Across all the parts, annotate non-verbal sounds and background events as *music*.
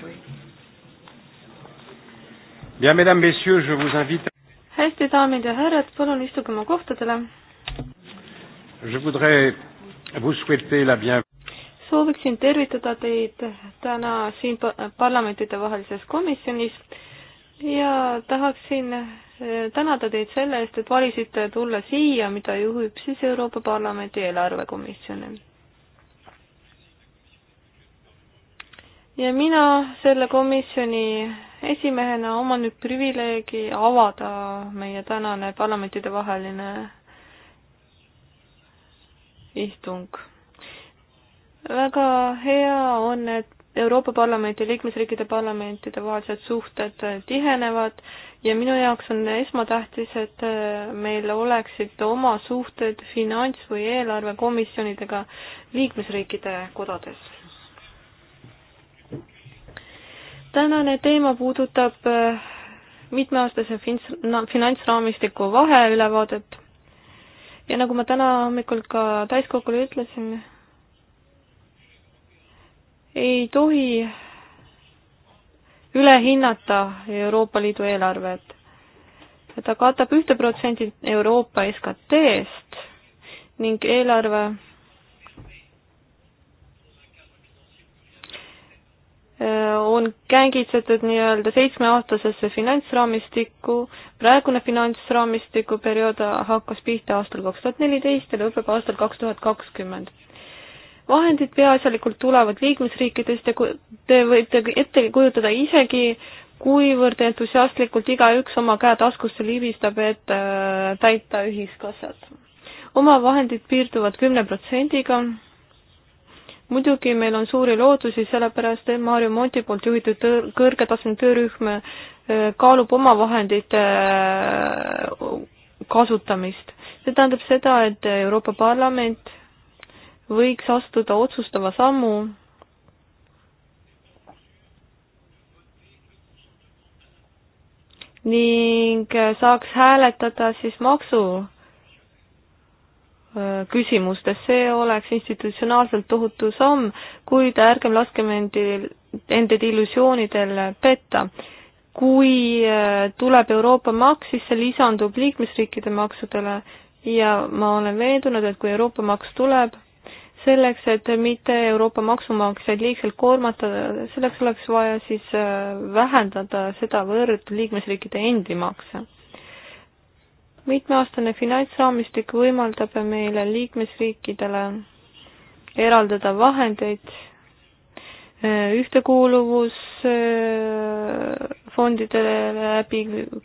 président. Bien, mesdames, messieurs, je vous invite. hästi, daamid ja härrad, palun istuge oma kohtadele. Je voudrais vous souhaiter la bien-. sooviksin tervitada teid täna siin parlamentidevahelises komisjonis ja tahaksin eh, tänada teid selle eest, et valisite tulla siia, mida juhib siis Euroopa Parlamendi eelarvekomisjon ja mina selle komisjoni esimehena oman nüüd privileegi avada meie tänane parlamentidevaheline istung. väga hea on, et Euroopa Parlamendi ja liikmesriikide parlamentide vahelised suhted tihenevad ja minu jaoks on esmatähtis, et meil oleksid oma suhted finants- või eelarvekomisjonidega liikmesriikide kodades tänane teema puudutab äh, mitmeaastase finantsraamistiku vaheülevaadet ja nagu ma täna hommikul ka täiskogule ütlesin, ei tohi üle hinnata Euroopa Liidu eelarvet. ta katab ühte protsenti Euroopa SKT-st ning eelarve Äh, on kängitsetud nii-öelda seitsmeaastasesse finantsraamistikku, praegune finantsraamistiku periood hakkas pihta aastal kaks tuhat neliteist ja lõpeb aastal kaks tuhat kakskümmend. vahendid peaasjalikult tulevad liikmesriikidest ja te võite ette kujutada isegi, kuivõrd entusiastlikult igaüks oma käe taskusse libistab, et äh, täita ühiskassat. oma vahendid piirduvad kümne protsendiga muidugi meil on suuri lootusi, sellepärast et Maarju Monti poolt juhitud kõrgetasemel töörühm äh, kaalub omavahendite äh, kasutamist. see tähendab seda, et Euroopa Parlament võiks astuda otsustava sammu ning äh, saaks hääletada siis maksu Äh, küsimustes, see oleks institutsionaalselt tohutu samm, kuid ärgem laskem endil, endid illusioonidel petta. kui äh, tuleb Euroopa maks, siis see lisandub liikmesriikide maksudele ja ma olen veendunud, et kui Euroopa maks tuleb, selleks, et mitte Euroopa maksumaksjaid liigselt koormata, selleks oleks vaja siis äh, vähendada sedavõrd liikmesriikide endi makse mitmeaastane finantsraamistik võimaldab meile liikmesriikidele eraldada vahendeid eh, ühtekuuluvusfondidele läbi,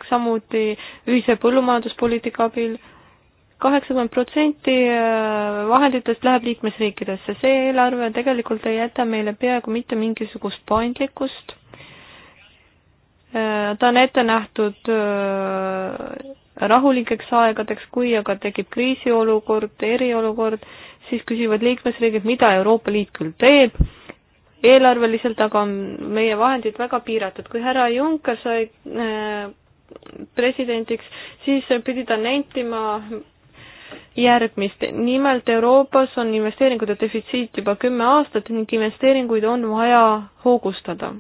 samuti ühise põllumajanduspoliitika abil. kaheksakümmend protsenti eh, vahenditest läheb liikmesriikidesse, see eelarve tegelikult ei jäta meile peaaegu mitte mingisugust paindlikkust. Eh, ta on ette nähtud rahulikeks aegadeks, kui aga tekib kriisiolukord, eriolukord, siis küsivad liikmesriigid, mida Euroopa Liit küll teeb, eelarveliselt aga on meie vahendid väga piiratud. kui härra Juncker sai äh, presidendiks, siis pidi ta nentima järgmist. nimelt Euroopas on investeeringute defitsiit juba kümme aastat ning investeeringuid on vaja hoogustada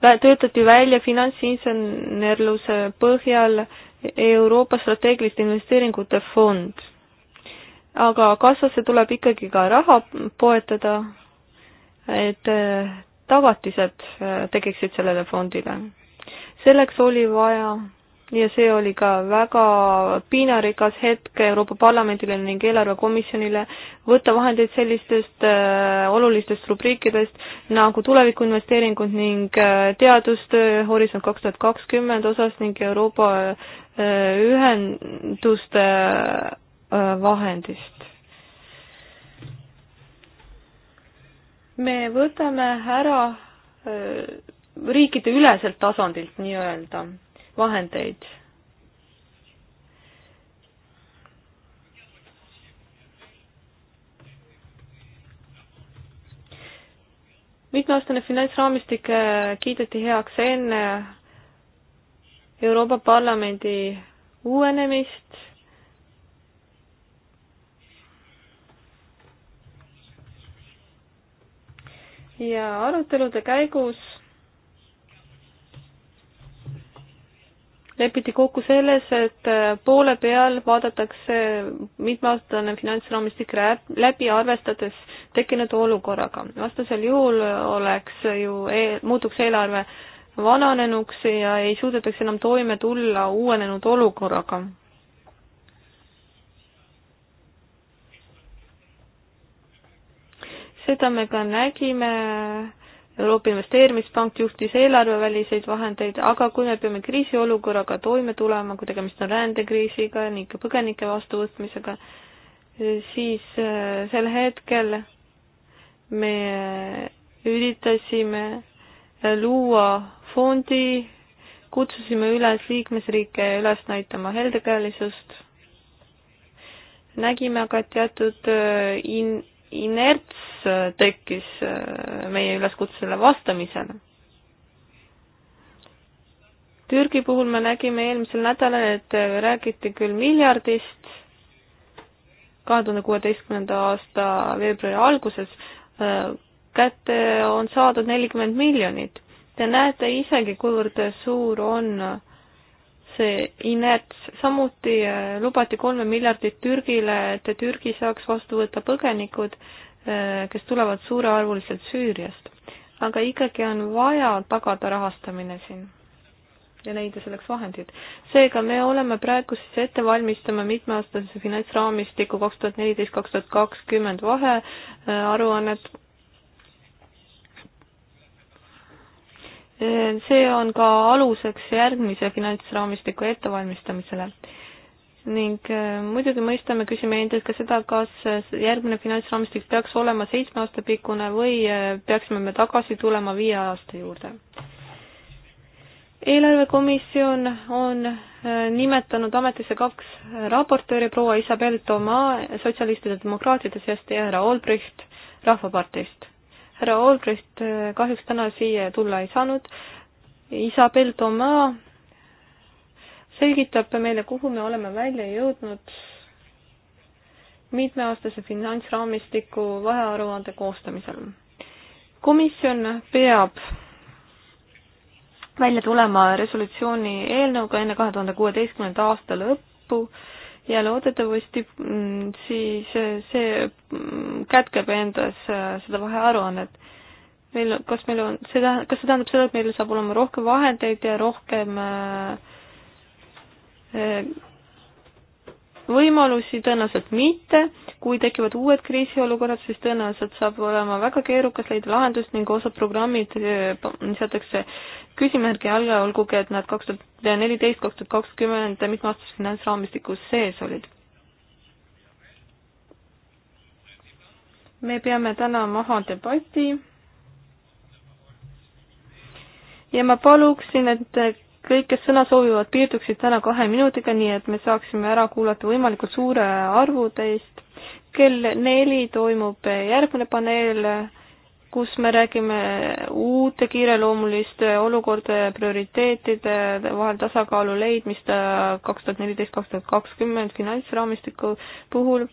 töötati välja finantsinsenerluse põhjal Euroopa strateegiliste investeeringute fond. aga kassasse tuleb ikkagi ka raha poetada, et äh, tagatised äh, tekiksid sellele fondile. selleks oli vaja ja see oli ka väga piinarikas hetk Euroopa Parlamendile ning eelarvekomisjonile võtta vahendeid sellistest äh, olulistest rubriikidest nagu tulevikuinvesteeringud ning äh, teadustöö Horisont kaks tuhat kakskümmend osas ning Euroopa äh, ühenduste äh, vahendist. me võtame ära äh, riikide üleselt tasandilt nii-öelda vahendeid. mitmeaastane finantsraamistik äh, kiideti heaks enne Euroopa Parlamendi uuenemist ja arutelude käigus lepiti kokku selles, et äh, poole peal vaadatakse mitmeaastane finantsraamistik läbi, arvestades tekkinud olukorraga. vastasel juhul oleks ju e, muutuks eelarve vananenuks ja ei suudetaks enam toime tulla uuenenud olukorraga. seda me ka nägime Euroopa Investeerimispank juhtis eelarveväliseid vahendeid, aga kui me peame kriisiolukorraga toime tulema, kui tegemist on rändekriisiga ning põgenike vastuvõtmisega, siis äh, sel hetkel me üritasime äh, luua fondi, kutsusime üles liikmesriike üles näitama heldekäelisust nägime aga, et teatud äh, in-, inerts äh, tekkis äh, meie üleskutsele vastamisele. Türgi puhul me nägime eelmisel nädalal, et äh, räägiti küll miljardist kahe tuhande kuueteistkümnenda aasta veebruari alguses, kätte on saadud nelikümmend miljonit. Te näete isegi, kuivõrd suur on see INETS, samuti äh, lubati kolme miljardit Türgile, et Türgi saaks vastu võtta põgenikud, äh, kes tulevad suurearvuliselt Süüriast. aga ikkagi on vaja tagada rahastamine siin ja leida selleks vahendid. seega me oleme praegu siis ette valmistama mitmeaastase finantsraamistiku kaks tuhat neliteist, kaks tuhat kakskümmend vahearuannet äh,, see on ka aluseks järgmise finantsraamistiku ettevalmistamisele. ning äh, muidugi mõistame, küsime endilt ka seda, kas järgmine finantsraamistik peaks olema seitsme aasta pikkune või äh, peaksime me tagasi tulema viie aasta juurde. eelarvekomisjon on äh, nimetanud ametisse kaks raportööri, proua Isabel Toma sotsialistide demokraatide seast ja härra Olbricht Rahvaparteist härra Albrecht äh, kahjuks täna siia tulla ei saanud. Isabel Toma selgitab meile, kuhu me oleme välja jõudnud mitmeaastase finantsraamistiku vahearuande koostamisel. komisjon peab välja tulema resolutsiooni eelnõuga enne kahe tuhande kuueteistkümnenda aasta lõppu ja loodetavasti mm, siis äh, see mm, kätkeb endas äh, seda vahearuannet. meil, kas meil on, see tähendab, kas see tähendab seda, et meil saab olema rohkem vahendeid ja rohkem äh, võimalusi tõenäoliselt mitte, kui tekivad uued kriisiolukorrad, siis tõenäoliselt saab olema väga keerukas leida lahendust ning osad programmid eh, seatakse küsimärgi alla, olgugi et nad kaks tuhat neliteist, kaks tuhat kakskümmend mitmeaastases finantsraamistikus sees olid. me peame täna maha debati ja ma paluksin, et kõik, kes sõna soovivad, piirduksid täna kahe minutiga, nii et me saaksime ära kuulata võimalikult suure arvu teist. kell neli toimub järgmine paneel, kus me räägime uute kiireloomuliste olukordade prioriteetide vahel tasakaalu leidmist äh, kaks tuhat neliteist, kaks tuhat kakskümmend finantsraamistiku puhul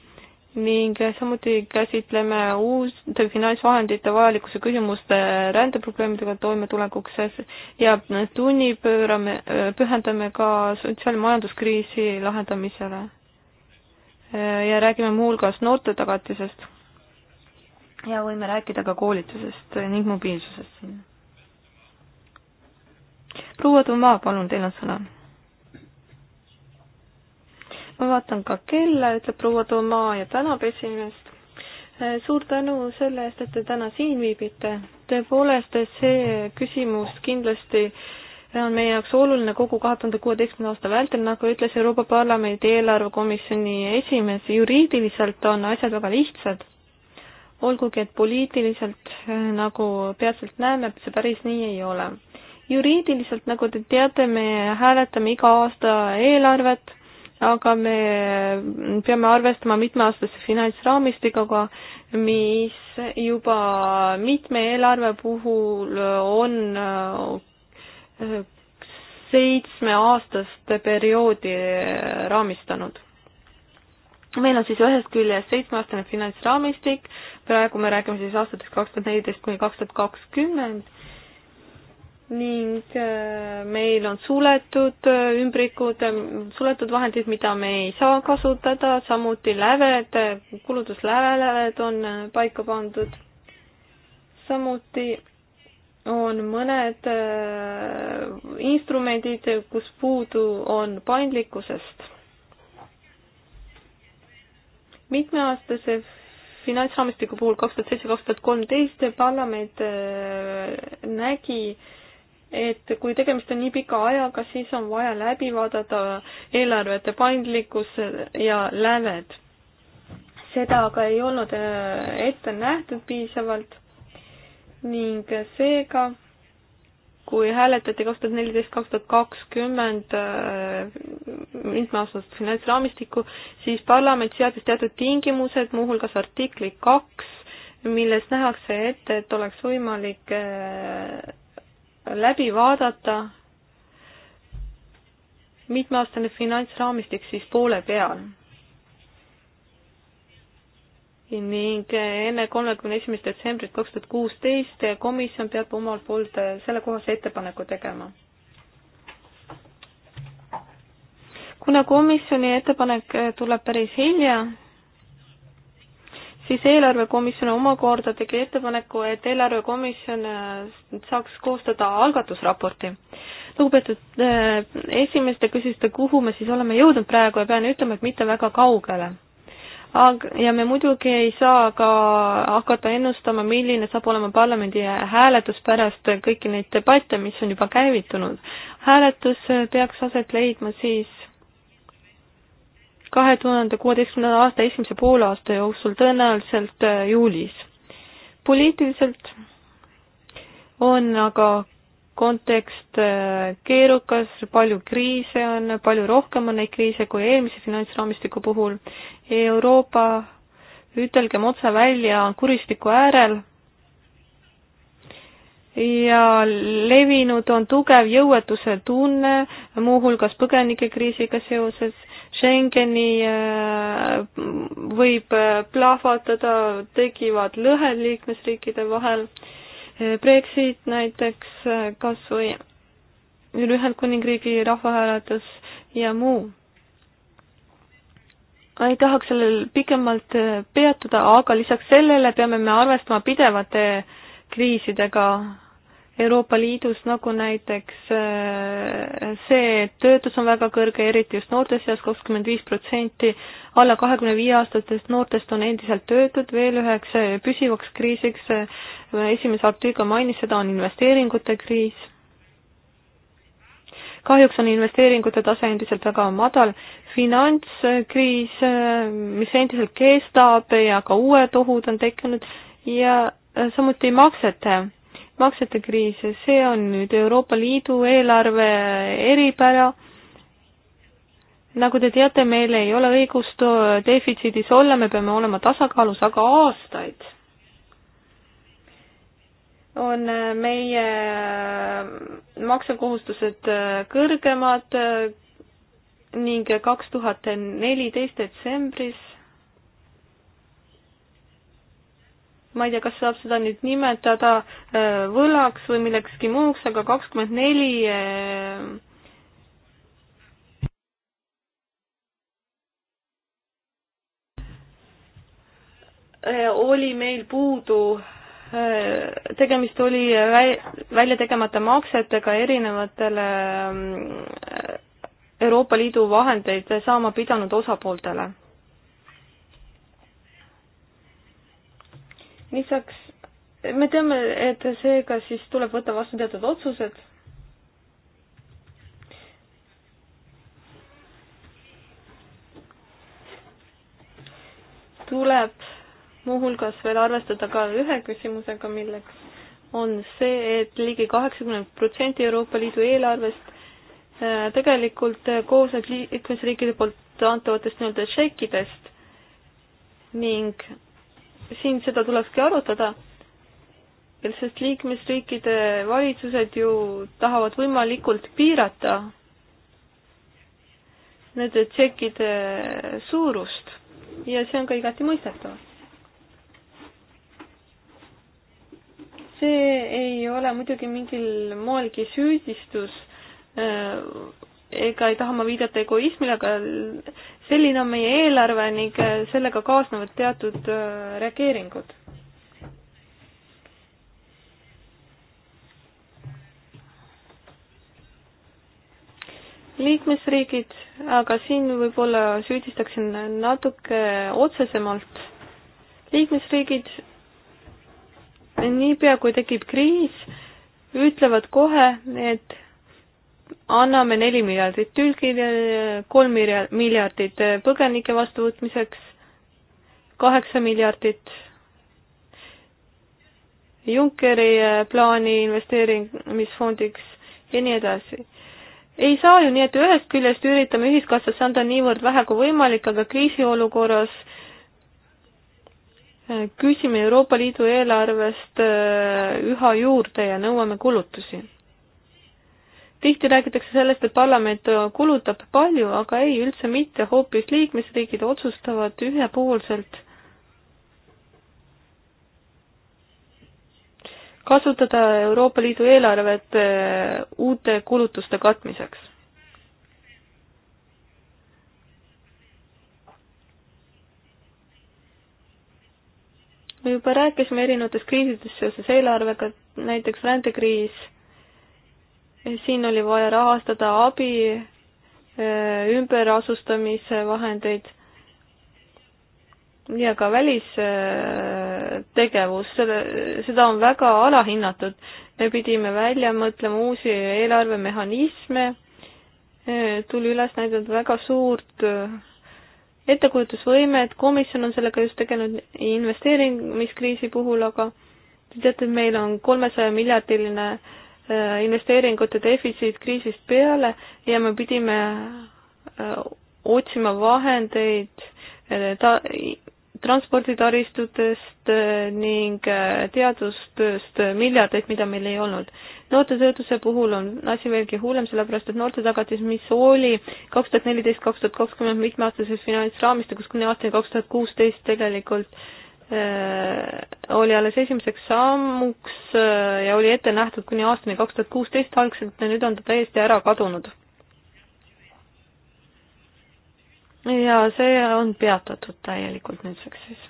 ning samuti käsitleme uute finantsvahendite vajalikkuse küsimuste rändeprobleemidega toimetulekuks ja tunni pöörame, pühendame ka sotsiaalmajanduskriisi lahendamisele. ja räägime muuhulgas noorte tagatisest ja võime rääkida ka koolitusest ning mobiilsusest siin. proua Tuma, palun, teil on sõna ma vaatan ka kella, ütleb proua Tomaa ja tänab esimest. Äh, suur tänu selle eest, et te täna siin viibite. tõepoolest, see küsimus kindlasti on meie jaoks oluline kogu kahe tuhande kuueteistkümnenda aasta vältel, nagu ütles Euroopa Parlamendi eelarvekomisjoni esimees, juriidiliselt on asjad väga lihtsad. olgugi, et poliitiliselt, äh, nagu peatselt näeme, see päris nii ei ole. juriidiliselt, nagu te teate, me hääletame iga aasta eelarvet aga me peame arvestama mitmeaastase finantsraamistikuga, mis juba mitme eelarve puhul on äh, seitsmeaastast perioodi äh, raamistanud meil on siis ühest küljest seitsmeaastane finantsraamistik, praegu me räägime siis aastatest kaks tuhat neliteist kuni kaks tuhat kakskümmend ning äh, meil on suletud äh, ümbrikud, äh, suletud vahendid, mida me ei saa kasutada, samuti läved, kulutusläved on paika pandud. samuti on mõned instrumendid, kus puudu on paindlikkusest. mitmeaastase finantsraamistiku puhul kaks tuhat seitse, kaks tuhat kolmteist parlament nägi äh, et kui tegemist on nii pika ajaga, siis on vaja läbi vaadata eelarvete paindlikkus ja läved. seda aga ei olnud äh, ette nähtud piisavalt ning seega, kui hääletati kaks tuhat neliteist, kaks tuhat kakskümmend äh, mitmeaastast finantsraamistikku, siis parlament seadis teatud tingimused, muuhulgas artikli kaks, milles nähakse ette, et oleks võimalik äh, läbi vaadata mitmeaastane finantsraamistik siis poole peal. ning enne kolmekümne esimest detsembrit kaks tuhat kuusteist komisjon peab omalt poolt sellekohase ettepaneku tegema. kuna komisjoni ettepanek tuleb päris hilja, siis eelarvekomisjon omakorda tegi ettepaneku, et eelarvekomisjon äh, saaks koostada algatusraporti. lugupeetud äh, esimees, te küsisite, kuhu me siis oleme jõudnud praegu ja pean ütlema, et mitte väga kaugele. Ag-, ja me muidugi ei saa ka hakata ennustama, milline saab olema parlamendi hääletus pärast kõiki neid debatte, mis on juba käivitunud. hääletus peaks aset leidma siis kahe tuhande kuueteistkümnenda aasta esimese poolaasta jooksul, tõenäoliselt äh, juulis. poliitiliselt on aga kontekst äh, keerukas, palju kriise on, palju rohkem on neid kriise kui eelmise finantsraamistiku puhul. Euroopa, ütelgem otse välja, on kuristiku äärel ja levinud on tugev jõuetuse tunne, muuhulgas põgenikekriisiga seoses Schengeni äh, võib äh, plahvatada, tekivad lõhed liikmesriikide vahel. Äh, Brexit näiteks kas või Ühendkuningriigi rahvahääletus ja muu. ma ei tahaks sellel pikemalt peatuda, aga lisaks sellele peame me arvestama pidevate kriisidega Euroopa Liidus, nagu näiteks äh, see, et töötus on väga kõrge, eriti just noorte seas, kakskümmend viis protsenti alla kahekümne viie aastatest noortest on endiselt töötud, veel üheks äh, püsivaks kriisiks, äh, esimese artikli mainis seda, on investeeringute kriis. kahjuks on investeeringute tase endiselt väga madal, finantskriis, mis endiselt kestab ja ka uued ohud on tekkinud ja samuti maksete maksete kriis, see on nüüd Euroopa Liidu eelarve eripära. nagu te teate, meil ei ole õigust defitsiidis olla, me peame olema tasakaalus, aga aastaid on meie maksekohustused kõrgemad ning kaks tuhat neliteist detsembris ma ei tea, kas saab seda nüüd nimetada äh, võlaks või millekski muuks, aga kakskümmend neli äh, äh, oli meil puudu, tegemist oli välja tegemata maksetega erinevatele Euroopa Liidu vahendeid saama pidanud osapooltele lisaks me teame, et seega siis tuleb võtta vastu teatud otsused. tuleb muuhulgas veel arvestada ka ühe küsimusega, milleks on see, et ligi kaheksakümmend protsenti Euroopa Liidu eelarvest äh, tegelikult koosneb liikmesriikide poolt antavatest nii-öelda tšekkidest ning siin seda tulekski arutada, sest liikmesriikide valitsused ju tahavad võimalikult piirata nende tšekkide suurust ja see on ka igati mõistetav. see ei ole muidugi mingil moelgi süüdistus äh, ega ei taha ma viidata egoismile, aga selline on meie eelarve ning äh, sellega kaasnevad teatud äh, reageeringud. liikmesriigid, aga siin võib-olla süüdistaksin natuke otsesemalt. liikmesriigid, niipea kui tekib kriis, ütlevad kohe, et anname neli miljardit Türgile, kolm miljardit põgenike vastuvõtmiseks, kaheksa miljardit Junckeri plaani investeerimisfondiks ja nii edasi. ei saa ju nii, et ühest küljest üritame ühiskassasse anda niivõrd vähe kui võimalik, aga kriisiolukorras küsime Euroopa Liidu eelarvest äh, üha juurde ja nõuame kulutusi tihti räägitakse sellest, et parlament kulutab palju, aga ei, üldse mitte, hoopis liikmesriigid otsustavad ühepoolselt kasutada Euroopa Liidu eelarvet eh, uute kulutuste katmiseks. me juba rääkisime erinevatest kriisidest seoses eelarvega, näiteks rändekriis siin oli vaja rahastada abi, äh, ümberasustamise vahendeid ja ka välistegevus, äh, selle, seda on väga alahinnatud. me pidime välja mõtlema uusi eelarvemehhanisme, äh, tuli üles näidata väga suurt ettekujutusvõimet, komisjon on sellega just tegelenud investeerimiskriisi puhul, aga te teate, et meil on kolmesaja miljardiline äh, Äh, investeeringute defitsiit kriisist peale ja me pidime äh, otsima vahendeid äh, ta-, transporditaristutest ning teadustööst miljardeid, mida meil ei olnud. noortetöötuse puhul on asi veelgi hullem, sellepärast et noortetagatis, mis oli kaks tuhat neliteist, kaks tuhat kakskümmend mitmeaastases finantsraamistikus kuni aastani kaks tuhat kuusteist tegelikult äh, Äh, oli alles esimeseks sammuks äh, ja oli ette nähtud kuni aastani kaks tuhat kuusteist algselt ja nüüd on ta täiesti ära kadunud. ja see on peatatud täielikult nüüdseks siis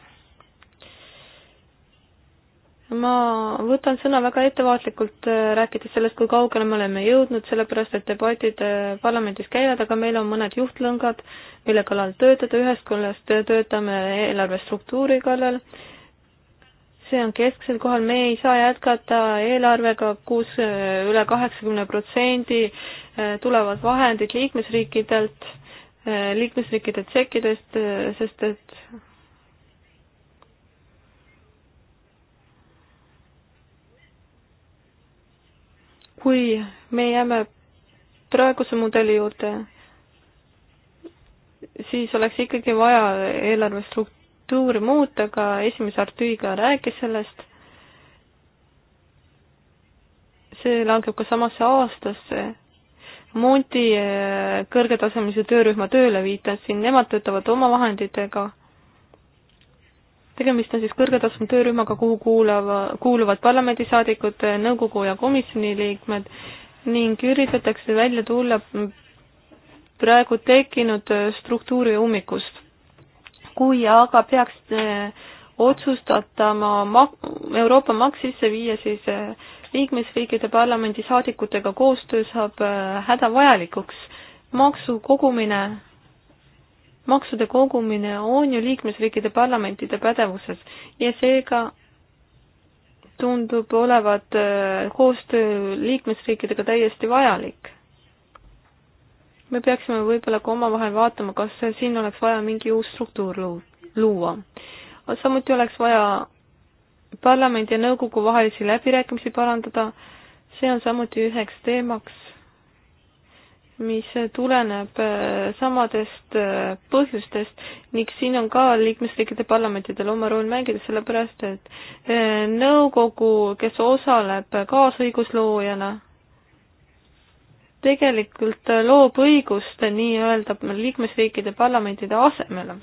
ma võtan sõna väga ettevaatlikult, äh, rääkides sellest, kui kaugele me oleme jõudnud, sellepärast et debatid äh, parlamendis käivad, aga meil on mõned juhtlõngad, mille kallal töötada, ühest küljest äh, töötame eelarve struktuuri kallal, see on kesksel kohal, me ei saa jätkata eelarvega, kus üle kaheksakümne protsendi tulevad vahendid liikmesriikidelt, liikmesriikide tšekkidest, sest et kui me jääme praeguse mudeli juurde, siis oleks ikkagi vaja eelarve struktuuri muuta, ka esimese artüüga rääkis sellest. see langeb ka samasse aastasse. Monti eh, kõrgetasemelise töörühma tööle viitasin, nemad töötavad oma vahenditega tegemist on siis kõrgetasemel töörühmaga, kuhu kuulava, kuuluvad parlamendisaadikud, nõukogu ja komisjoni liikmed ning üritatakse välja tulla praegu tekkinud struktuuri ummikust. kui aga peaks eh, otsustatama mak-, Euroopa maks sisse viia, siis eh, liikmesriikide parlamendisaadikutega koostöö saab eh, hädavajalikuks. maksu kogumine maksude kogumine on ju liikmesriikide parlamentide pädevuses ja seega tundub olevat äh, koostöö liikmesriikidega täiesti vajalik. me peaksime võib-olla ka omavahel vaatama, kas siin oleks vaja mingi uus struktuur luua. samuti oleks vaja parlamendi ja nõukogu vahelisi läbirääkimisi parandada, see on samuti üheks teemaks mis tuleneb äh, samadest äh, põhjustest ning siin on ka liikmesriikide parlamentidel oma roll mängida, sellepärast et äh, nõukogu, kes osaleb kaasõigusloojana, tegelikult loob õigust nii-öelda liikmesriikide parlamentide asemele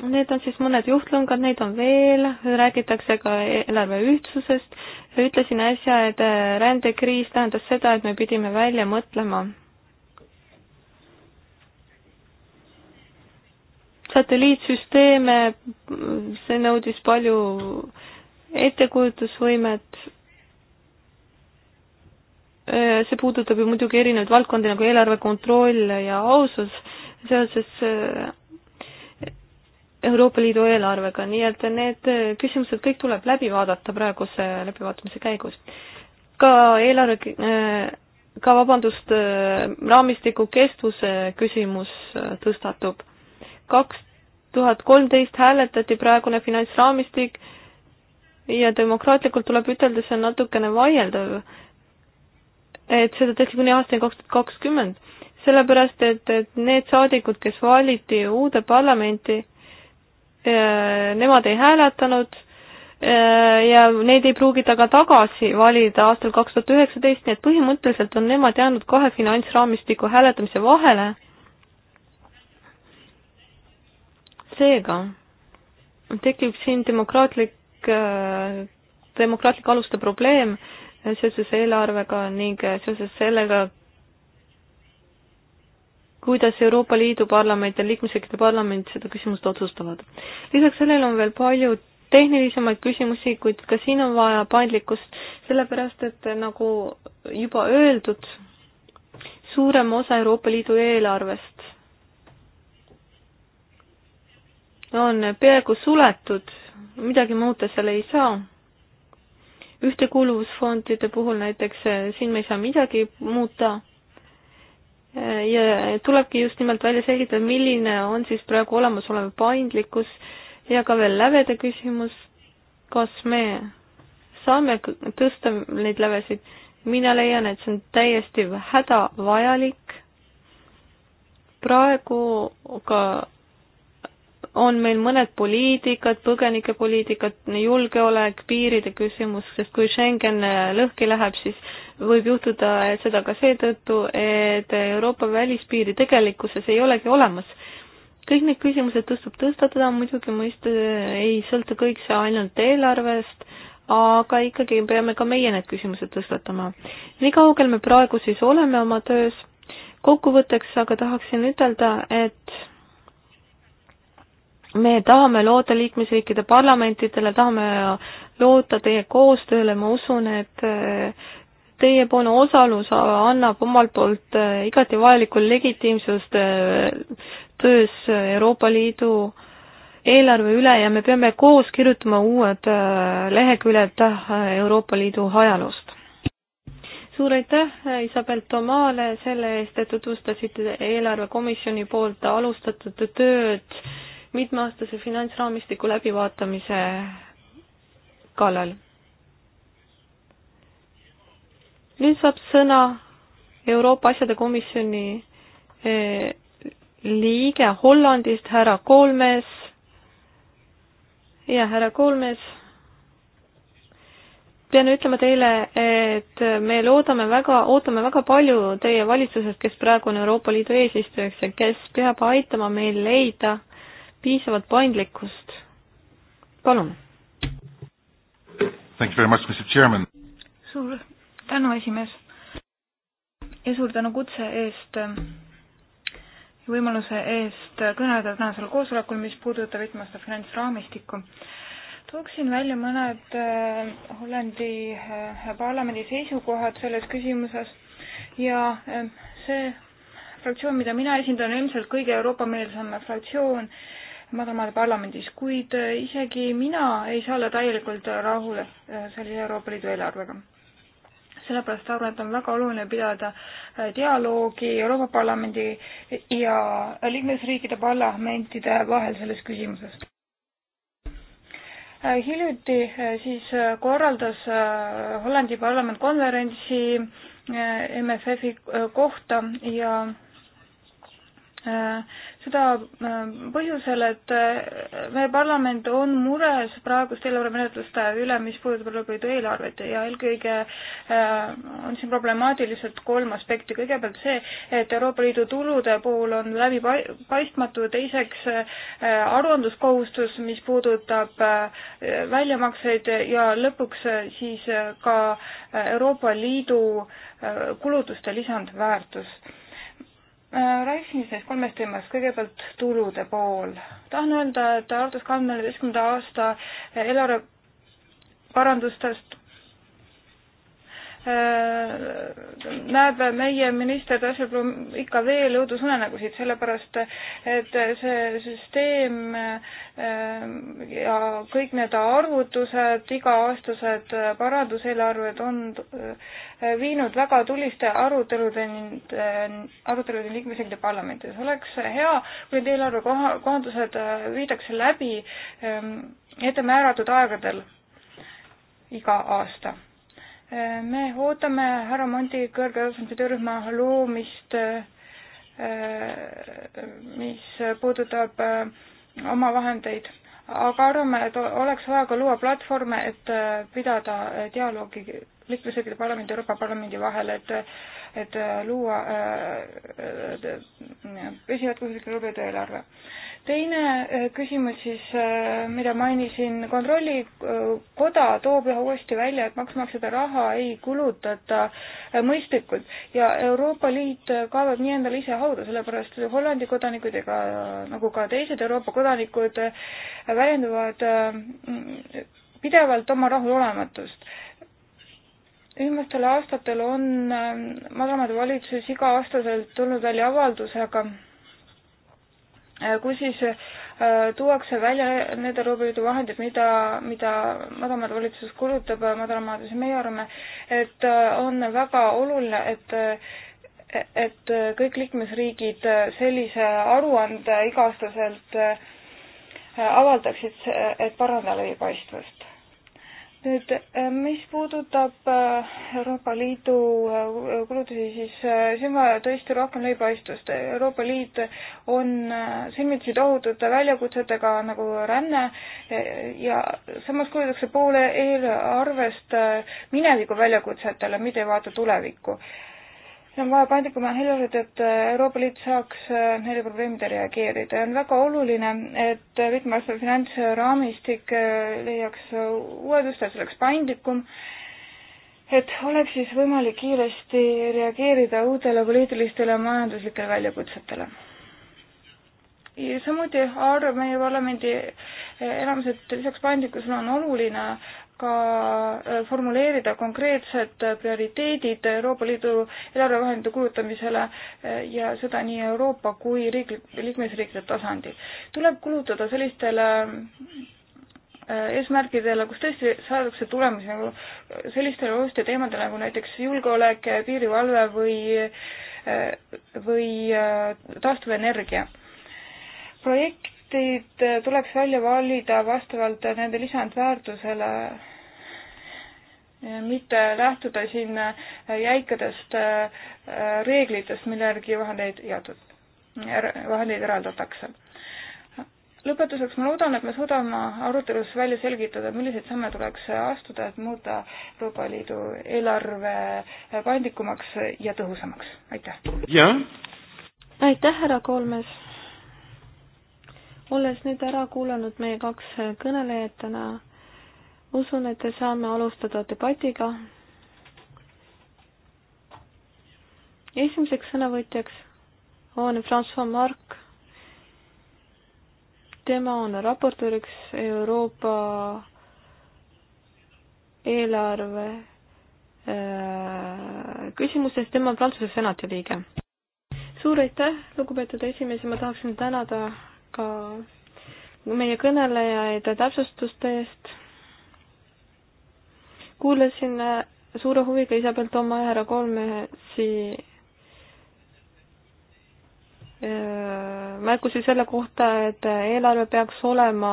Need on siis mõned juhtlõngad, neid on veel, räägitakse ka eelarve ühtsusest. ütlesin äsja, et rändekriis tähendas seda, et me pidime välja mõtlema. satelliitsüsteeme, see nõudis palju ettekujutusvõimet. see puudutab ju muidugi erinevaid valdkondi nagu eelarve kontroll ja ausus seoses Euroopa Liidu eelarvega, nii et need küsimused kõik tuleb läbi vaadata praeguse läbivaatamise käigus. ka eelarve, äh, ka vabandust, äh, raamistiku kestvuse küsimus äh, tõstatub. kaks tuhat kolmteist hääletati praegune finantsraamistik ja demokraatlikult tuleb ütelda, see on natukene vaieldav, et seda tehti kuni aastani kaks tuhat kakskümmend, sellepärast et, et need saadikud, kes valiti uude parlamenti, Äh, nemad ei hääletanud äh, ja neid ei pruugita ka tagasi valida aastal kaks tuhat üheksateist, nii et põhimõtteliselt on nemad jäänud kahe finantsraamistiku hääletamise vahele. seega tekib siin demokraatlik, äh, demokraatlike aluste probleem seoses eelarvega ning seoses sellega, kuidas Euroopa Liidu parlament ja liikmesriikide parlament seda küsimust otsustavad. lisaks sellele on veel palju tehnilisemaid küsimusi, kuid ka siin on vaja paindlikkust, sellepärast et nagu juba öeldud, suurem osa Euroopa Liidu eelarvest on peaaegu suletud, midagi muuta seal ei saa. ühtekuuluvusfondide puhul näiteks eh, siin me ei saa midagi muuta ja tulebki just nimelt välja selgitada, milline on siis praegu olemasolev paindlikkus ja ka veel lävede küsimus, kas me saame tõsta neid lävesid, mina leian, et see on täiesti hädavajalik. praegu ka on meil mõned poliitikad, põgenikepoliitikad, julgeolek, piiride küsimus, sest kui Schengen äh, lõhki läheb, siis võib juhtuda seda ka seetõttu, et Euroopa välispiiri tegelikkuses ei olegi olemas. kõik need küsimused tõstub tõstatada, muidugi mõista äh, ei sõltu kõik see ainult eelarvest, aga ikkagi peame ka meie need küsimused tõstatama. nii kaugel me praegu siis oleme oma töös, kokkuvõtteks aga tahaksin ütelda, et me tahame loota liikmesriikide parlamentidele, tahame loota teie koostööle, ma usun, et eh, teiepoolne osalus annab omalt poolt eh, igati vajalikku legitiimsust eh, töös Euroopa Liidu eelarve üle ja me peame koos kirjutama uued leheküljed Euroopa Liidu ajaloost. suur aitäh, Isabel Tomale selle eest, et tutvustasite eelarvekomisjoni poolt alustatud tööd mitmeaastase finantsraamistiku läbivaatamise kallal. nüüd saab sõna Euroopa Asjade Komisjoni eh, liige Hollandist, härra Koolmees. ja härra Koolmees, pean ütlema teile, et me loodame väga, ootame väga palju teie valitsusest, kes praegu on Euroopa Liidu eesistujaks ja kes peab aitama meil leida piisavat paindlikkust. palun. suur tänu, esimees. ja suur tänu kutse eest ähm, ja võimaluse eest kõneleda tänasel koosolekul, mis puudutab viimaste finantsraamistikku. tooksin välja mõned äh, Hollandi äh, parlamendi seisukohad selles küsimuses ja ähm, see fraktsioon, mida mina esindan, on ilmselt kõige Euroopa-meelsem fraktsioon madalamal parlamendis, kuid äh, isegi mina ei saa olla täielikult rahul äh, sellise Euroopa Liidu eelarvega. sellepärast arvan, et on väga oluline pidada äh, dialoogi Euroopa Parlamendi ja liikmesriikide parlamentide vahel selles küsimuses. hiljuti siis korraldas Hollandi parlament konverentsi MFF-i kohta ja äh, seda äh, põhjusel, et äh, meie parlament on mures praeguste eelarvemenetluste üle, mis puudutab Euroopa Liidu eelarvet ja eelkõige äh, on siin problemaatiliselt kolm aspekti. kõigepealt see, et Euroopa Liidu tulude puhul on läbipaistmatu, teiseks aruandluskohustus, mis puudutab väljamakseid ja lõpuks siis ka Euroopa Liidu kulutuste lisandväärtus rääkisin siis kolmest teemast, kõigepealt tulude pool. tahan öelda, et alates kahe tuhande üheteistkümnenda aasta eelarve parandustest Äh, näeb meie minister Tasselblom ikka veel õudusunenägusid, sellepärast et see süsteem äh, ja kõik need arvutused, iga-aastased paranduseelarved on äh, viinud väga tuliste aruteludeni, aruteludeni liikmesriikide parlamentides. oleks hea, kui need eelarve koha, kohandused viidakse läbi ähm, ettemääratud aegadel iga aasta me ootame härra Mondi kõrgetasandi töörühma loomist, mis puudutab äh, omavahendeid, aga arvame, et oleks vaja ka luua platvorme, et äh, pidada äh, dialoogi liikmesriikide parlamendi ja Euroopa Parlamendi vahel, et, et luua püsivat kuskil klubi tööeelarve teine äh, küsimus siis, äh, mida mainisin, kontrollikoda äh, toob üha uuesti välja, et maksumaksjate raha ei kulutata mõistlikult ja Euroopa Liit kaevab nii endale ise hauda, sellepärast Hollandi kodanikud ega nagu ka teised Euroopa kodanikud väljenduvad pidevalt oma rahulolematust viimastel aastatel on Madalamaade valitsus iga-aastaselt tulnud välja avaldusega Äh, kui siis äh, tuuakse välja need Euroopa Liidu vahendid, mida, mida madalamad valitsus kulutab, äh, madalamad, siis meie arvame, et on väga oluline, et, et kõik liikmesriigid sellise aruande iga-aastaselt avaldaksid, et parandada läbipaistvust nüüd, äh, mis puudutab äh, Euroopa Liidu äh, kulutusi, siis siin on vaja tõesti rohkem läbipaistvust. Euroopa Liit on silmitsi tohutute väljakutsetega nagu ränne ja samas kulutatakse poole eelarvest mineviku väljakutsetele, mitte ei vaata tulevikku see on vaja paindlikuma eelarvet, et äh, Euroopa Liit saaks äh, neile probleemidele reageerida ja on väga oluline, et äh, mitmeaastav finantsraamistik leiaks uuendust, et see oleks paindlikum, et oleks siis võimalik kiiresti reageerida uutele poliitilistele ja majanduslikele väljakutsetele. samuti arvab meie parlamendi enamus, et lisaks paindlikkusele on oluline ka äh, formuleerida konkreetsed prioriteedid Euroopa Liidu eelarvevahendite kulutamisele äh, ja seda nii Euroopa kui riiklik, liikmesriikide tasandil. tuleb kulutada sellistele äh, eesmärkidele, kus tõesti saadakse tulemusi nagu sellistele oluliste teemadele nagu näiteks julgeolek, piirivalve või, või taastuvenergia. projektid tuleks välja valida vastavalt nende lisandväärtusele mitte lähtuda siin äh, jäikadest äh, reeglitest, mille järgi vahendeid jaotud, er-, vahendeid eraldatakse. lõpetuseks ma loodan, et me suudame arutelus välja selgitada, milliseid samme tuleks astuda, et muuta Euroopa Liidu eelarve paindlikumaks ja tõhusamaks. aitäh! jah! aitäh, härra Koolmees! olles nüüd ära kuulanud meie kaks kõnelejat täna usun, et saame alustada debatiga. esimeseks sõnavõtjaks on Francois Marc. tema on raportööriks Euroopa eelarve äh, küsimustes, tema on Prantsuse senati liige. suur aitäh, lugupeetud esimees, ma tahaksin tänada ka meie kõnelejaid täpsustuste eest kuulasin äh, suure huviga Isabel Toma ja härra Kolmesi äh, märkusi selle kohta, et äh, eelarve peaks olema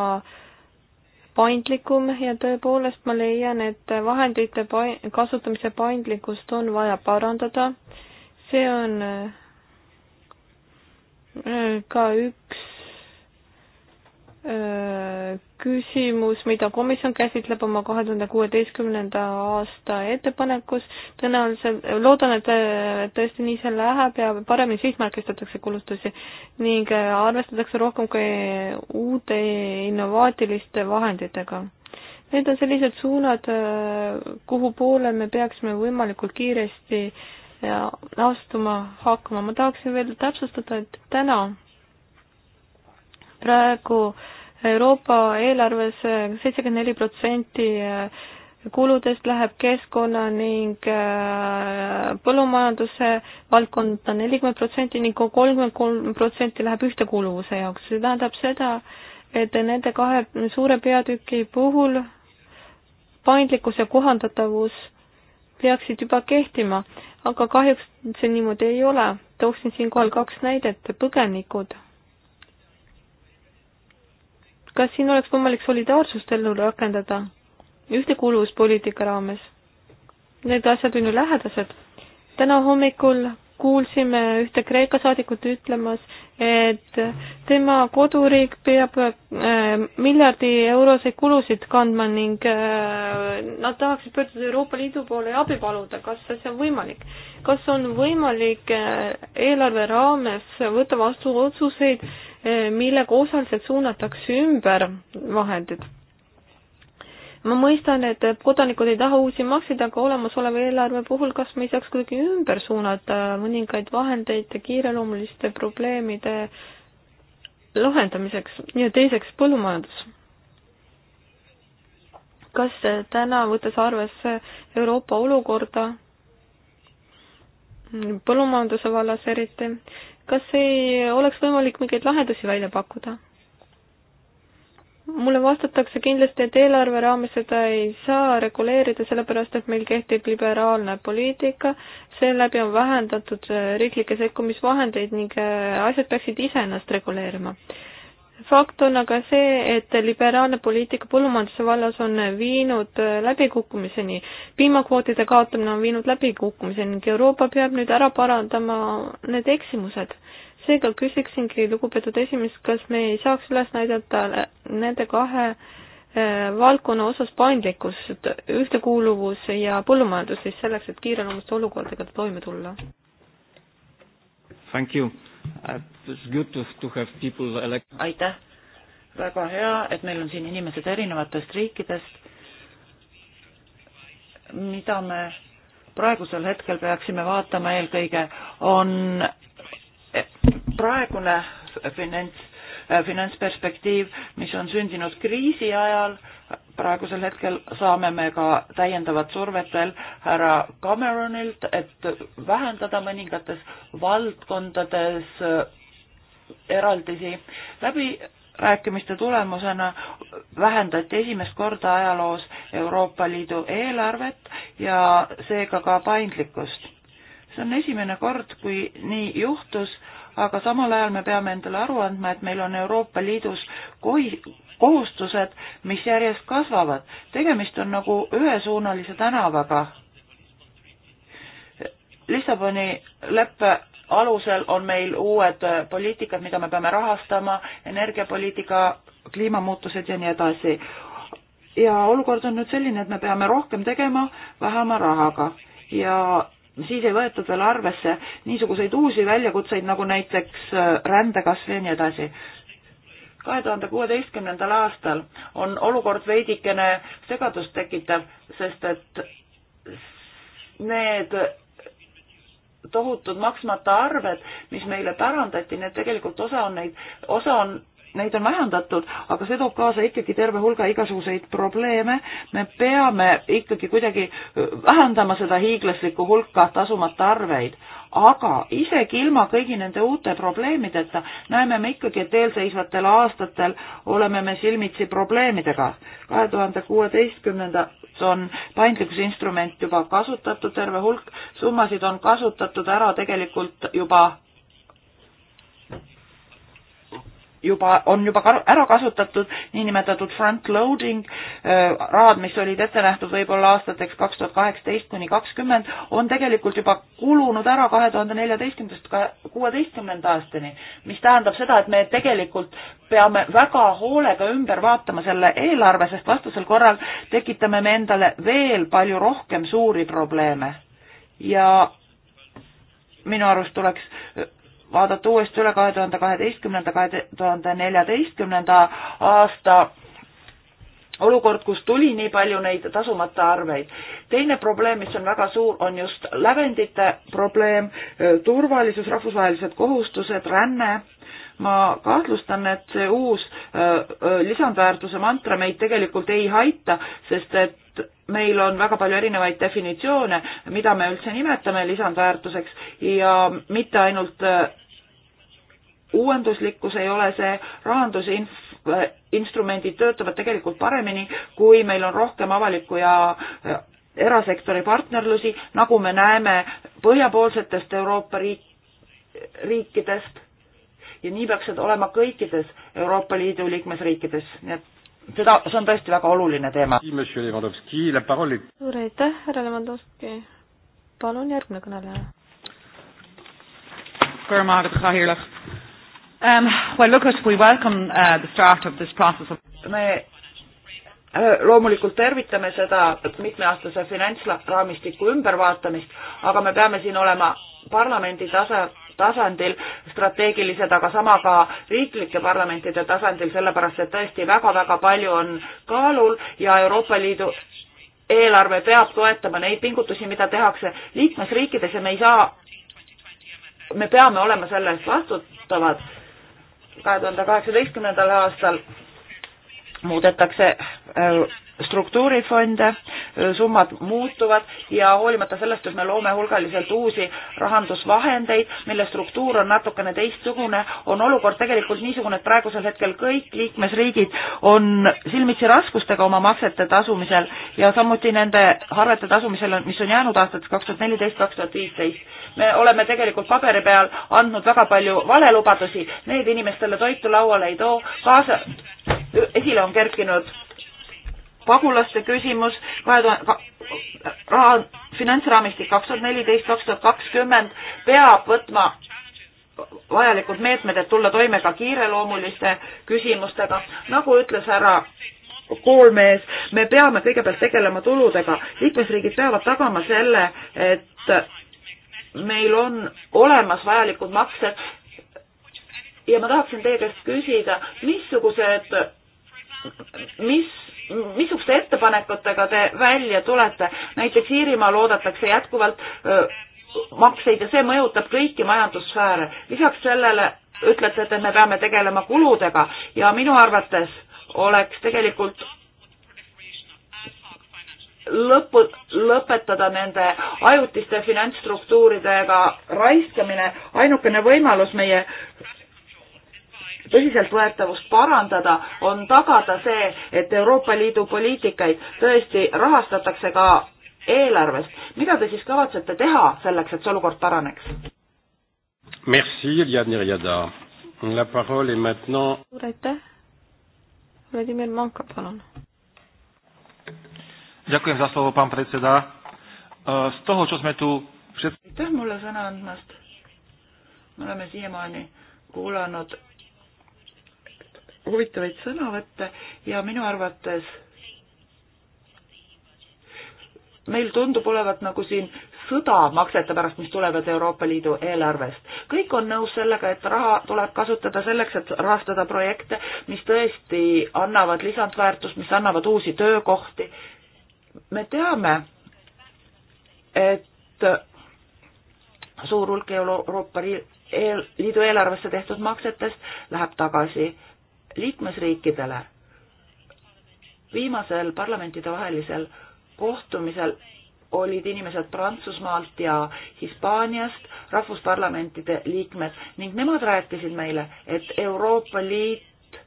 paindlikum ja tõepoolest ma leian, et vahendite pain-, kasutamise paindlikkust on vaja parandada. see on ka üks Äh, küsimus, mida komisjon käsitleb oma kahe tuhande kuueteistkümnenda aasta ettepanekus. tõenäoliselt, äh, loodan, et äh, tõesti nii see läheb ja paremini sihtmärgistatakse kulutusi ning arvestatakse rohkem ka uute innovaatiliste vahenditega. Need on sellised suunad, kuhu poole me peaksime võimalikult kiiresti astuma hakkama. ma tahaksin veel täpsustada, et täna praegu äh, Euroopa eelarves seitsekümmend neli protsenti eh, kuludest läheb keskkonna ning eh, põllumajanduse valdkonda nelikümmend protsenti ning kolmkümmend kolm protsenti läheb ühtekuuluvuse jaoks. see tähendab seda, et nende kahe suure peatüki puhul paindlikkus ja kohandatavus peaksid juba kehtima, aga kahjuks see niimoodi ei ole. tooksin siinkohal kaks näidet, põgenikud kas siin oleks võimalik solidaarsust ellu rakendada ühtekuuluvuspoliitika raames? Need asjad on ju lähedased. täna hommikul kuulsime ühte Kreeka saadikut ütlemas, et tema koduriik peab äh, miljardi euroseid kulusid kandma ning äh, nad tahaksid pöörduda Euroopa Liidu poole ja abi paluda, kas see on võimalik? kas on võimalik äh, eelarve raames võtta vastu otsuseid, millega osaliselt suunatakse ümber vahendid. ma mõistan, et kodanikud ei taha uusi makseid, aga olemasoleva eelarve puhul, kas me ei saaks kuidagi ümber suunata mõningaid vahendeid kiireloomuliste probleemide lahendamiseks ja teiseks põllumajandus? kas täna, võttes arvesse Euroopa olukorda, põllumajanduse vallas eriti, kas ei oleks võimalik mingeid lahendusi välja pakkuda? mulle vastatakse kindlasti, et eelarve raames seda ei saa reguleerida, sellepärast et meil kehtib liberaalne poliitika, seeläbi on vähendatud riiklikke sekkumisvahendeid ning äh, asjad peaksid iseennast reguleerima fakt on aga see, et liberaalne poliitika põllumajanduse vallas on viinud äh, läbikukkumiseni. piimakvootide kaotamine on viinud läbikukkumiseni ning Euroopa peab nüüd ära parandama need eksimused. seega küsiksingi, lugupeetud esimees, kas me ei saaks üles näidata nende kahe äh, valdkonna osas paindlikkust, ühtekuuluvus ja põllumajandus siis selleks, et kiireloomuliste olukordadega toime tulla? Thank you aitäh, väga hea, et meil on siin inimesed erinevatest riikidest. mida me praegusel hetkel peaksime vaatama eelkõige, on praegune finants Äh, finantsperspektiiv, mis on sündinud kriisi ajal. praegusel hetkel saame me ka täiendavat survet veel härra Cameronilt, et vähendada mõningates valdkondades äh, eraldisi. läbirääkimiste tulemusena vähendati esimest korda ajaloos Euroopa Liidu eelarvet ja seega ka paindlikkust. see on esimene kord, kui nii juhtus aga samal ajal me peame endale aru andma, et meil on Euroopa Liidus kohustused, mis järjest kasvavad. tegemist on nagu ühesuunalise tänavaga. Lissaboni leppe alusel on meil uued poliitikad, mida me peame rahastama, energiapoliitika, kliimamuutused ja nii edasi. ja olukord on nüüd selline, et me peame rohkem tegema vähema rahaga ja siis ei võetud veel arvesse niisuguseid uusi väljakutseid nagu näiteks äh, rändekasv ja nii edasi. kahe tuhande kuueteistkümnendal aastal on olukord veidikene segadust tekitav, sest et need tohutud maksmata arved, mis meile pärandati, need tegelikult osa on neid, osa on neid on vähendatud, aga see toob kaasa ikkagi terve hulga igasuguseid probleeme. me peame ikkagi kuidagi vähendama seda hiiglaslikku hulka tasumata arveid, aga isegi ilma kõigi nende uute probleemideta näeme me ikkagi, et eelseisvatel aastatel oleme me silmitsi probleemidega. kahe tuhande kuueteistkümnendaks on paindlikkuse instrument juba kasutatud, terve hulk summasid on kasutatud ära tegelikult juba juba, on juba ära kasutatud niinimetatud front-loading äh, rahad, mis olid ette nähtud võib-olla aastateks kaks tuhat kaheksateist kuni kakskümmend, on tegelikult juba kulunud ära kahe tuhande neljateistkümnendast kuueteistkümnenda aastani, mis tähendab seda, et me tegelikult peame väga hoolega ümber vaatama selle eelarve, sest vastasel korral tekitame me endale veel palju rohkem suuri probleeme. ja minu arust tuleks vaadata uuesti üle kahe tuhande kaheteistkümnenda, kahe tuhande neljateistkümnenda aasta olukord, kus tuli nii palju neid tasumata arveid. teine probleem, mis on väga suur, on just lävendite probleem, turvalisus, rahvusvahelised kohustused, ränne ma kahtlustan, et see uus äh, äh, lisandväärtuse mantra meid tegelikult ei aita, sest et meil on väga palju erinevaid definitsioone, mida me üldse nimetame lisandväärtuseks ja mitte ainult äh, uuenduslikkus ei ole see rahandusinf-, instrumendid töötavad tegelikult paremini, kui meil on rohkem avalikku ja erasektori partnerlusi, nagu me näeme põhjapoolsetest Euroopa riik, riikidest ja nii peaks see olema kõikides Euroopa Liidu liikmesriikides, nii et seda, see on tõesti väga oluline teema. suur aitäh, härra Levandovski. palun järgmine kõneleja. Um, well, look, we welcome uh, the start of this process of me äh, loomulikult tervitame seda mitmeaastase finantsraamistiku ümbervaatamist, aga me peame siin olema parlamendi tasa, tasandil strateegilised, aga sama ka riiklike parlamentide tasandil, sellepärast et tõesti väga-väga palju on kaalul ja Euroopa Liidu eelarve peab toetama neid pingutusi, mida tehakse liikmesriikides ja me ei saa, me peame olema selle eest vastutavad. kahe tuhande kaheksateistkümnendal aastal muudetakse äh, struktuurifonde, summad muutuvad ja hoolimata sellest, et me loome hulgaliselt uusi rahandusvahendeid, mille struktuur on natukene teistsugune, on olukord tegelikult niisugune, et praegusel hetkel kõik liikmesriigid on silmitsi raskustega oma maksete tasumisel ja samuti nende arvete tasumisel, mis on jäänud aastateks kaks tuhat neliteist, kaks tuhat viisteist. me oleme tegelikult paberi peal andnud väga palju valelubadusi, need inimestele toitu lauale ei too, kaasa, esile on kerkinud pagulaste küsimus, kahe tuhande, raha, finantsraamistik kaks tuhat neliteist, kaks tuhat kakskümmend peab võtma vajalikud meetmed, et tulla toime ka kiireloomuliste küsimustega. nagu ütles härra koolmees, me peame kõigepealt tegelema tuludega. liikmesriigid peavad tagama selle, et meil on olemas vajalikud maksed. ja ma tahaksin teie käest küsida, missugused, mis missuguste ettepanekutega te välja tulete? näiteks Iirimaal oodatakse jätkuvalt makseid ja see mõjutab kõiki majandussfääre. lisaks sellele ütlete, et me peame tegelema kuludega ja minu arvates oleks tegelikult lõpu, lõpetada nende ajutiste finantsstruktuuridega raiskamine ainukene võimalus meie tõsiseltvõetavust parandada, on tagada see, et Euroopa Liidu poliitikaid tõesti rahastatakse ka eelarvest. mida te siis kavatsete teha selleks, et see olukord paraneks? Merci, Eliane Riada. La parole est maintenant. suur aitäh. Vladimir Manka, palun. Ďakujem za slovo, pán predseda. E, z toho, čo sme tu aitäh mulle sõna andmast. me oleme siiamaani kuulanud huvitavaid sõnavõtte ja minu arvates meil tundub olevat nagu siin sõda maksete pärast, mis tulevad Euroopa Liidu eelarvest. kõik on nõus sellega, et raha tuleb kasutada selleks, et rahastada projekte, mis tõesti annavad lisandväärtust, mis annavad uusi töökohti. me teame, et suur hulk Euroopa Liidu eelarvesse tehtud maksetest läheb tagasi liikmesriikidele. viimasel parlamentidevahelisel kohtumisel olid inimesed Prantsusmaalt ja Hispaaniast, rahvusparlamentide liikmed ning nemad rääkisid meile, et Euroopa Liit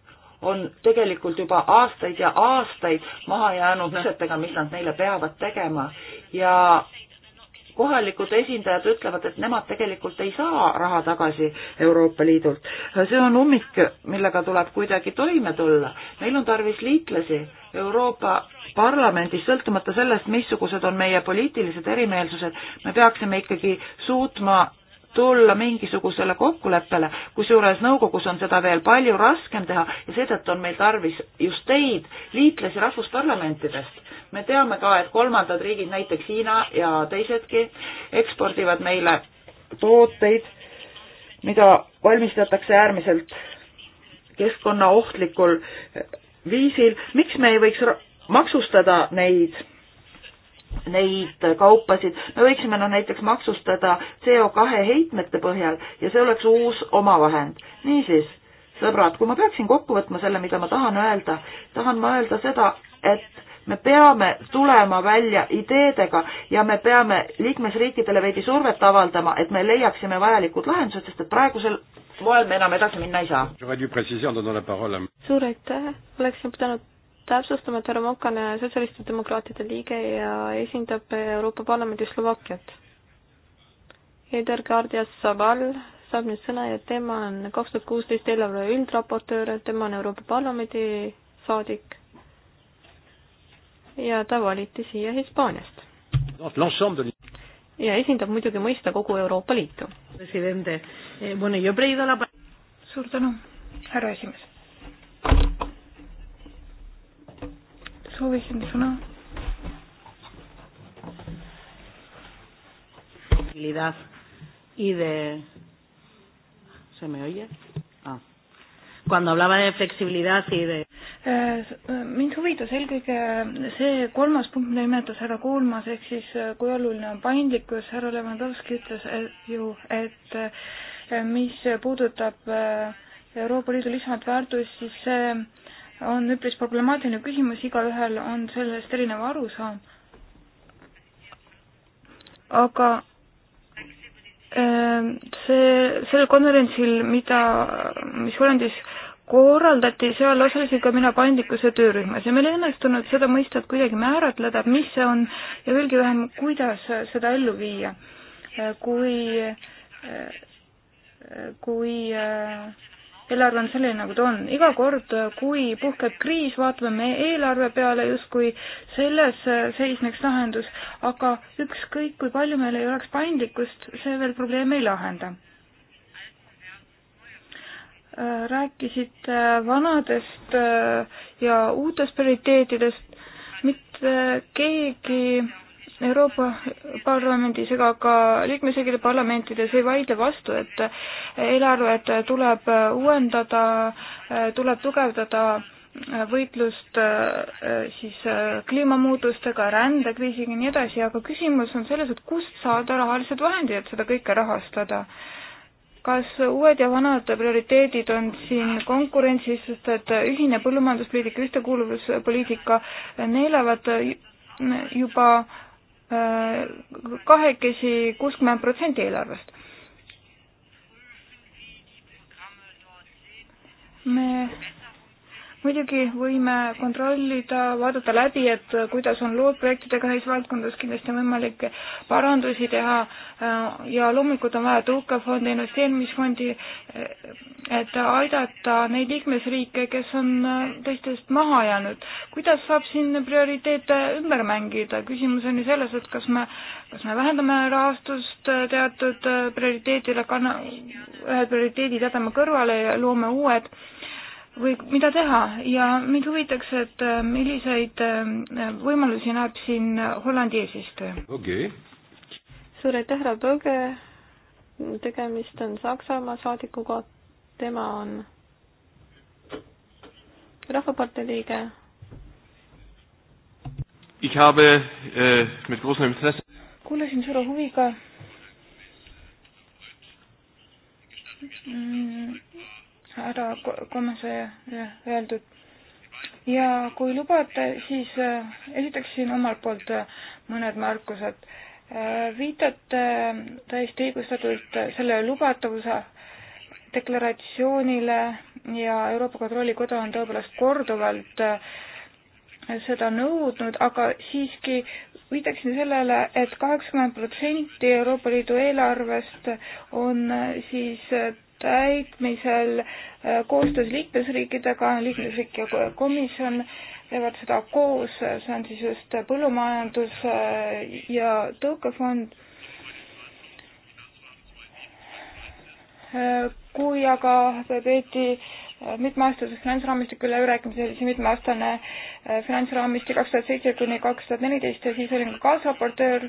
on tegelikult juba aastaid ja aastaid maha jäänud nõsetega, mis nad neile peavad tegema ja kohalikud esindajad ütlevad, et nemad tegelikult ei saa raha tagasi Euroopa Liidult. see on ummik, millega tuleb kuidagi toime tulla. meil on tarvis liitlasi Euroopa Parlamendis, sõltumata sellest, missugused on meie poliitilised erimeelsused, me peaksime ikkagi suutma tulla mingisugusele kokkuleppele, kusjuures nõukogus on seda veel palju raskem teha ja seetõttu on meil tarvis just teid, liitlasi rahvusparlamentidest me teame ka, et kolmandad riigid, näiteks Hiina ja teisedki, ekspordivad meile tooteid, mida valmistatakse äärmiselt keskkonnaohtlikul viisil. miks me ei võiks maksustada neid, neid kaupasid, me võiksime noh näiteks maksustada CO2 heitmete põhjal ja see oleks uus omavahend. niisiis, sõbrad, kui ma peaksin kokku võtma selle, mida ma tahan öelda, tahan ma öelda seda, et me peame tulema välja ideedega ja me peame liikmesriikidele veidi survet avaldama, et me leiaksime vajalikud lahendused, sest et praegusel moel me enam edasi minna ei saa. suur aitäh, oleksin pidanud täpsustama, et härra Mokan on sotsialistide demokraatide liige ja esindab Euroopa Parlamendi Slovakkiat. Eder Gardias Saval saab nüüd sõna ja tema on kaks tuhat kuusteist eelarve üldraportöör, tema on Euroopa Parlamendi saadik ja ta valiti siia Hispaaniast. ja esindab muidugi mõista kogu Euroopa Liitu. Eh, suur tänu, härra esimees. soovisin sõna. y de... ¿Se me oye? Cuando hablaba de flexibilidad y de... Eh, mind huvitas eelkõige eh, see kolmas punkt, mida nimetas härra Kuulmas, ehk siis eh, kui oluline on paindlikkus, härra Levanovski ütles et ju, et mis puudutab Euroopa Liidu lisamat väärtust, siis see on üpris problemaatiline küsimus, igaühel on sellest erinev arusaam. aga Ehm, see, sellel konverentsil, mida, mis Hollandis korraldati, seal osalesin ka mina paindlikkuse töörühmas ja meil ei õnnestunud seda mõistet kuidagi määratleda, mis see on ja veelgi vähem, kuidas seda ellu viia. kui, kui äh, eelarve on selline, nagu ta on. iga kord, kui puhkeb kriis, vaatame me eelarve peale justkui selles seisneks lahendus, aga ükskõik, kui palju meil ei oleks paindlikkust, see veel probleemi ei lahenda. rääkisite vanadest ja uutest prioriteetidest, mitte keegi Euroopa Parlamendis ega ka liikmesriikide parlamentides ei vaidle vastu, et eelarvet tuleb uuendada, tuleb tugevdada võitlust äh, siis äh, kliimamuutustega, rändekriisiga ja nii edasi, aga küsimus on selles, et kust saada rahalised vahendid, et seda kõike rahastada kas uued ja vanad prioriteedid on siin konkurentsis, sest et ühine põllumajanduspoliitika, ühtekuuluvuspoliitika neelavad juba Äh, kahekesi kuuskümmend protsenti eelarvest. me muidugi võime kontrollida, vaadata läbi, et kuidas on lood projektidega neis valdkondades, kindlasti on võimalik parandusi teha ja loomulikult on vaja tõukefondi, investeerimisfondi, et aidata neid liikmesriike, kes on teistest maha jäänud. kuidas saab siin prioriteete ümber mängida, küsimus on ju selles, et kas me, kas me vähendame rahastust teatud prioriteedile, kanna, ühed prioriteedid jätame kõrvale ja loome uued või mida teha ja mind huvitaks, et äh, milliseid äh, võimalusi näeb siin Hollandi eesistuja okay.? suur aitäh, härra Pöge. tegemist on Saksamaa saadikuga, tema on Rahvapartei liige. Ich habe äh, mit großem Interesse kuulasin suure huviga mm härra Komase äh, öeldud. ja kui lubate, siis äh, esitaksin omalt poolt äh, mõned märkused. viitate täiesti õigustatult selle lubatavuse deklaratsioonile ja Euroopa Kontrollikoda on tõepoolest korduvalt seda nõudnud, aga siiski viitaksin sellele et, et kaheksakümmend protsenti Euroopa Liidu eelarvest on siis täitmisel äh, koostöös liikmesriikidega, liikmesriik ja komisjon teevad seda koos, see on siis just põllumajandus äh, ja tõukefond. Äh, kui aga peeti mitmeaastase finantsraamistiku üle rääkimisel, siis mitmeaastane finantsraamistik kaks tuhat seitse kuni kaks tuhat neliteist ja siis olin ka kaasraportöör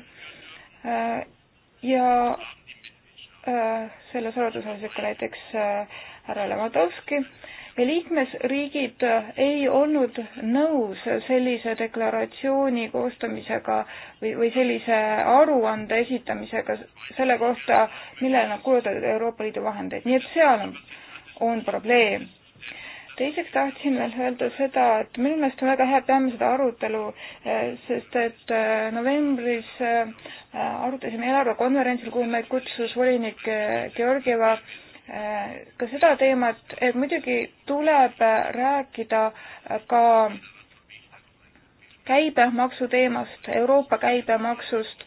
ja Äh, selles arvates on sihuke näiteks äh, härra Levadovski ja liikmesriigid äh, ei olnud nõus sellise deklaratsiooni koostamisega või, või sellise aruande esitamisega selle kohta, millele nad kulutavad Euroopa Liidu vahendeid, nii et seal on, on probleem teiseks tahtsin veel öelda seda, et minu meelest on väga hea, et peame seda arutelu, eh, sest et eh, novembris eh, arutasime eelarvekonverentsil, kuhu meid kutsus volinik Georgieva, ka seda teemat, et muidugi tuleb rääkida ka käibemaksu teemast, Euroopa käibemaksust.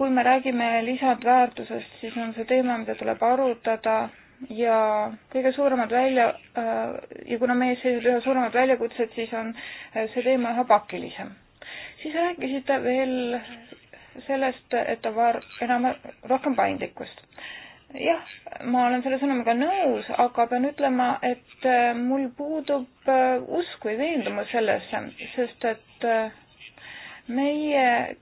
kui me räägime lisandväärtusest, siis on see teema, mida tuleb arutada ja kõige suuremad välja ja kuna meie seisud üha suuremad väljakutsed, siis on see teema üha pakilisem. siis rääkisite veel sellest, et on vaja enam, rohkem paindlikkust. jah, ma olen selle sõnumiga nõus, aga pean ütlema, et äh, mul puudub äh, usk või veendumus sellesse, sest et äh, meie,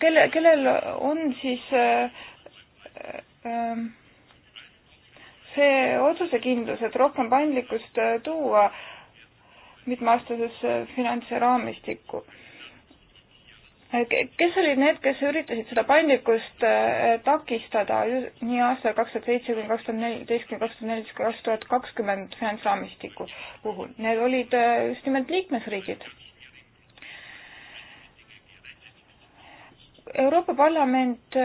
kelle, kellel on siis äh, äh, see otsusekindlus, et rohkem paindlikkust äh, tuua mitmeaastasesse äh, finantsraamistikku. Äh, kes olid need, kes üritasid seda paindlikkust takistada nii aastal kaks tuhat seitse kuni kaks tuhat neliteist kuni kaks tuhat neliteist kuni kaks tuhat kakskümmend finantsraamistiku puhul? Need olid just nimelt liikmesriigid. Euroopa Parlament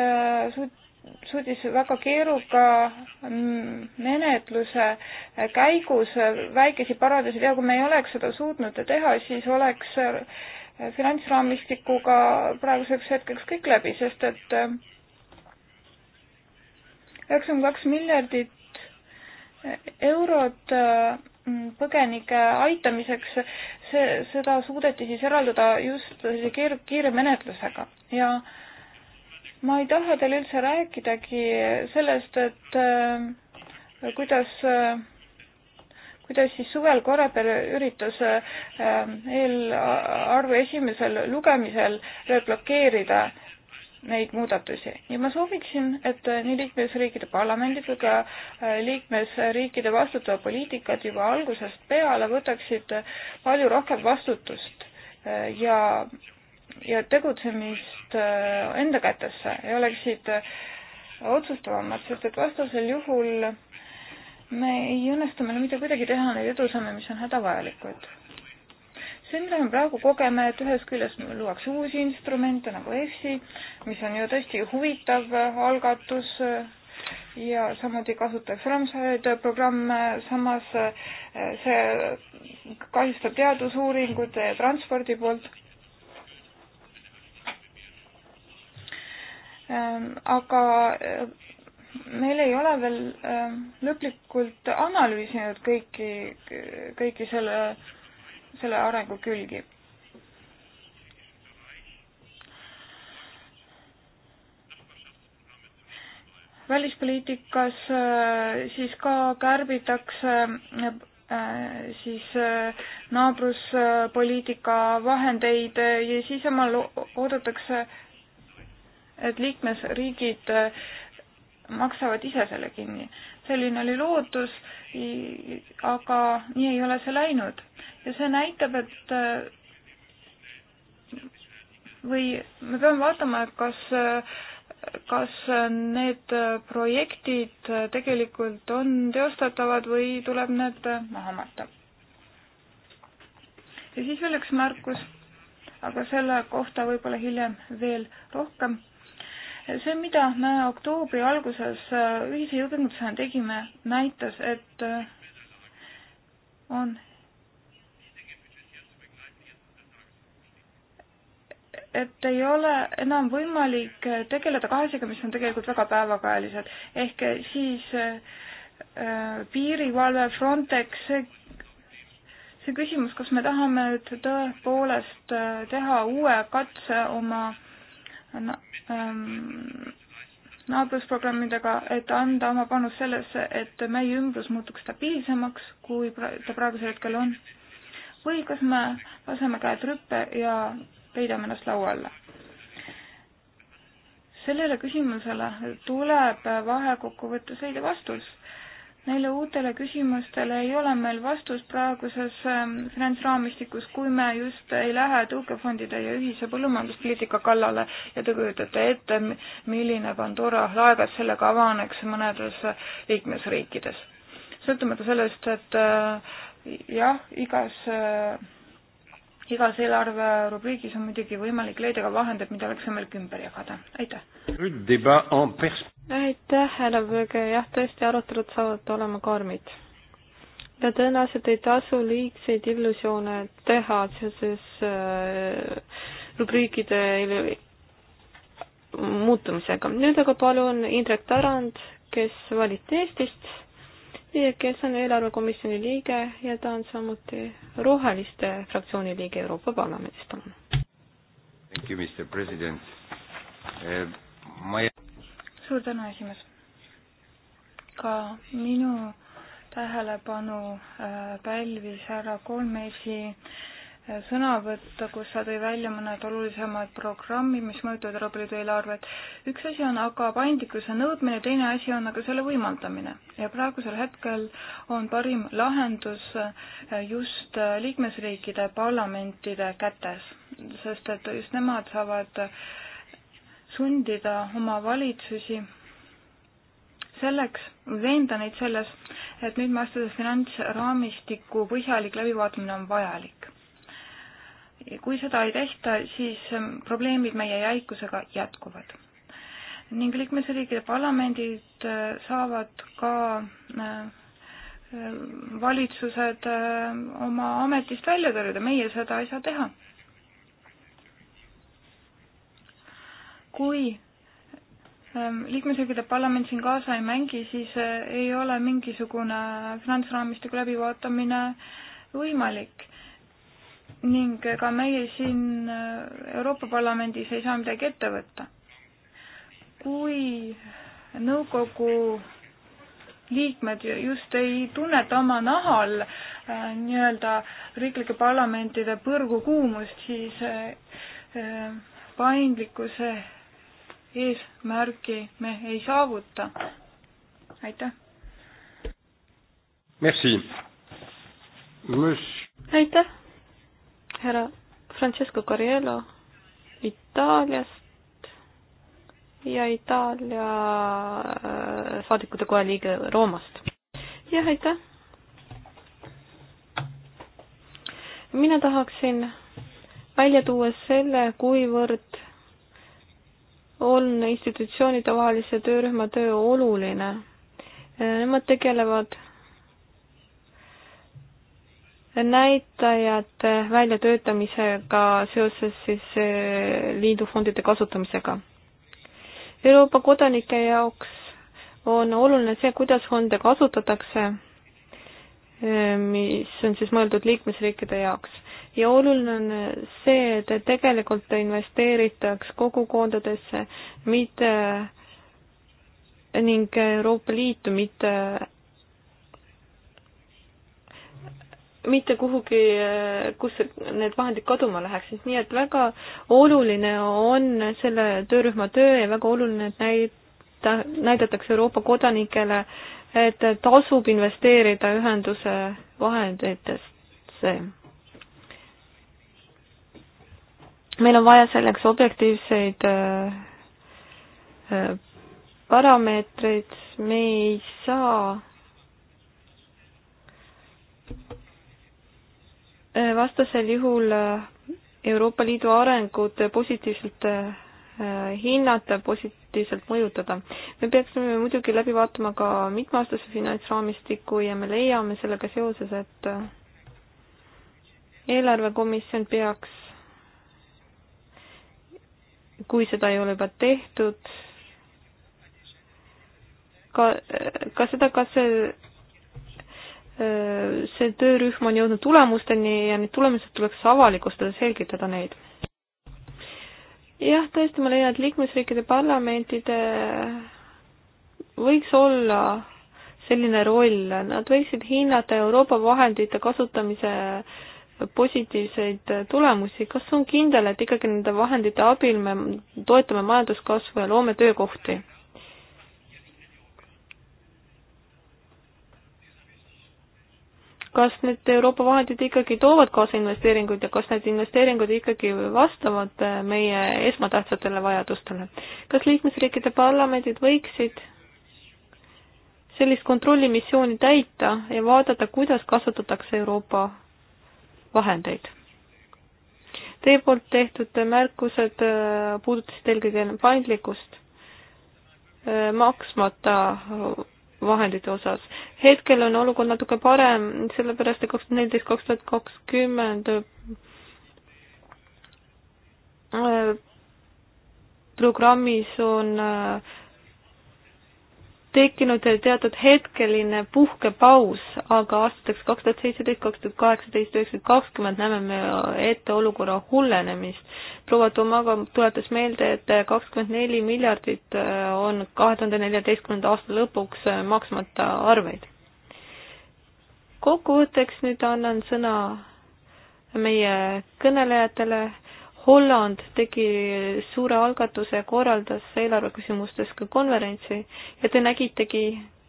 suut-, suutis väga keeruka mm, menetluse käigus väikesi parandusi teha, kui me ei oleks seda suutnud teha, siis oleks äh, finantsraamistikuga praeguseks hetkeks kõik läbi, sest et äh, üheksakümmend kaks miljardit äh, eurot põgenike aitamiseks, see, seda suudeti siis eraldada just sellise keeru-, kiire menetlusega ja äh, ma ei taha teile üldse rääkidagi sellest, et äh, kuidas, äh, kuidas siis suvel Korepere üritas äh, eelarve esimesel lugemisel blokeerida neid muudatusi ja ma sooviksin, et nii liikmesriikide parlamendid kui ka liikmesriikide vastutavad poliitikad juba algusest peale võtaksid palju rohkem vastutust ja ja tegutsemist äh, enda kätesse ja oleksid äh, otsustavamad, sest et vastasel juhul me ei õnnestu meil mitte kuidagi teha neid edusamme, mis on hädavajalikud. see, mida me praegu kogeme, et ühest küljest luuakse uusi instrumente nagu EFSI, mis on ju tõesti huvitav algatus äh, ja samuti kasutatakse Ramsaid programme, samas see kahjustab teadusuuringute ja transpordi poolt Ähm, aga äh, meil ei ole veel ähm, lõplikult analüüsinud kõiki, kõiki selle, selle arengu külgi. välispoliitikas äh, siis ka kärbitakse äh, siis naabruspoliitika vahendeid ja siis samal oodatakse et liikmesriigid äh, maksavad ise selle kinni. selline oli lootus, aga nii ei ole see läinud ja see näitab, et äh, või me peame vaatama, et kas, äh, kas need projektid tegelikult on teostatavad või tuleb need maha matta. ja siis veel üks märkus, aga selle kohta võib-olla hiljem veel rohkem see, mida me oktoobri alguses äh, ühise jõupingutusena tegime, näitas, et äh, on, et ei ole enam võimalik tegeleda kahesega, mis on tegelikult väga päevakajalised. ehk siis äh, piirivalve, Frontex, see see küsimus, kas me tahame nüüd tõepoolest teha uue katse oma na, ähm, naabrusprogrammidega, et anda oma panus sellesse, et meie ümbrus muutuks stabiilsemaks, kui ta praegusel hetkel on. või kas me laseme käed rüppe ja peidame ennast laua alla? sellele küsimusele tuleb vahekokkuvõttes õige vastus Neile uutele küsimustele ei ole meil vastus praeguses ähm, finantsraamistikus, kui me just ei lähe tõukefondide ja ühise põllumajanduspoliitika kallale ja te kujutate ette, milline Pandora laegas sellega avaneks mõnedes liikmesriikides. sõltumata sellest, et äh, jah, igas äh, igas eelarve rubriigis on muidugi võimalik leida ka vahendeid, mida oleks võimalik ümber jagada. aitäh! aitäh, härra Pööge, jah, tõesti, arutelud saavad olema karmid. ja tõenäoliselt ei tasu liigseid illusioone teha seoses äh, rubriikide muutumisega. nüüd aga palun Indrek Tarand, kes valiti Eestist ja kes on eelarvekomisjoni liige ja ta on samuti Roheliste fraktsiooni liige Euroopa Parlamendis, palun. Thank you, Mr President uh,. Ma ei suur tänu, esimees. ka minu tähelepanu äh, pälvis härra Kolmesi äh, sõnavõtt, kus sa tõi välja mõned olulisemad programmid, mis mõjutavad Euroopa Liidu eelarvet. üks asi on aga paindlikkuse nõudmine, teine asi on aga selle võimaldamine ja praegusel hetkel on parim lahendus äh, just liikmesriikide parlamentide kätes, sest et just nemad saavad äh, sundida oma valitsusi selleks, veenda neid selles, et nüüd maastuses finantsraamistiku põhjalik läbivaatamine on vajalik. kui seda ei tehta, siis ähm, probleemid meie jäikusega jätkuvad. ning liikmesriikide parlamendid äh, saavad ka äh, valitsused äh, oma ametist välja tõrjuda, meie seda ei saa teha kui ähm, liikmesriikide parlament siin kaasa ei mängi, siis äh, ei ole mingisugune finantsraamistiku läbivaatamine võimalik. ning ka meie siin äh, Euroopa Parlamendis ei saa midagi ette võtta. kui nõukogu liikmed just ei tunneta oma nahal äh, nii-öelda riiklike parlamentide põrgukuumust, siis äh, äh paindlikkuse äh, eesmärki me ei saavuta. aitäh. Merci. aitäh, härra Francesco Cariello Itaaliast ja Itaalia äh, saadikute koja liige Roomast. jah, aitäh. mina tahaksin välja tuua selle, kuivõrd on institutsioonide vahelise töörühma töö oluline. Nemad tegelevad näitajate väljatöötamisega seoses siis eh, liidu fondide kasutamisega. Euroopa kodanike jaoks on oluline see, kuidas fonde kasutatakse, eh, mis on siis mõeldud liikmesriikide jaoks ja oluline on see, et tegelikult investeeritaks kogukondadesse, mitte ning Euroopa Liitu, mitte mitte kuhugi, kus need vahendid kaduma läheksid, nii et väga oluline on selle töörühma töö ja väga oluline, et näita, näidatakse Euroopa kodanikele, et tasub investeerida ühenduse vahenditesse meil on vaja selleks objektiivseid äh, äh, parameetreid, me ei saa äh, vastasel juhul Euroopa Liidu arengut positiivselt hinnata, positiivselt mõjutada. me peaksime muidugi läbi vaatama ka mitmeaastase finantsraamistiku ja me leiame sellega seoses, et eelarvekomisjon peaks kui seda ei ole juba tehtud, ka, ka seda, kas see, see töörühm on jõudnud tulemusteni ja need tulemused tuleks avalikustada, selgitada neid. jah, tõesti, ma leian, et liikmesriikide parlamentide võiks olla selline roll, nad võiksid hinnata Euroopa vahendite kasutamise äh, positiivseid tulemusi, kas on kindel, et ikkagi nende vahendite abil me toetame majanduskasvu ja loome töökohti? kas need Euroopa vahendid ikkagi toovad kaasa investeeringuid ja kas need investeeringud ikkagi vastavad meie esmatähtsatele vajadustele? kas liikmesriikide parlamendid võiksid sellist kontrollimissiooni täita ja vaadata, kuidas kasutatakse Euroopa vahendeid. Teie poolt tehtud märkused äh, puudutasid eelkõige paindlikkust äh, maksmata vahendite osas. hetkel on olukord natuke parem, sellepärast et kaks tuhat neliteist, kaks tuhat kakskümmend äh, programmis on äh, tekkinud teatud hetkeline puhkepaus, aga aastateks kaks tuhat seitseteist, kaks tuhat kaheksateist, üheksakümmend, kakskümmend näeme me ette olukorra hullenemist. proua Tomaga tuletas meelde, et kakskümmend neli miljardit äh, on kahe tuhande neljateistkümnenda aasta lõpuks äh, maksmata arveid. kokkuvõtteks nüüd annan sõna meie kõnelejatele Holland tegi suure algatuse, korraldas eelarveküsimustes ka konverentsi ja te nägitegi,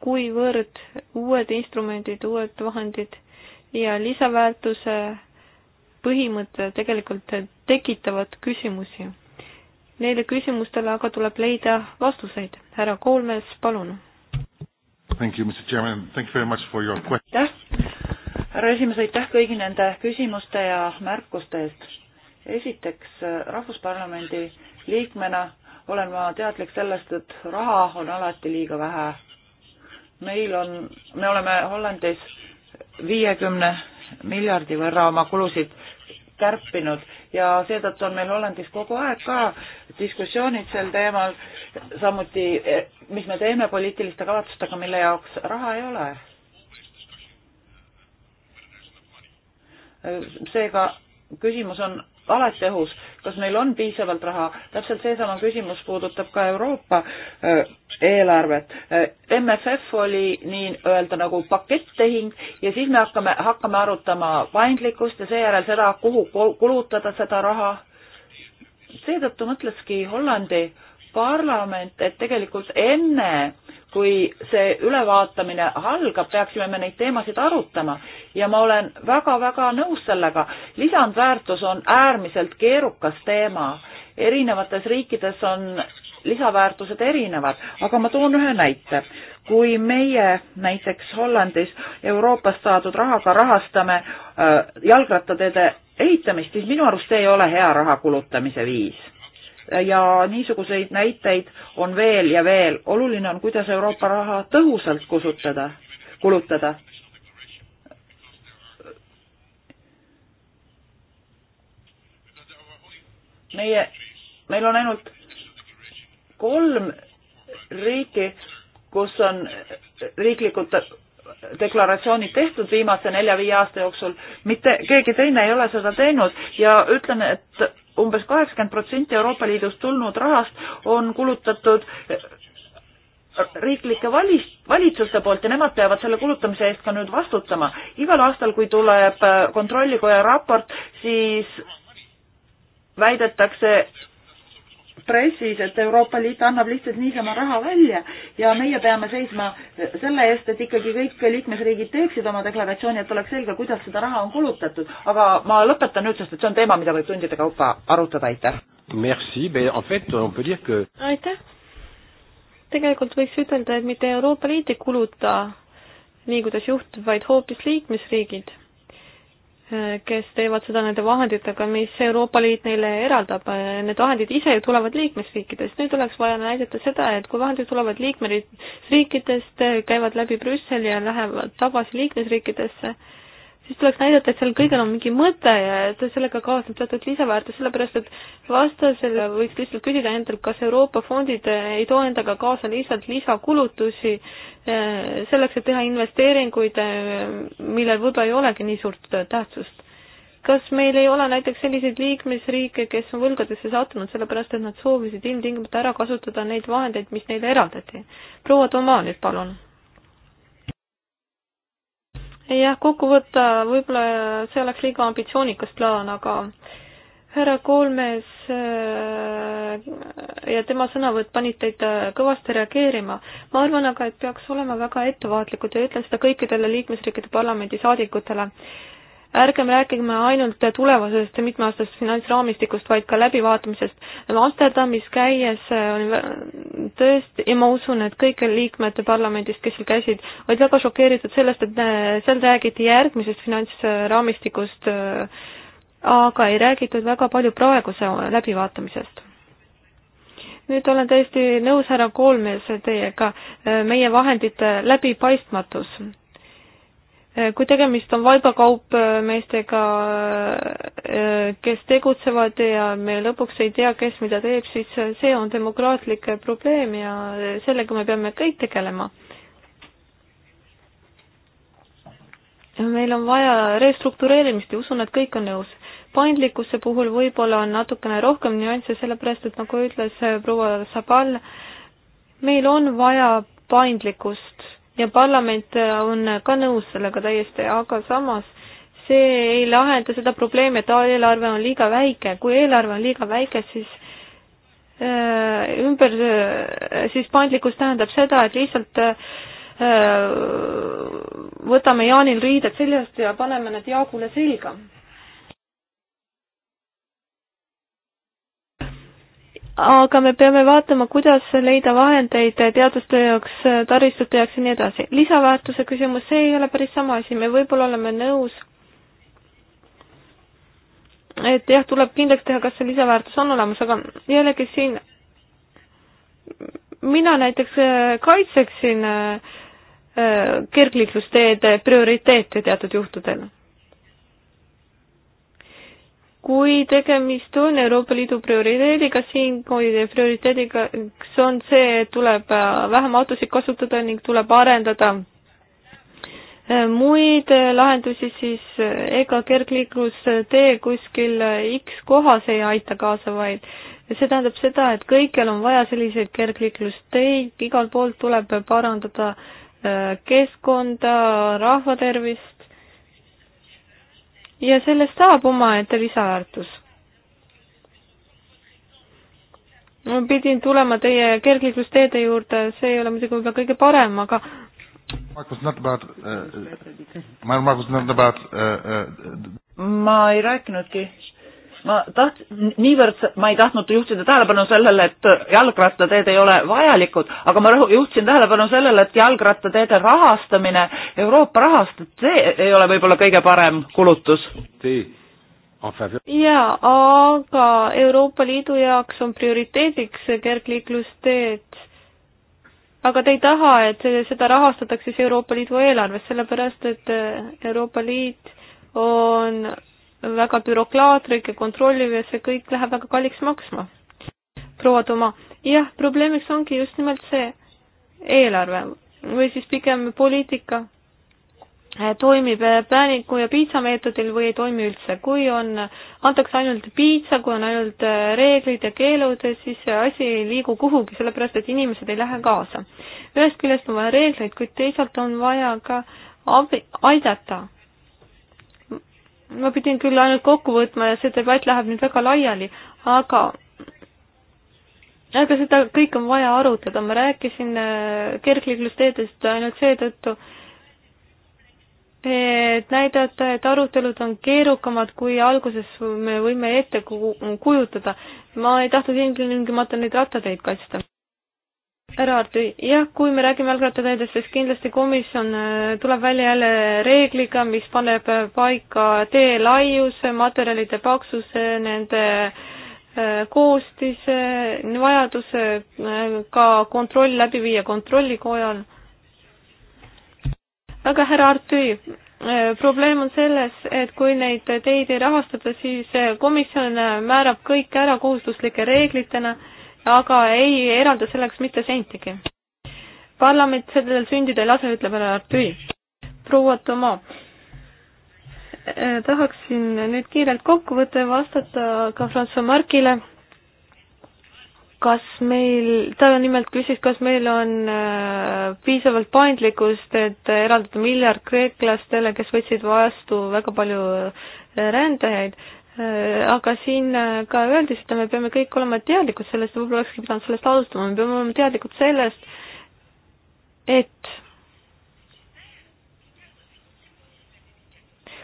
kuivõrd uued instrumendid, uued vahendid ja lisaväärtuse põhimõte tegelikult tekitavad küsimusi. Neile küsimustele aga tuleb leida vastuseid. härra Koolmees, palun. aitäh, härra esimees, aitäh kõigi nende küsimuste ja märkuste eest esiteks, Rahvusparlamendi liikmena olen ma teadlik sellest, et raha on alati liiga vähe. meil on, me oleme Hollandis viiekümne miljardi võrra oma kulusid kärpinud ja seetõttu on meil Hollandis kogu aeg ka diskussioonid sel teemal, samuti mis me teeme poliitiliste kavatsustega, mille jaoks raha ei ole. seega küsimus on alati õhus, kas meil on piisavalt raha, täpselt seesama küsimus puudutab ka Euroopa äh, eelarvet. Äh, MFF oli nii-öelda nagu pakettehing ja siis me hakkame, hakkame arutama paindlikkust ja seejärel seda, kuhu kulutada seda raha. seetõttu mõtleski Hollandi parlament, et tegelikult enne kui see ülevaatamine algab, peaksime me neid teemasid arutama ja ma olen väga-väga nõus sellega. lisandväärtus on äärmiselt keerukas teema, erinevates riikides on lisaväärtused erinevad, aga ma toon ühe näite. kui meie näiteks Hollandis Euroopast saadud rahaga rahastame äh, jalgrattateede ehitamist, siis minu arust see ei ole hea raha kulutamise viis ja niisuguseid näiteid on veel ja veel. oluline on, kuidas Euroopa raha tõhusalt kusutada, kulutada. meie, meil on ainult kolm riiki, kus on riiklikud deklaratsioonid tehtud viimase nelja-viie aasta jooksul, mitte keegi teine ei ole seda teinud ja ütleme, et umbes kaheksakümmend protsenti Euroopa Liidust tulnud rahast on kulutatud riiklike valis-, valitsuste poolt ja nemad peavad selle kulutamise eest ka nüüd vastutama. igal aastal, kui tuleb Kontrollikoja raport, siis väidetakse, pressis, et Euroopa Liit annab lihtsalt niisama raha välja ja meie peame seisma selle eest, et ikkagi kõik liikmesriigid teeksid oma deklaratsiooni, et oleks selge, kuidas seda raha on kulutatud. aga ma lõpetan nüüd, sest et see on teema, mida võib tundide kaupa arutada, aitäh. Merci, en fait on peut dire que aitäh. tegelikult võiks ütelda, et mitte Euroopa Liit ei kuluta nii, kuidas juhtub, vaid hoopis liikmesriigid kes teevad seda nende vahenditega, mis Euroopa Liit neile eraldab. Need vahendid ise ju tulevad liikmesriikidest, nüüd oleks vaja näidata seda, et kui vahendid tulevad liikmesriikidest, käivad läbi Brüsseli ja lähevad tagasi liikmesriikidesse, siis tuleks näidata, et sellel kõigel on mingi mõte ja et sellega kaasneb teatud lisaväärtus, sellepärast et vastasele võiks lihtsalt küsida endalt, kas Euroopa fondid ei too endaga kaasa lihtsalt lisakulutusi eh, selleks, et teha investeeringuid, eh, millel võib-olla ei olegi nii suurt eh, tähtsust. kas meil ei ole näiteks selliseid liikmesriike, kes on võlgadesse sattunud, sellepärast et nad soovisid ilmtingimata ära kasutada neid vahendeid, mis neile eraldati? proua Tomaa nüüd, palun jah, kokku võtta võib-olla see oleks liiga ambitsioonikas plaan, aga härra Koolmees äh, ja tema sõnavõtt panid teid äh, kõvasti reageerima. ma arvan aga, et peaks olema väga ettevaatlikud ja ütlen seda kõikidele liikmesriikide parlamendi saadikutele ärgem rääkigem ainult tulevasest mitmeaastasest finantsraamistikust, vaid ka läbivaatamisest. Amsterdamis käies äh, oli tõesti ja ma usun, et kõik liikmed parlamendist, kes seal käisid, olid väga šokeeritud sellest, et äh, seal räägiti järgmisest finantsraamistikust, äh, aga ei räägitud väga palju praeguse läbivaatamisest nüüd olen täiesti nõus, härra Koolmees, teiega, meie vahendite läbipaistmatus Äh, kui tegemist on vaibakaupmeestega, äh, äh, kes tegutsevad ja me lõpuks ei tea, kes mida teeb, siis see on demokraatlik probleem ja sellega me peame kõik tegelema. meil on vaja restruktureerimist ja usun, et kõik on nõus. paindlikkuse puhul võib-olla on natukene rohkem nüansse, sellepärast et nagu ütles proua Sabal, meil on vaja paindlikkust ja parlament äh, on ka nõus sellega täiesti, aga samas see ei lahenda seda probleemi, et eelarve on liiga väike. kui eelarve on liiga väike, siis äh, ümber äh,, siis paindlikkus tähendab seda, et lihtsalt äh, võtame Jaanil riided seljast ja paneme need Jaagule selga aga me peame vaatama, kuidas leida vahendeid teadustöö jaoks, taristute jaoks ja nii edasi. lisaväärtuse küsimus, see ei ole päris sama asi, me võib-olla oleme nõus, et jah, tuleb kindlaks teha, kas see lisaväärtus on olemas, aga jällegi siin mina näiteks äh, kaitseksin äh, äh, kergliiklusteede prioriteete teatud juhtudel kui tegemist on Euroopa Liidu prioriteediga, siin prioriteediga on see, et tuleb äh, vähem autosid kasutada ning tuleb arendada äh, muid äh, lahendusi, siis ega kergliiklustee kuskil X kohas ei aita kaasa, vaid see tähendab seda, et kõikjal on vaja selliseid kergliiklusteid, igalt poolt tuleb parandada keskkonda, rahva tervist, ja sellest saab omaette lisaväärtus. ma pidin tulema teie kergliiklusteede juurde, see ei ole muidugi võib-olla kõige parem, aga Mark was not about uh,, my uh, remark was not about uh,. Uh, ma ei rääkinudki ma taht-, niivõrd ma ei tahtnud juhtida tähelepanu sellele, et jalgrattateed ei ole vajalikud, aga ma rõhu-, juhtisin tähelepanu sellele, et jalgrattateede rahastamine, Euroopa rahast, et see ei ole võib-olla kõige parem kulutus. jaa, aga Euroopa Liidu jaoks on prioriteediks kergliiklusteed. aga te ei taha, et seda rahastatakse siis Euroopa Liidu eelarvest, sellepärast et Euroopa Liit on väga bürokraatlik ja kontrolliv ja see kõik läheb väga kalliks maksma. proua Toma, jah, probleemiks ongi just nimelt see eelarve või siis pigem poliitika eh, toimib eh, prääniku ja piitsa meetodil või ei toimi üldse. kui on, antakse ainult piitsa, kui on ainult eh, reeglid ja keelud, siis see asi ei liigu kuhugi, sellepärast et inimesed ei lähe kaasa. ühest küljest on vaja reegleid, kuid teisalt on vaja ka abi, aidata ma pidin küll ainult kokku võtma ja see debatt läheb nüüd väga laiali, aga aga seda kõike on vaja arutada, ma rääkisin äh, kergliiklusteedest ainult seetõttu, et näidata, et arutelud on keerukamad, kui alguses me võime ette kujutada. ma ei tahtnud ilmtingimata neid rattateid kaitsta härra Artui, jah, kui me räägime jalgrattateedest, siis kindlasti komisjon äh, tuleb välja jälle reegliga, mis paneb äh, paika tee laiuse, materjalide paksuse, nende äh, koostise, vajaduse ka kontroll läbi viia kontrollikojal. aga härra Artui, probleem on selles, et kui neid teid ei rahastata, siis komisjon määrab kõik ära kohustuslike reeglitena aga ei eralda selleks mitte sentigi. parlament sellel sündida ei lase, ütleb härra Artüi. proua Toma, eh, tahaksin nüüd kiirelt kokkuvõtte vastata ka Francois Markile. kas meil, ta nimelt küsis, kas meil on eh, piisavalt paindlikkust, et eraldada miljard kreeklastele, kes võtsid vastu väga palju eh, rändajaid. Äh, aga siin äh, ka öeldi seda, me peame kõik olema teadlikud sellest, võib-olla olekski pidanud sellest alustama, me peame olema teadlikud sellest, et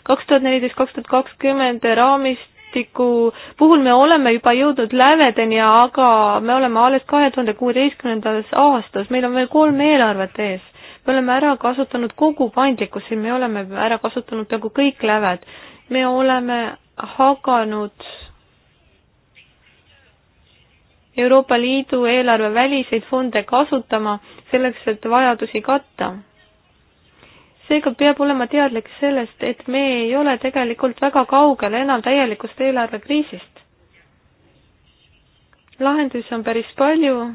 kaks tuhat neliteist, kaks tuhat kakskümmend raamistiku puhul me oleme juba jõudnud lävedeni, aga me oleme alles kahe tuhande kuueteistkümnendas aastas, meil on veel kolm eelarvet ees. me oleme ära kasutanud kogu paindlikkuse, me oleme ära kasutanud peaaegu kõik läved. me oleme hakanud Euroopa Liidu eelarve väliseid fonde kasutama selleks, et vajadusi katta. seega peab olema teadlik sellest, et me ei ole tegelikult väga kaugel enam täielikust eelarvekriisist. lahendusi on päris palju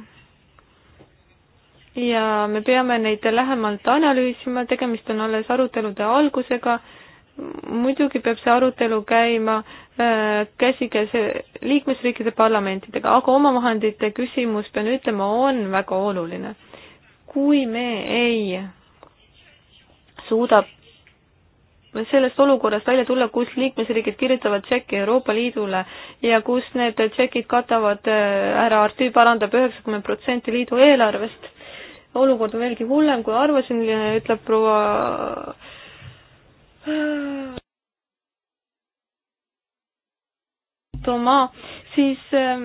ja me peame neid lähemalt analüüsima, tegemist on alles arutelude algusega muidugi peab see arutelu käima äh, käsikäes liikmesriikide parlamentidega, aga omavahendite küsimus, pean ütlema, on väga oluline. kui me ei suuda sellest olukorrast välja tulla, kus liikmesriigid kirjutavad tšeki Euroopa Liidule ja kus need tšekid katavad ära, äh, Artüü parandab üheksakümmend protsenti liidu eelarvest, olukord on veelgi hullem, kui arvasin, ütleb proua tooma, siis ähm,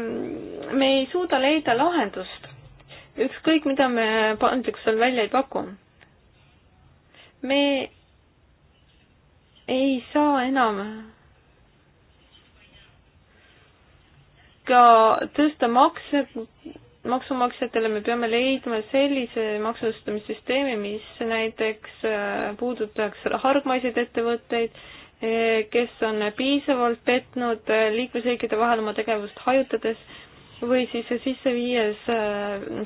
me ei suuda leida lahendust. ükskõik, mida me paindlikkusel välja ei paku. me ei saa enam ka tõsta makse maksumaksjatele me peame leidma sellise maksustamissüsteemi, mis näiteks äh, puudutaks hargmaiseid ettevõtteid, äh, kes on piisavalt petnud äh, liikmesriikide vahel oma tegevust hajutades või siis sisse viies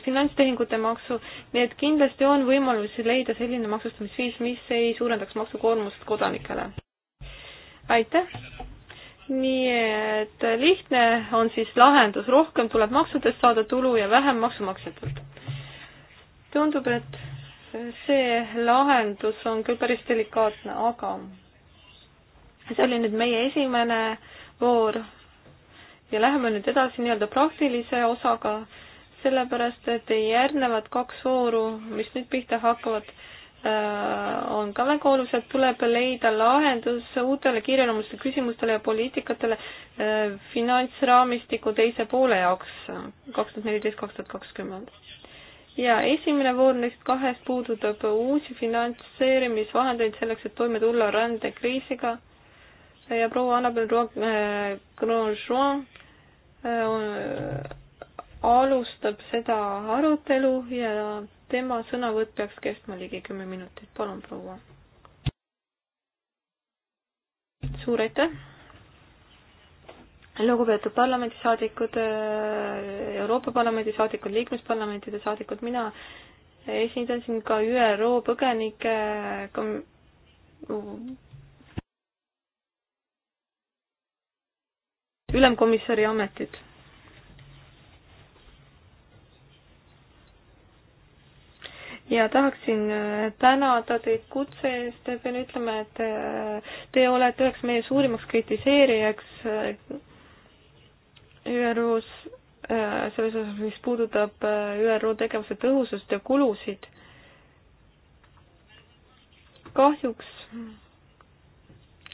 finantstehingute maksu, nii et kindlasti on võimalus leida selline maksustamisviis, mis ei suurendaks maksukoormust kodanikele. aitäh! nii et lihtne on siis lahendus, rohkem tuleb maksudest saada tulu ja vähem maksumaksjatelt. tundub, et see lahendus on küll päris delikaatne, aga see oli nüüd meie esimene voor ja läheme nüüd edasi nii-öelda praktilise osaga, sellepärast et järgnevad kaks vooru, mis nüüd pihta hakkavad, Äh, on ka väga olulised, tuleb leida lahendus uutele kiireloomulistele küsimustele ja poliitikatele äh, finantsraamistiku teise poole jaoks kaks tuhat neliteist, kaks tuhat kakskümmend. ja esimene voor neist kahest puudutab uusi finantseerimisvahendeid selleks, et toime tulla rändekriisiga ja proua Annabel äh, Grosjean alustab seda arutelu ja tema sõnavõtt peaks kestma ligi kümme minutit, palun proua. suur aitäh. lugupeetud parlamendisaadikud, äh, Euroopa Parlamendi saadikud, liikmesparlamentide saadikud, mina esindan siin ka ÜRO põgenike äh, kom... ülemkomissari ametit ja tahaksin äh, tänada teid kutse eest, pean ütlema, et äh, te olete üheks meie suurimaks kritiseerijaks äh, ÜRO-s selles osas, mis puudutab ÜRO tegevuse tõhusust ja kulusid. kahjuks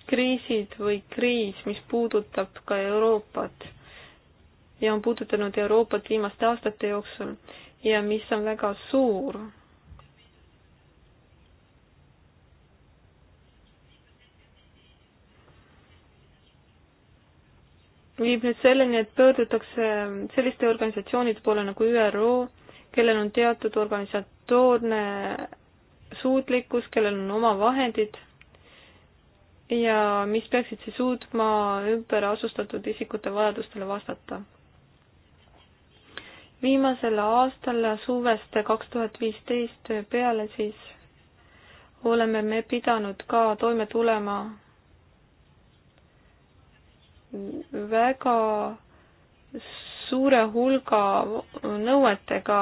kriisid või kriis, mis puudutab ka Euroopat ja on puudutanud Euroopat viimaste aastate jooksul ja mis on väga suur viib nüüd selleni, et pöördutakse selliste organisatsioonide poole nagu ÜRO, kellel on teatud organisatoorne suutlikkus, kellel on oma vahendid ja mis peaksid siis suutma ümber asustatud isikute vajadustele vastata. viimasel aastal suvest kaks tuhat viisteist peale siis oleme me pidanud ka toime tulema väga suure hulga nõuetega.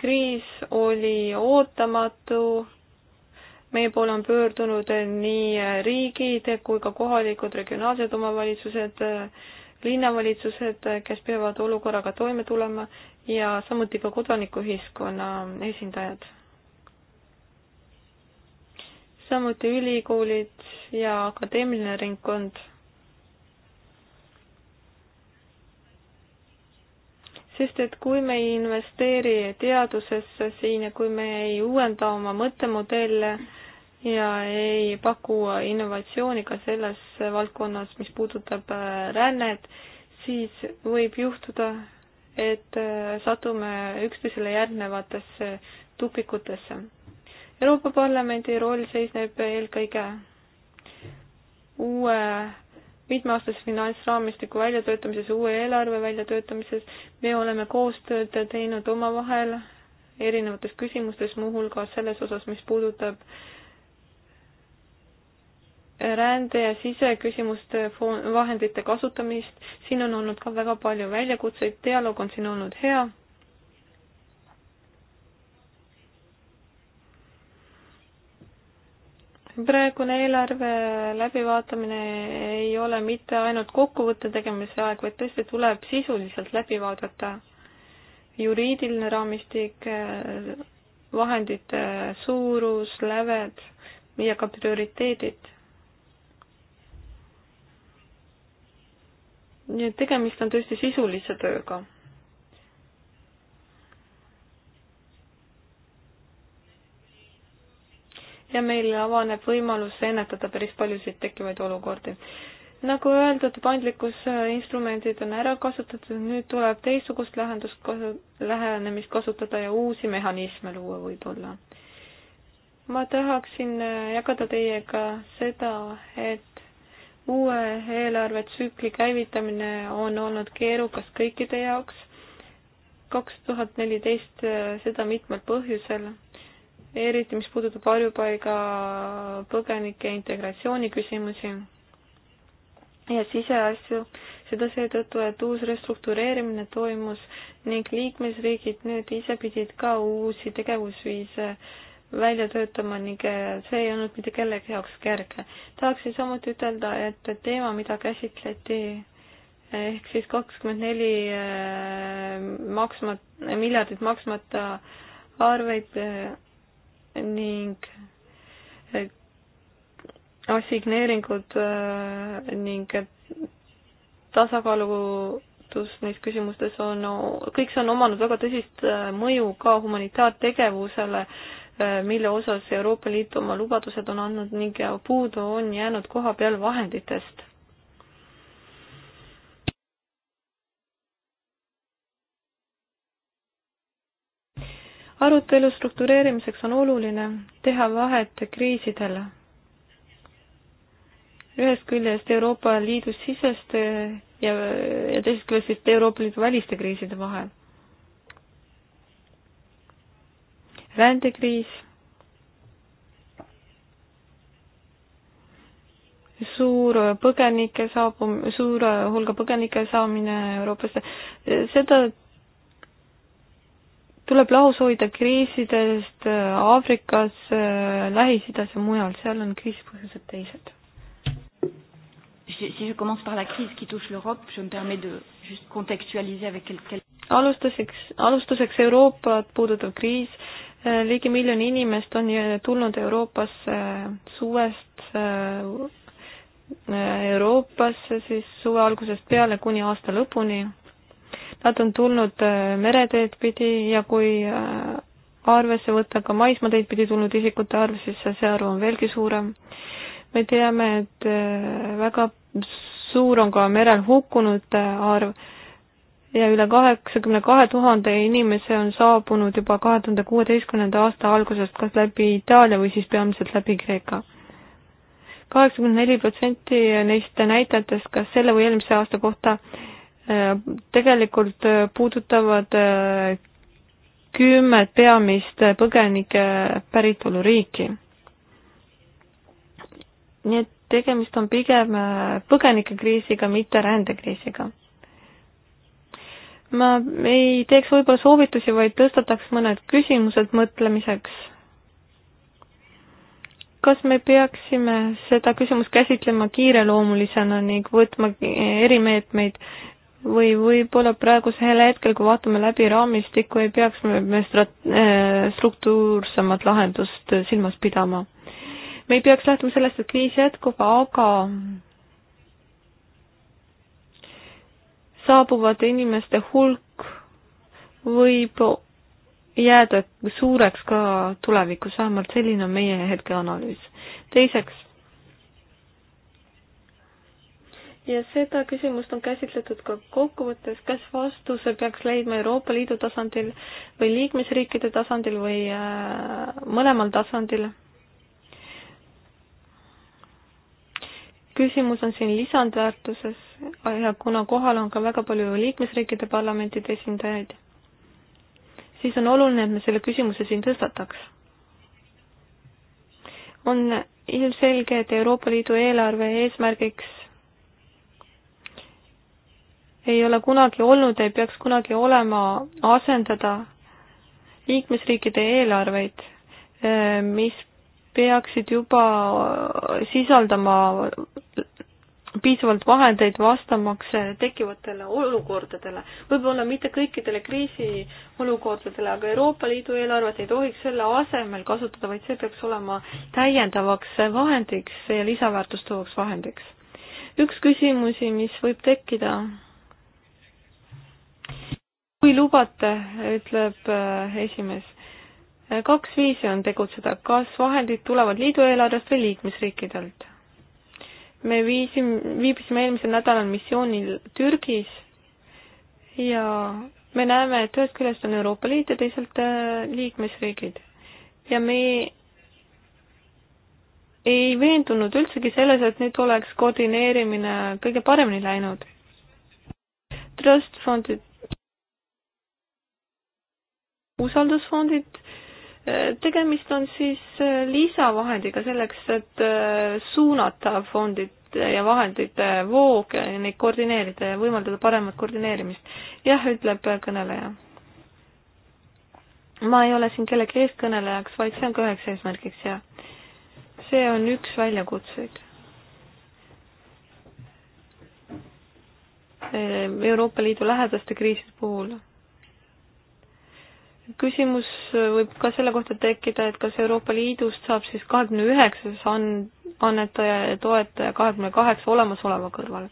kriis oli ootamatu, meie poole on pöördunud nii riigid kui ka kohalikud regionaalsed omavalitsused, linnavalitsused, kes peavad olukorraga toime tulema ja samuti ka kodanikuühiskonna esindajad. samuti ülikoolid ja akadeemiline ringkond sest et kui me ei investeeri teadusesse siin ja kui me ei uuenda oma mõttemodelle ja ei paku innovatsiooni ka selles valdkonnas, mis puudutab äh, rännet, siis võib juhtuda, et äh, satume üksteisele järgnevatesse tupikutesse. Euroopa Parlamendi roll seisneb eelkõige uue mitmeaastases finantsraamistiku väljatöötamises, uue eelarve väljatöötamises, me oleme koostööd teinud omavahel erinevates küsimustes, muuhulgas selles osas, mis puudutab rände ja siseküsimuste vahendite kasutamist, siin on olnud ka väga palju väljakutseid, dialoog on siin olnud hea praegune eelarve läbivaatamine ei ole mitte ainult kokkuvõtte tegemise aeg, vaid tõesti tuleb sisuliselt läbi vaadata juriidiline raamistik, vahendite suurus, läved ja ka prioriteedid. nii et tegemist on tõesti sisulise tööga ja meil avaneb võimalus ennetada päris paljusid tekkivaid olukordi. nagu öeldud, paindlikkusinstrumendid äh, on ära kasutatud, nüüd tuleb teistsugust lahendust, lähenemist kasutada ja uusi mehhanisme luua võib-olla. ma tahaksin äh, jagada teiega seda, et uue eelarvetsükli käivitamine on olnud keerukas kõikide jaoks, kaks tuhat neliteist äh, seda mitmel põhjusel eriti mis puudutab varjupaiga põgenike integratsiooni küsimusi ja siseasju, seda seetõttu, et uus restruktureerimine toimus ning liikmesriigid nüüd ise pidid ka uusi tegevusviise välja töötama ning äh, see ei olnud mitte kellegi jaoks kerge. tahaksin samuti ütelda, et teema, mida käsitleti ehk siis kakskümmend neli äh, maksma, miljardit maksmata arveid äh, ning eh, assigneeringud eh, ning tasakaalutus neis küsimustes on, kõik see on omanud väga tõsist eh, mõju ka humanitaartegevusele, mille osas Euroopa Liit oma lubadused on andnud ning puudu on jäänud koha peal vahenditest. arutelu struktureerimiseks on oluline teha vahet kriisidele. ühest küljest Euroopa Liidu siseste ja, ja teisest küljest siis Euroopa Liidu väliste kriiside vahel. rändekriis, suur põgenike saabum-, suure hulga põgenike saamine Euroopasse, seda tuleb lahus hoida kriisidest äh, Aafrikas, äh, Lähis-Idas ja mujal, seal on kriisi põhjused teised. Si je commence par la crise qui touche l'Europe, je me permets de juste contextualiser avec quelques alustuseks, alustuseks Euroopat puudutav kriis, äh, ligi miljon inimest on tulnud Euroopasse suvest Euroopasse siis suve algusest peale kuni aasta lõpuni Nad on tulnud äh, mereteed pidi ja kui äh, arvesse võtta ka maismaateid pidi tulnud isikute arv, siis see arv on veelgi suurem. me teame, et äh, väga suur on ka merel hukkunute arv ja üle kaheksakümne kahe tuhande inimese on saabunud juba kahe tuhande kuueteistkümnenda aasta algusest kas läbi Itaalia või siis peamiselt läbi Kreeka. kaheksakümmend neli protsenti neist näitajatest kas selle või eelmise aasta kohta tegelikult äh, puudutavad äh, kümmet peamist äh, põgenike päritoluriiki. nii et tegemist on pigem põgenikekriisiga, mitte rändekriisiga. ma ei teeks võib-olla soovitusi, vaid tõstataks mõned küsimused mõtlemiseks. kas me peaksime seda küsimust käsitlema kiireloomulisena ning võtma erimeetmeid või võib-olla praegusel hetkel, kui vaatame läbi raamistikku, ei peaks me strat-, äh, struktuursemat lahendust silmas pidama. me ei peaks lähtuma sellest, et kriis jätkub, aga saabuvate inimeste hulk võib jääda suureks ka tulevikus, vähemalt selline on meie hetkeanalüüs. teiseks ja seda küsimust on käsitletud ka kokkuvõttes, kas vastuse peaks leidma Euroopa Liidu tasandil või liikmesriikide tasandil või äh, mõlemal tasandil. küsimus on siin lisandväärtuses ja kuna kohal on ka väga palju liikmesriikide parlamentide esindajaid, siis on oluline, et me selle küsimuse siin tõstataks. on ilmselge, et Euroopa Liidu eelarve eesmärgiks ei ole kunagi olnud, ei peaks kunagi olema asendada liikmesriikide eelarveid, eh, mis peaksid juba sisaldama piisavalt vahendeid vastamaks tekkivatele olukordadele. võib-olla mitte kõikidele kriisiolukordadele, aga Euroopa Liidu eelarvet ei tohiks selle asemel kasutada, vaid see peaks olema täiendavaks vahendiks ja lisaväärtust toovaks vahendiks. üks küsimusi, mis võib tekkida kui lubate, ütleb äh, esimees, äh, kaks viisi on tegutseda, kas vahendid tulevad liidu eelarvest või liikmesriikidelt. me viisime, viibisime eelmisel nädalal missioonil Türgis ja me näeme, et ühest küljest on Euroopa Liit ja teisalt äh, liikmesriigid ja me ei veendunud üldsegi selles, et nüüd oleks koordineerimine kõige paremini läinud. Trust Fundid usaldusfondid, äh, tegemist on siis äh, lisavahendiga selleks, et äh, suunata fondid ja vahendite voog ja neid koordineerida ja võimaldada paremat koordineerimist. jah, ütleb kõneleja. ma ei ole siin kellegi eestkõnelejaks, vaid see on ka üheks eesmärgiks ja see on üks väljakutseid. Euroopa Liidu lähedaste kriiside puhul küsimus võib ka selle kohta tekkida, et kas Euroopa Liidust saab siis kahekümne üheksas an-, annetaja ja toetaja kahekümne kaheksa olemasoleva kõrval?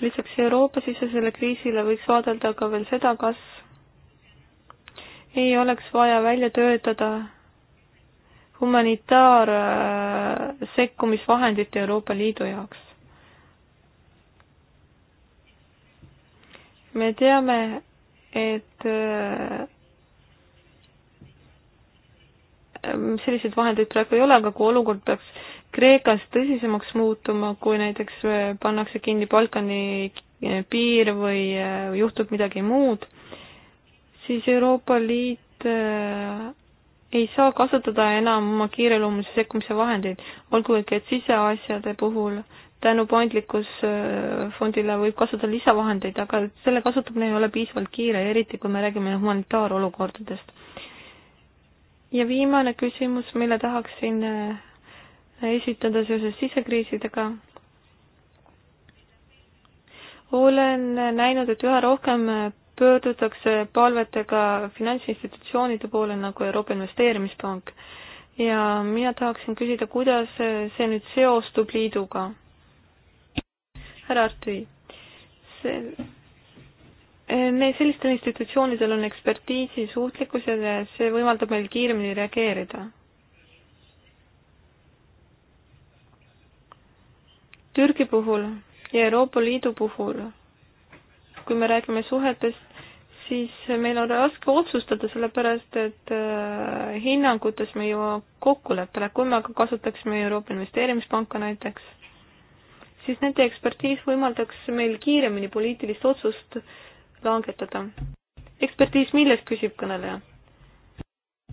lisaks Euroopa-sisesele kriisile võiks vaadelda ka veel seda, kas ei oleks vaja välja töötada humanitaarsekkumisvahendit Euroopa Liidu jaoks. me teame, et äh, selliseid vahendeid praegu ei ole, aga kui olukord peaks Kreekas tõsisemaks muutuma, kui näiteks äh, pannakse kinni Balkani äh, piir või juhtub midagi muud, siis Euroopa Liit ei saa kasutada enam oma kiireloomulise sekkumise vahendeid, olgugi et siseasjade puhul tänu paindlikkusfondile äh, võib kasutada lisavahendeid, aga selle kasutamine ei ole piisavalt kiire, eriti kui me räägime humanitaarolukordadest. ja viimane küsimus, mille tahaksin äh, esitada seoses sisekriisidega. olen näinud, et üha rohkem pöördutakse palvetega finantsinstitutsioonide poole nagu Euroopa Investeerimispank ja mina tahaksin küsida, kuidas see nüüd seostub liiduga härra Artüi. see, eh, me, sellistel institutsioonidel on ekspertiisi suutlikkus ja see võimaldab meil kiiremini reageerida. Türgi puhul ja Euroopa Liidu puhul, kui me räägime suhetest, siis meil on raske otsustada, sellepärast et eh, hinnangutes me ei jõua kokkuleppele, kui me aga kasutaksime Euroopa Investeerimispanka näiteks siis nende ekspertiis võimaldaks meil kiiremini poliitilist otsust langetada. ekspertiis millest, küsib kõneleja?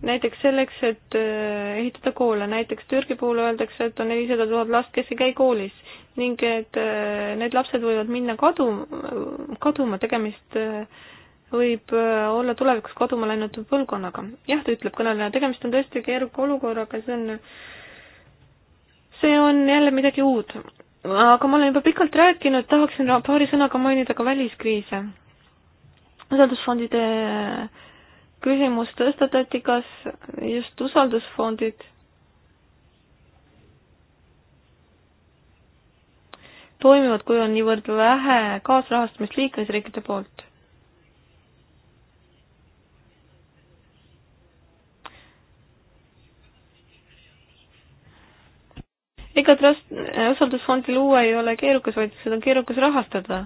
näiteks selleks, et äh, ehitada koole, näiteks Türgi puhul öeldakse, et on nelisada tuhat last, kes ei käi koolis ning et äh, need lapsed võivad minna kadu, kaduma, tegemist äh, võib olla tulevikus kaduma läinud põlvkonnaga. jah, ta ütleb kõneleja, tegemist on tõesti keeruka olukorraga, see on, see on jälle midagi uut aga ma olen juba pikalt rääkinud, tahaksin paari sõnaga mainida ka väliskriise. usaldusfondide äh, küsimus tõstatati, kas just usaldusfondid toimivad, kui on niivõrd vähe kaasrahastamist liikmesriikide poolt? ega trust, eh, usaldusfondi luua ei ole keerukas, vaid seda on keerukas rahastada.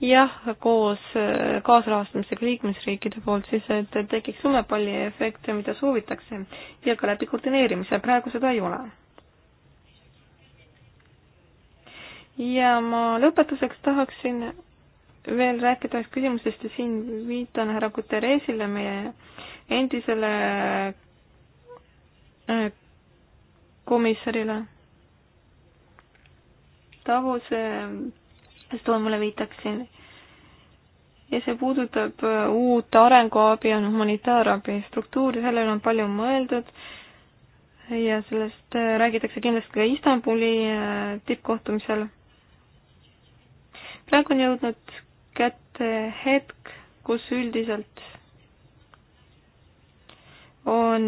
jah, koos eh, kaasrahastamisega liikmesriikide poolt siis, et tekiks lumepalli efekt, mida soovitakse ja ka läbi koordineerimise, praegu seda ei ole. ja ma lõpetuseks tahaksin veel rääkida ühest küsimusest ja siin viitan härra Guterresile, meie endisele eh, komissarile. Davoses toimule viitaksin. ja see puudutab äh, uut arenguabi, on humanitaarabi struktuuri, sellele on palju mõeldud ja sellest äh, räägitakse kindlasti ka Istanbuli äh, tippkohtumisel. praegu on jõudnud kätte hetk, kus üldiselt on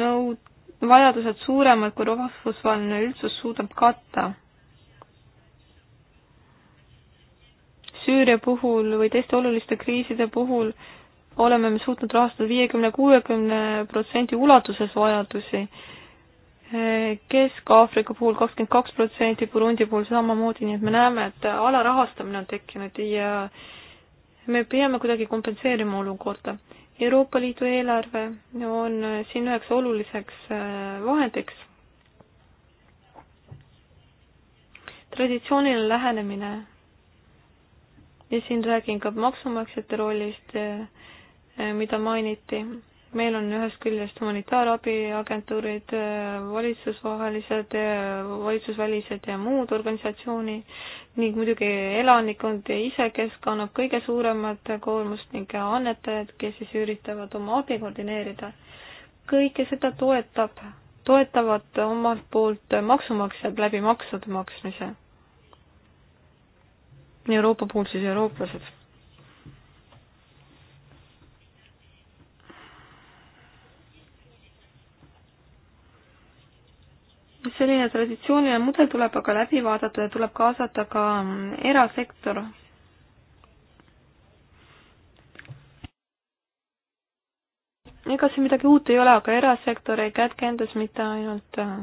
nõud, vajadused suuremad, kui rahvusvaheline üldsus suudab katta. Süüria puhul või teiste oluliste kriiside puhul oleme me suutnud rahastada viiekümne, kuuekümne protsendi ulatuses vajadusi. Kesk-Aafrika puhul kakskümmend kaks protsenti, Burundi puhul samamoodi, nii et me näeme, et alarahastamine on tekkinud ja me peame kuidagi kompenseerima olukorda Euroopa Liidu eelarve on siin üheks oluliseks äh, vahendiks. traditsiooniline lähenemine ja siin räägin ka maksumaksjate rollist, äh, äh, mida mainiti meil on ühest küljest humanitaarabiagentuurid, valitsusvahelised, valitsusvälised ja muud organisatsioonid ning muidugi elanikkond ise, kes kannab kõige suuremat koormust ning annetajad, kes siis üritavad oma abi koordineerida. kõike seda toetab, toetavad omalt poolt maksumaksjad läbi maksude maksmise. Euroopa puhul siis eurooplased selline traditsiooniline mudel tuleb aga läbi vaadata ja tuleb kaasata ka mm, erasektor. ega see midagi uut ei ole, aga erasektor ei kätke endas mitte ainult äh,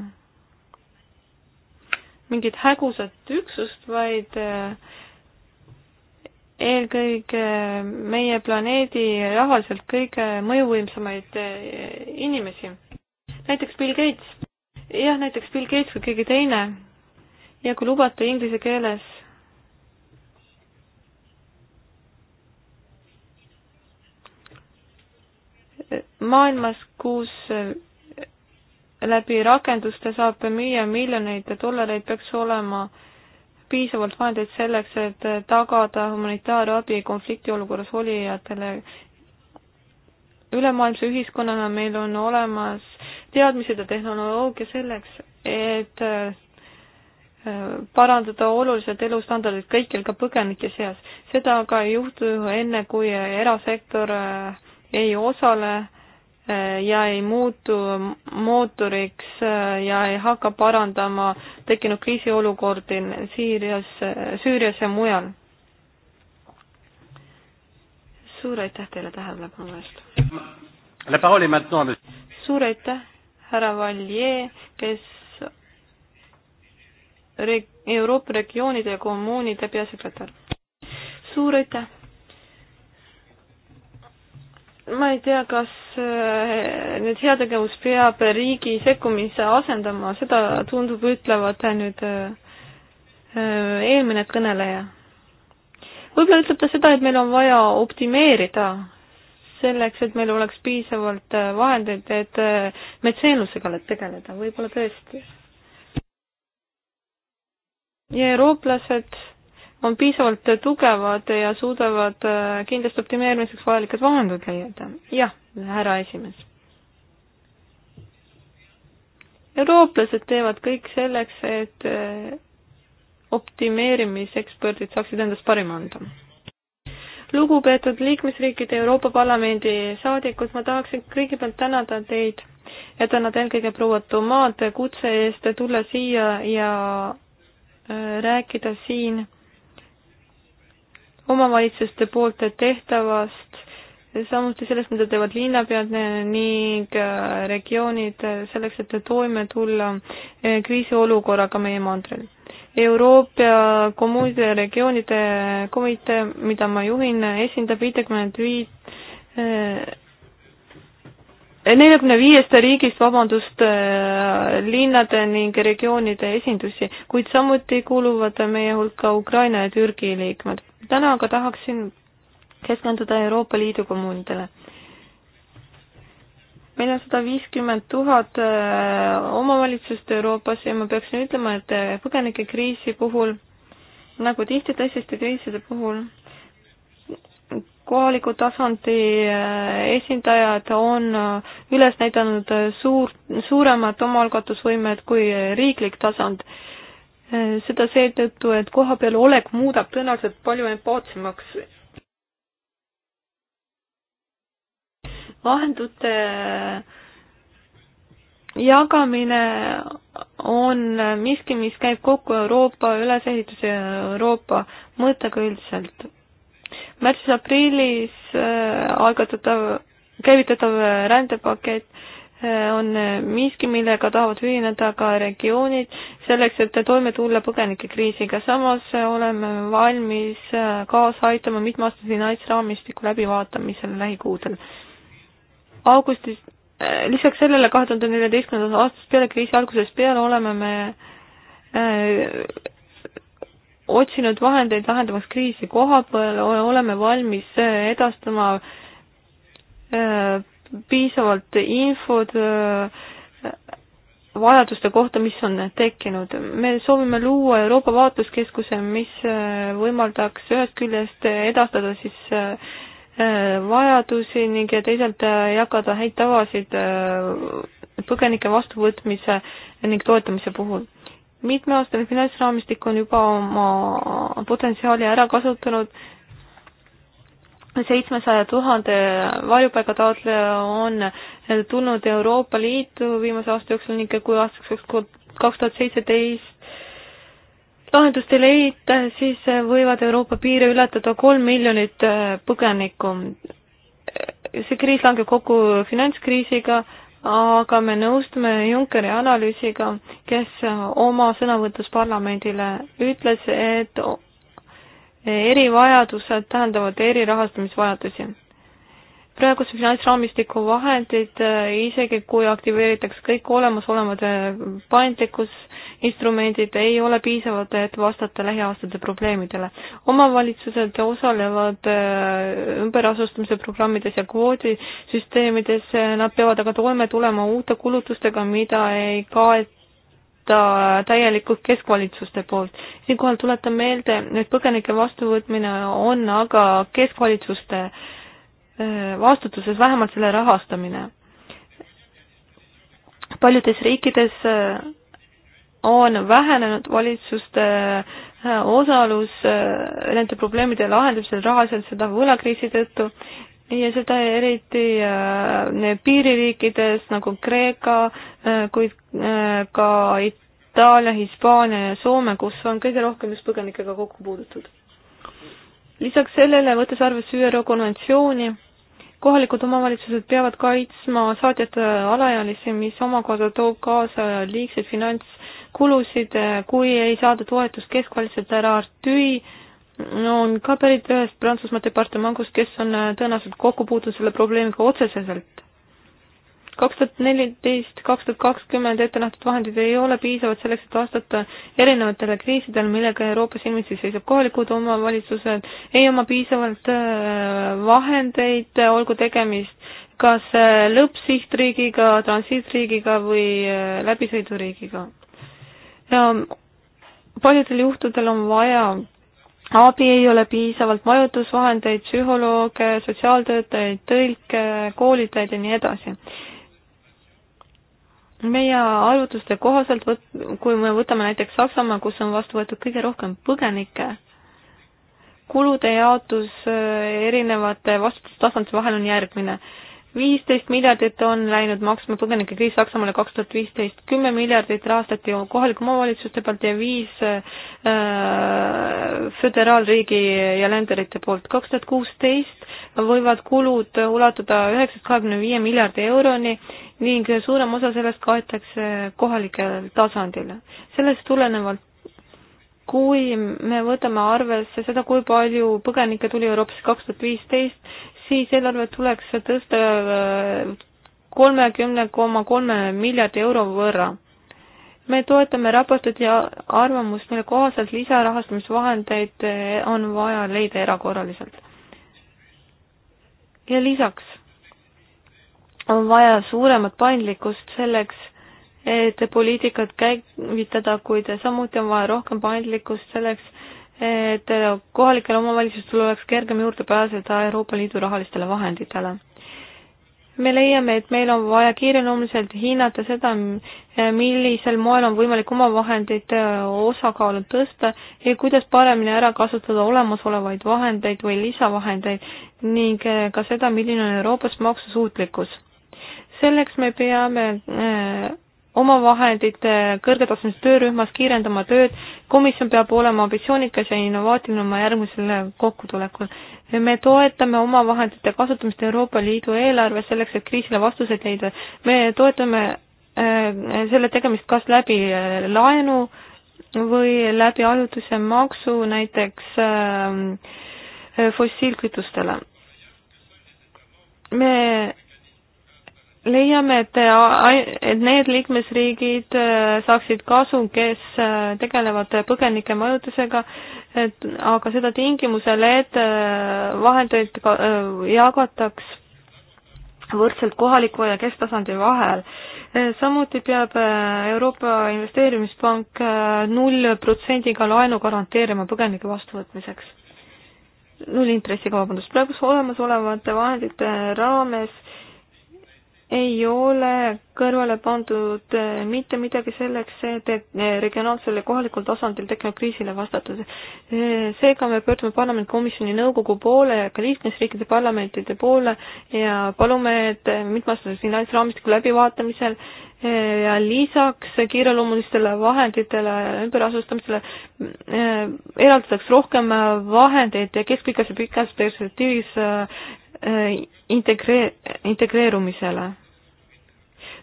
mingit hägusat üksust, vaid äh, eelkõige meie planeedi rahaliselt kõige mõjuvõimsamaid äh, inimesi. näiteks Bill Gates jah, näiteks Bill Gates või keegi teine. ja kui lubate inglise keeles. maailmas, kus läbi rakenduste saab müüa miljoneid dollareid, peaks olema piisavalt vahendeid selleks, et tagada humanitaarabi konfliktiolukorras olijatele. ülemaailmse ühiskonnana meil on olemas teadmised ja tehnoloogia selleks, et äh, parandada oluliselt elustandardit kõikjal, ka põgenike seas. seda aga ei juhtu enne, kui erasektor äh, ei osale äh, ja ei muutu mootoriks ja ei hakka parandama tekkinud kriisiolukordi Siirias, Süürias ja mujal. suur aitäh teile tähelepanu eest! suur aitäh! härra Vallier, kes reg-, Euroopa regioonide ja kommuunide peasekretär. suur aitäh! ma ei tea, kas äh, nüüd heategevus peab riigi sekkumise asendama, seda tundub ütlevat nüüd äh, äh, eelmine kõneleja. võib-olla ütleb ta seda, et meil on vaja optimeerida selleks, et meil oleks piisavalt äh, vahendeid, et äh, metseenlusega tegeleda, võib-olla tõesti. ja eurooplased on piisavalt tugevad ja suudavad äh, kindlasti optimeerimiseks vajalikud vahendid leida. jah, härra esimees. eurooplased teevad kõik selleks, et optimeerimiseksperdid saaksid endast parima anda lugupeetud liikmesriikide Euroopa Parlamendi saadikud, ma tahaksin kõigepealt tänada teid ja tänada eelkõige proua Tomaad kutse eest tulla siia ja äh, rääkida siin omavalitsuste poolt tehtavast, samuti sellest, mida teevad linnapead ning äh, regioonid selleks, et toime tulla äh, kriisiolukorraga meie mandril Euroopa kommuunide ja regioonide komitee, mida ma juhin, esindab viitekümmet viit, eh, neljakümne viiest riigist, vabandust, eh, linnade ning regioonide esindusi, kuid samuti kuuluvad meie hulka Ukraina ja Türgi liikmed. täna aga tahaksin keskenduda Euroopa Liidu kommuunidele meil on sada viiskümmend tuhat äh, omavalitsust Euroopas ja ma peaksin ütlema, et äh, põgenikekriisi puhul nagu tihti teiste kriiside puhul kohaliku tasandi äh, esindajad on üles näidanud suur, suuremat omaalgatusvõimet kui riiklik tasand. seda seetõttu, et kohapeal olek muudab tõenäoliselt palju empaatsemaks vahendute jagamine on miski, mis käib kokku Euroopa ülesehituse ja Euroopa mõõtega üldiselt. märtsis-aprillis äh, algatatav, käivitatav rändepakett äh, on miski, millega tahavad ühineda ka regioonid, selleks et toime tulla põgenikekriisiga. samas oleme valmis äh, kaasa aitama mitmeaastase finantsraamistiku läbivaatamisele lähikuudel augustis, äh, lisaks sellele kahe tuhande neljateistkümnendast aastast peale, kriisi algusest peale oleme me äh, otsinud vahendeid lahendamaks kriisi koha peal, oleme valmis äh, edastama piisavalt infot vajaduste kohta, mis on tekkinud. me soovime luua Euroopa vaatluskeskuse, mis võimaldaks ühest küljest edastada siis Äh, vajadusi ning teisalt äh, jagada häid tavasid äh, põgenike vastuvõtmise ning toetamise puhul. mitmeaastane finantsraamistik on juba oma potentsiaali ära kasutanud, seitsmesaja tuhande varjupaigataotleja on tulnud Euroopa Liitu viimase aasta jooksul ning kui aastaks kaks tuhat seitseteist lahendust ei leita, siis võivad Euroopa piire ületada kolm miljonit äh, põgenikku. see kriis langeb kokku finantskriisiga, aga me nõustume Junckeri analüüsiga, kes oma sõnavõtus parlamendile ütles, et erivajadused tähendavad erirahastamisvajadusi praeguse finantsraamistiku vahendid, äh, isegi kui aktiveeritakse kõik olemasolevad äh, paindlikkus, instrumendid ei ole piisavad, et vastata lähiaastate probleemidele. omavalitsused osalevad äh, ümberasustamise programmides ja kvoodisüsteemides, nad peavad aga toime tulema uute kulutustega, mida ei kaeta katta täielikult keskvalitsuste poolt. siinkohal tuletan meelde, et põgenike vastuvõtmine on aga keskvalitsuste äh, vastutuses, vähemalt selle rahastamine. paljudes riikides äh, on vähenenud valitsuste äh, osalus äh, nende probleemide lahendamisel rahaliselt seda võlakriisi tõttu ja seda eriti äh, piiririikides nagu Kreeka, kuid ka Itaalia, Hispaania ja Soome, kus on kõige rohkem just põgenikega kokku puudutud. lisaks sellele, võttes arvesse ÜRO konventsiooni, kohalikud omavalitsused peavad kaitsma saatjate alaealisi, mis omakorda toob kaasa liigseid finants kulusid, kui ei saada toetust keskvalitsuse härra Artüi, on ka pärit ühest Prantsusmaa departamangust, kes on äh, tõenäoliselt kokku puutunud selle probleemiga otseselt. kaks tuhat neliteist, kaks tuhat kakskümmend ette nähtud vahendid ei ole piisavad selleks, et vastata erinevatele kriisidele, millega Euroopa silmitsi seisab. kohalikud omavalitsused ei oma piisavalt äh, vahendeid, äh, olgu tegemist kas lõppsihtriigiga, transiitriigiga või läbisõiduriigiga ja paljudel juhtudel on vaja abi ei ole piisavalt, majutusvahendeid, psühholooge, sotsiaaltöötajaid, tõlke, koolitajaid ja nii edasi. meie arvutuste kohaselt võt-, kui me võtame näiteks Saksamaa, kus on vastu võetud kõige rohkem põgenikke, kulude jaotus äh, erinevate vastutustasandite vahel on järgmine viisteist miljardit on läinud maksma põgenikekriis Saksamaale kaks tuhat viisteist, kümme miljardit rahastati kohalike omavalitsuste poolt ja viis äh, föderaalriigi ja lenderite poolt. kaks tuhat kuusteist võivad kulud ulatuda üheksast kahekümne viie miljardi euroni ning suurem osa sellest kaetakse kohalikel tasandil. sellest tulenevalt kui me võtame arvesse seda, kui palju põgenikke tuli Euroopasse kaks tuhat viisteist, siis eelarve tuleks tõsta äh, kolmekümne koma kolme miljardi euro võrra. me toetame raportit ja arvamust, mille kohaselt lisarahastamisvahendeid äh, on vaja leida erakorraliselt. ja lisaks on vaja suuremat paindlikkust selleks, et poliitikat käivitada, kuid samuti on vaja rohkem paindlikkust selleks, et äh, kohalikel omavalitsustel oleks kergem juurde pääseda Euroopa Liidu rahalistele vahenditele. me leiame, et meil on vaja kiireloomuliselt hinnata seda, äh, millisel moel on võimalik omavahendite äh, osakaalu tõsta ja kuidas paremini ära kasutada olemasolevaid vahendeid või lisavahendeid ning ka seda, milline on Euroopas maksusuutlikkus. selleks me peame omavahendite kõrgetasemes töörühmas kiirendama tööd. komisjon peab olema ambitsioonikas ja innovaatiline oma järgmisel kokkutulekul. me toetame omavahendite kasutamist Euroopa Liidu eelarves selleks, et kriisile vastuseid leida. me toetame äh, selle tegemist kas läbi äh, laenu või läbi ajutise maksu näiteks äh, fossiilkütustele. me leiame, et, äh, et need liikmesriigid äh, saaksid kasu, kes äh, tegelevad põgenike majutusega, et aga seda tingimusel, et vahendeid ka, jagataks võrdselt kohaliku ja kesktasandi vahel. samuti peab Euroopa Investeerimispank null protsendiga laenu garanteerima põgenike vastuvõtmiseks. null intressiga, vabandust, praegu olemasolevate vahendite raames ei ole kõrvale pandud eh, mitte midagi selleks, et eh, regionaalsel ja kohalikul tasandil tekkinud kriisile vastata. Eh, seega me pöördume parlamendikomisjoni nõukogu poole ja ka liikmesriikide parlamentide poole ja palume, et mitmeaastase finantsraamistiku läbivaatamisel ja lisaks kiireloomulistele vahenditele ümberasustamisele eh, eraldatakse rohkem vahendeid keskpikas ja pikas perspektiivis eh, integre-, integreerumisele.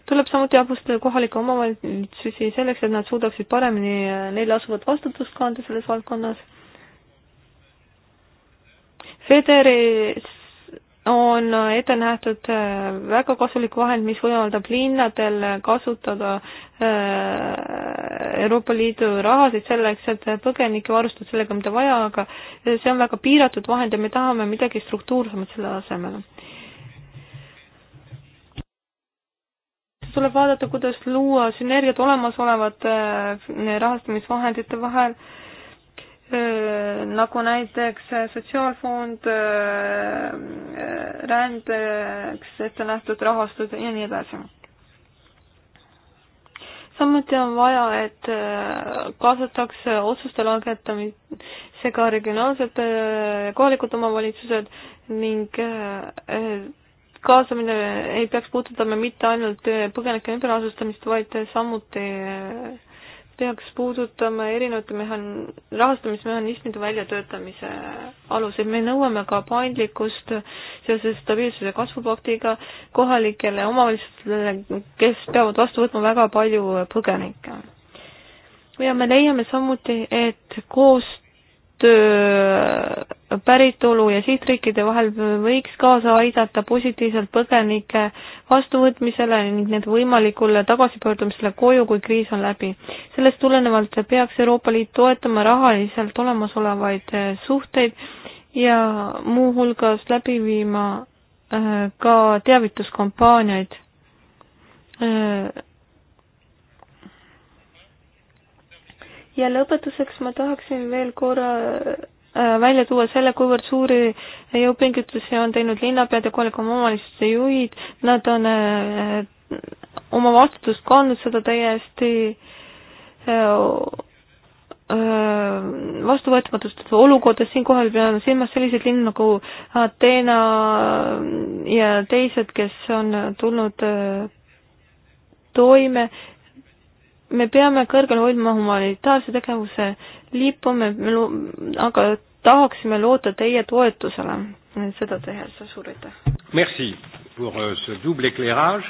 tuleb samuti abustada kohalikke omavalitsusi selleks, et nad suudaksid paremini eh, neile asuvat vastutust kanda selles valdkonnas. Federis on ette nähtud äh, väga kasulik vahend, mis võimaldab linnadel kasutada äh, Euroopa Liidu rahasid selleks, et põgenikke varustada sellega, mida vaja, aga see on väga piiratud vahend ja me tahame midagi struktuursemat selle asemel. tuleb vaadata, kuidas luua sünergiat olemasolevate äh, rahastamisvahendite vahel Äh, nagu näiteks äh, sotsiaalfond, äh, rändeks ette nähtud rahastus ja nii edasi. samuti on vaja, et kaasatakse otsuste langetamisega regionaalsed kohalikud omavalitsused ning kaasamine ei peaks puudutama mitte ainult põgenike ümberasustamist, vaid samuti peaks puudutama erinevate mehan-, rahastamismehhanismide väljatöötamise aluseid. me nõuame ka paindlikkust seoses stabiilsuse kasvupaktiga kohalikele omavalitsustele, kes peavad vastu võtma väga palju põgenikke. ja me leiame samuti, et koostöö koostöö päritolu ja sihtriikide vahel võiks kaasa aidata positiivselt põgenike vastuvõtmisele ning need võimalikule tagasipöördumisele koju, kui kriis on läbi. sellest tulenevalt peaks Euroopa Liit toetama rahaliselt olemasolevaid äh, suhteid ja muuhulgas läbi viima äh, ka teavituskampaaniaid äh, ja lõpetuseks ma tahaksin veel korra äh, välja tuua selle, kuivõrd suuri jõupingutusi on teinud linnapead ja kohalike omavalitsuste juhid, nad on äh, oma vastutust kandnud seda täiesti äh, vastuvõetamatust olukordades, siinkohal pean silmas selliseid linnu nagu Ateena ja teised, kes on tulnud toime me peame kõrgel hoidma humanitaarse tegevuse lipu, me, me aga tahaksime loota teie toetusele seda tehes, suur aitäh! Merci pour euh, ce double éclairage!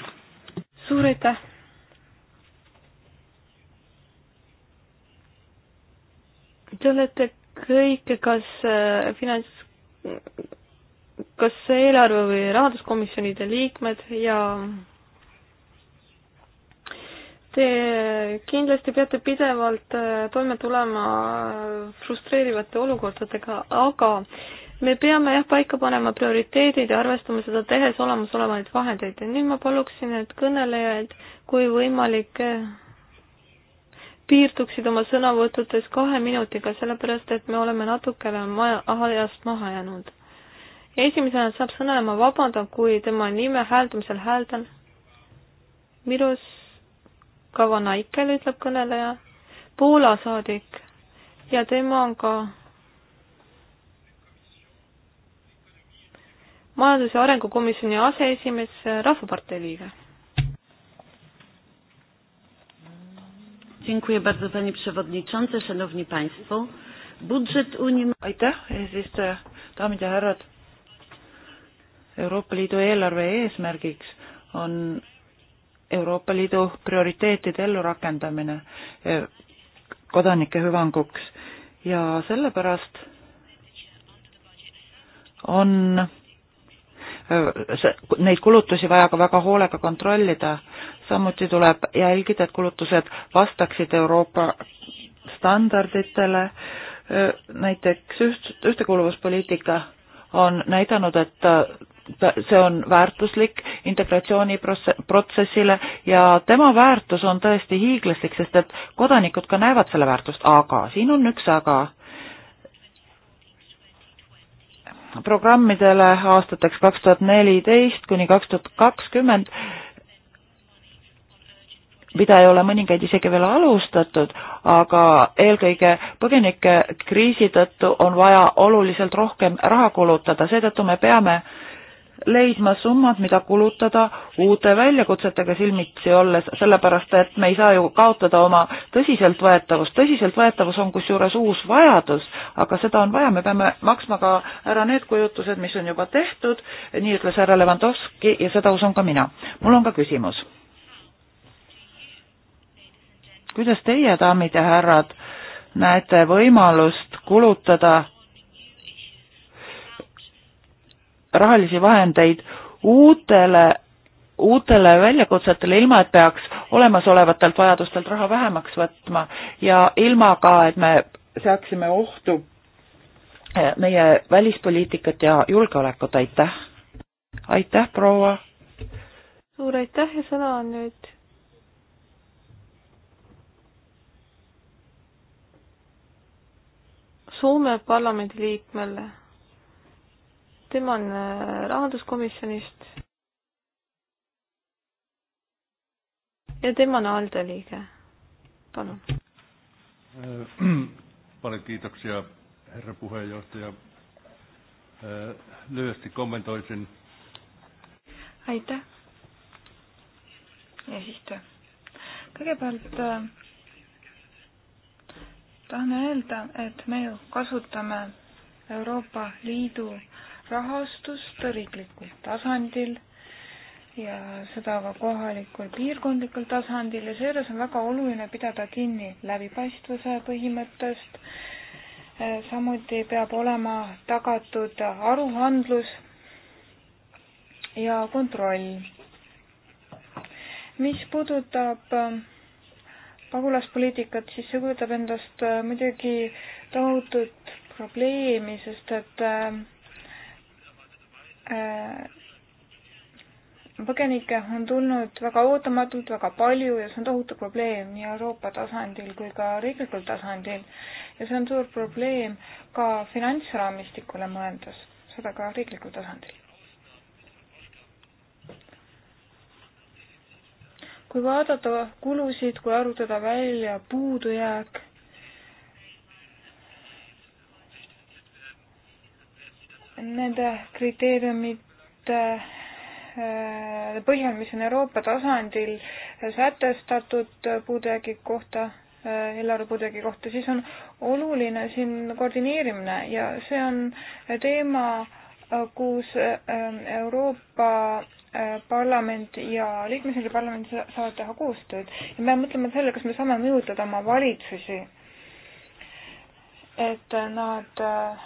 suur aitäh! Te olete kõik, kas äh, finants, kas eelarve või rahanduskomisjonide liikmed ja Te kindlasti peate pidevalt äh, toime tulema frustreerivate olukordadega, aga me peame jah paika panema prioriteedid ja arvestama seda tehes olemasolevaid vahendeid ja nüüd ma paluksin, et kõnelejaid, kui võimalik, äh, piirduksid oma sõnavõtutes kahe minutiga, sellepärast et me oleme natukene maja, ajast maha jäänud. esimesena saab sõna ja ma vabandan, kui tema nime hääldamisel hääldan. Mirus Kavana Ikel, ütleb kõneleja, Poola saadik ja tema on ka majandus- ja arengukomisjoni aseesimees, äh, Rahvapartei liige. Dziękuję bardzo Panie Przewodniczący, Szanowni Państwo. Budżet Unii... Aitäh, eesistuja, daamid ja härrad. Euroopa Liidu eelarve eesmärgiks on Euroopa Liidu prioriteetide ellurakendamine e, kodanike hüvanguks ja sellepärast on e, neid kulutusi vaja ka väga hoolega kontrollida. samuti tuleb jälgida, et kulutused vastaksid Euroopa standarditele, e, näiteks üht, ühtekuuluvuspoliitika on näidanud, et see on väärtuslik integratsiooniprotsessile ja tema väärtus on tõesti hiiglaslik, sest et kodanikud ka näevad selle väärtust, aga siin on üks aga. programmidele aastateks kaks tuhat neliteist kuni kaks tuhat kakskümmend, mida ei ole mõningaid isegi veel alustatud, aga eelkõige põgenikekriisi tõttu on vaja oluliselt rohkem raha kulutada, seetõttu me peame äh, leidma summad, mida kulutada uute väljakutsetega silmitsi olles, sellepärast et me ei saa ju kaotada oma tõsiseltvõetavust. tõsiseltvõetavus on kusjuures uus vajadus, aga seda on vaja, me peame maksma ka ära need kujutused, mis on juba tehtud, nii ütles härra Levanovski ja seda usun ka mina. mul on ka küsimus. kuidas teie, daamid ja härrad, näete võimalust kulutada rahalisi vahendeid uutele uutele väljakutsetele, ilma et peaks olemasolevatelt vajadustelt raha vähemaks võtma ja ilma ka, et me seaksime ohtu eh, meie välispoliitikat ja julgeolekut, aitäh! aitäh, proua! suur aitäh ja sõna on nüüd Soome parlamendi liikmele tema on äh, rahanduskomisjonist. ja tema on ALDE liige. palun. Äh, *clears throat* Paljon kiitoksia, herra puheenjohtaja. Äh, lyhyesti kommentoisin. Aitäh, eesistuja. kõigepealt tahan öelda, et me ju kasutame Euroopa Liidu rahastust riiklikul tasandil ja seda ka kohalikul piirkondlikul tasandil ja seejuures on väga oluline pidada kinni läbipaistvuse põhimõttest. Äh, samuti peab olema tagatud aruandlus ja kontroll. mis puudutab äh, pagulaspoliitikat, siis see kujutab endast äh, muidugi tohutut probleemi, sest et äh, Äh, põgenikke on tulnud väga ootamatult, väga palju ja see on tohutu probleem nii Euroopa tasandil kui ka riiklikul tasandil. ja see on suur probleem ka finantsraamistikule mõeldes, seda ka riiklikul tasandil. kui vaadata kulusid, kui arvutada välja puudujääk, nende kriteeriumite äh, põhjal, mis on Euroopa tasandil sätestatud puudujäägi kohta, äh, eelarve puudujäägi kohta, siis on oluline siin koordineerimine ja see on teema, äh, kus Euroopa Parlament ja liikmesriigi parlament saavad teha koostööd ja me mõtleme selle, kas me saame mõjutada oma valitsusi et nad äh,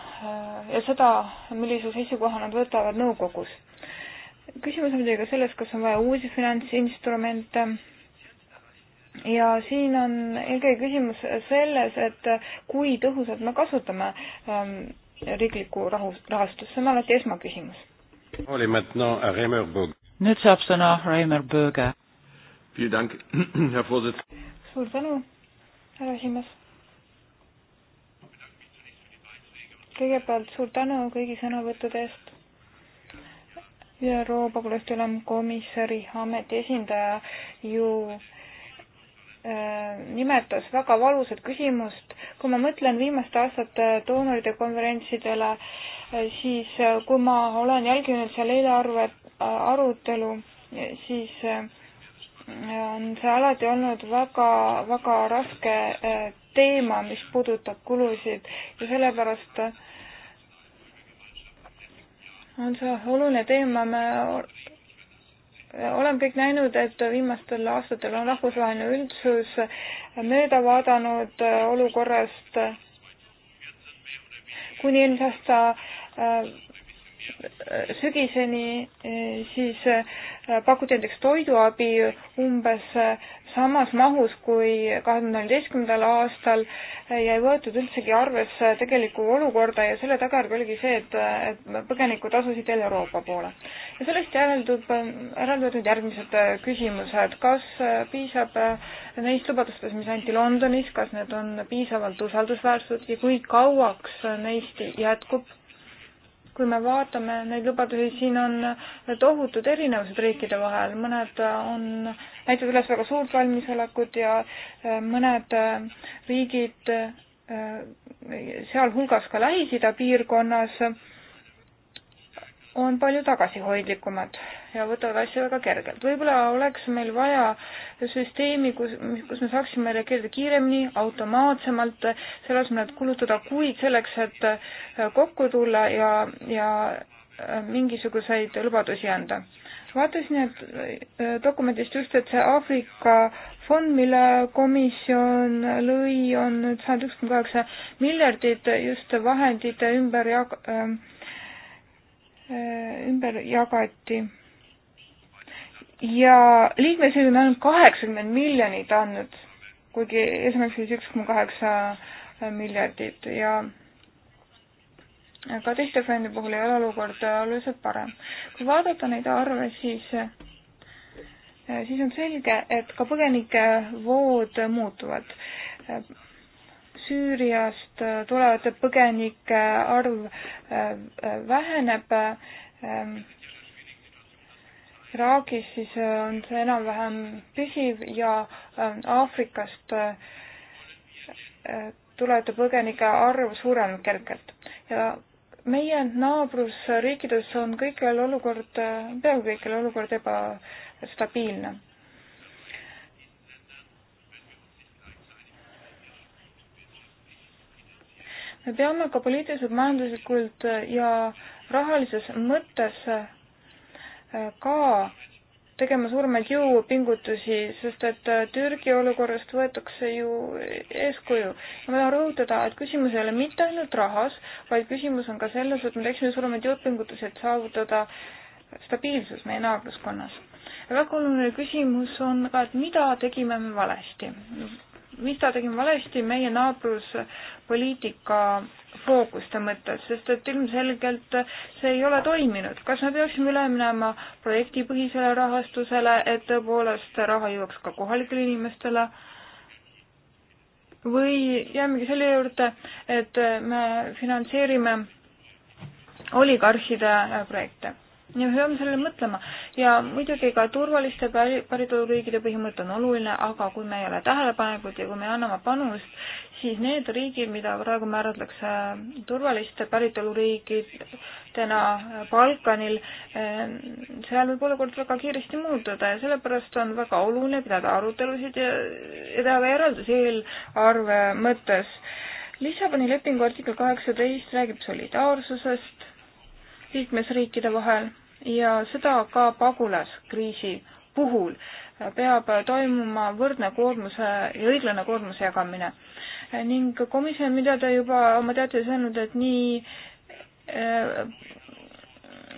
ja seda, millise seisukoha nad võtavad nõukogus. küsimus on muidugi ka selles, kas on vaja uusi finantsinstrumente ja siin on eelkõige küsimus selles, et kui tõhusalt me kasutame ähm, riiklikku rahu, rahastust, see on alati esmaküsimus. Äh, nüüd saab sõna Reimer Böge. *clears throat* suur tänu, härra esimees kõigepealt suur tänu kõigi sõnavõttude eest. ÜRO pagulaste ülemkomissari ameti esindaja ju äh, nimetas väga valusat küsimust. kui ma mõtlen viimaste aastate doonorite konverentsidele, äh, siis äh, kui ma olen jälginud seal eelarve arutelu, siis on see alati olnud väga, väga raske teema, mis puudutab kulusid ja sellepärast on see oluline teema, me oleme kõik näinud, et viimastel aastatel on rahvusvaheline üldsus mööda vaadanud olukorrast kuni eelmise aasta sügiseni, eh, siis eh, pakuti näiteks toiduabi umbes eh, samas mahus kui kahe tuhande neljateistkümnendal aastal ja ei võetud üldsegi arvesse tegelikku olukorda ja selle tagajärg oligi see, et, et põgenikud asusid jälle Euroopa poole. ja sellest järeldub, järelduvad nüüd järgmised küsimused, kas piisab neist lubadustest, mis anti Londonis, kas need on piisavalt usaldusväärsed ja kui kauaks neist jätkub kui me vaatame neid lubadusi, siin on tohutud erinevused riikide vahel, mõned on, näitavad üles väga suurt valmisolekut ja äh, mõned äh, riigid, äh, sealhulgas ka Lähis-Ida piirkonnas, on palju tagasihoidlikumad ja võtavad asju väga kergelt. võib-olla oleks meil vaja süsteemi, kus, kus me saaksime reageerida kiiremini, automaatsemalt, selle asemel, et kulutada kuid selleks, et äh, kokku tulla ja, ja äh, mingisuguseid lubadusi anda. vaatasin, et äh, dokumendist just, et see Aafrika fond, mille komisjon lõi, on nüüd sajand üks koma kaheksa miljardit just vahendite ümber jag-, äh, Äh, ümber jagati. ja liikmesriigid on ainult kaheksakümmend miljonit andnud, kuigi eesmärk siis üks koma kaheksa miljardit ja ka teiste fondide puhul ei ole olukord oluliselt parem. kui vaadata neid arve, siis, äh, siis on selge, et ka põgenikevood muutuvad Süüriast äh, tulevate põgenike arv äh, äh, väheneb. Iraagis siis on see enam-vähem püsiv ja Aafrikast tulevate põgenike arv suureneb kergelt ja meie naabrusriikides on kõikjal olukord, peaaegu kõikjal olukord ebastabiilne me peame ka poliitiliselt, majanduslikult ja rahalises mõttes äh, ka tegema suuremaid jõupingutusi, sest et äh, Türgi olukorrast võetakse ju eeskuju. ja ma tahan rõhutada, et küsimus ei ole mitte ainult rahas, vaid küsimus on ka selles, et me teeksime suuremaid jõupingutusi, et saavutada stabiilsus meie naabruskonnas. väga oluline küsimus on ka, et mida tegime me valesti mida tegime valesti meie naabruspoliitika fookuste mõttes, sest et ilmselgelt see ei ole toiminud. kas me peaksime üle minema projektipõhisele rahastusele, et tõepoolest raha jõuaks ka kohalikele inimestele? või jäämegi selle juurde, et me finantseerime oligarhide projekte ja me peame sellele mõtlema ja muidugi ka turvaliste päritoluriikide põhimõte on oluline, aga kui me ei ole tähelepanelikud ja kui me ei anna oma panust, siis need riigid, mida praegu määratakse turvaliste päritoluriikidena Balkanil, eh, seal võib olukord väga kiiresti muutuda ja sellepärast on väga oluline pidada arutelusid ja, ja teha ka järeldusi eelarve mõttes. Lissaboni lepingu artikkel kaheksateist räägib solidaarsusest liikmesriikide vahel ja seda ka pagulaskriisi puhul peab toimuma võrdne koormuse ja õiglane koormuse jagamine. ning komisjon, mida te juba oma teates öelnud, et nii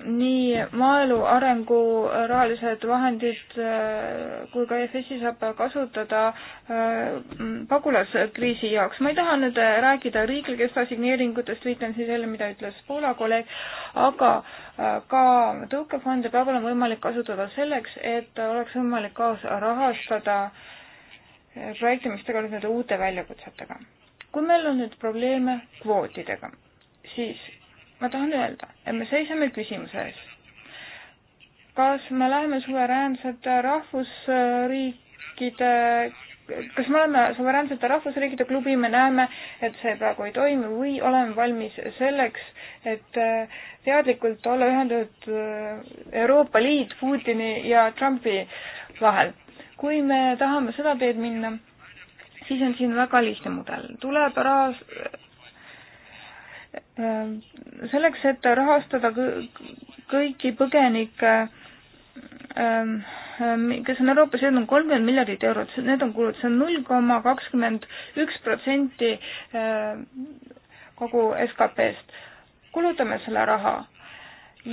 nii maaelu arengu rahalised vahendid äh, kui ka EFSi saab kasutada äh, pagulaskriisi jaoks. ma ei taha nüüd rääkida riiklikest assigneeringutest, viitan siis jälle, mida ütles Poola kolleeg, aga äh, ka tõukefonde peab olema võimalik kasutada selleks, et oleks võimalik kaasrahastada projekte, mis tegelevad nende uute väljakutsetega. kui meil on nüüd probleeme kvootidega, siis ma tahan öelda, et me seisame küsimuse ees. kas me läheme suveräänsete rahvusriikide kas me oleme suveräänsete rahvusriikide klubi, me näeme, et see praegu ei toimi või oleme valmis selleks, et äh, teadlikult olla ühendatud äh, Euroopa Liit Putini ja Trumpi vahel. kui me tahame seda teed minna, siis on siin väga lihtne mudel, tuleb rahas Ähm, selleks, et rahastada kõiki põgenikke, ähm, ähm, kes on Euroopas jõudnud kolmkümmend miljardit eurot, need on kulud, see on null koma kakskümmend üks protsenti kogu SKP-st. kulutame selle raha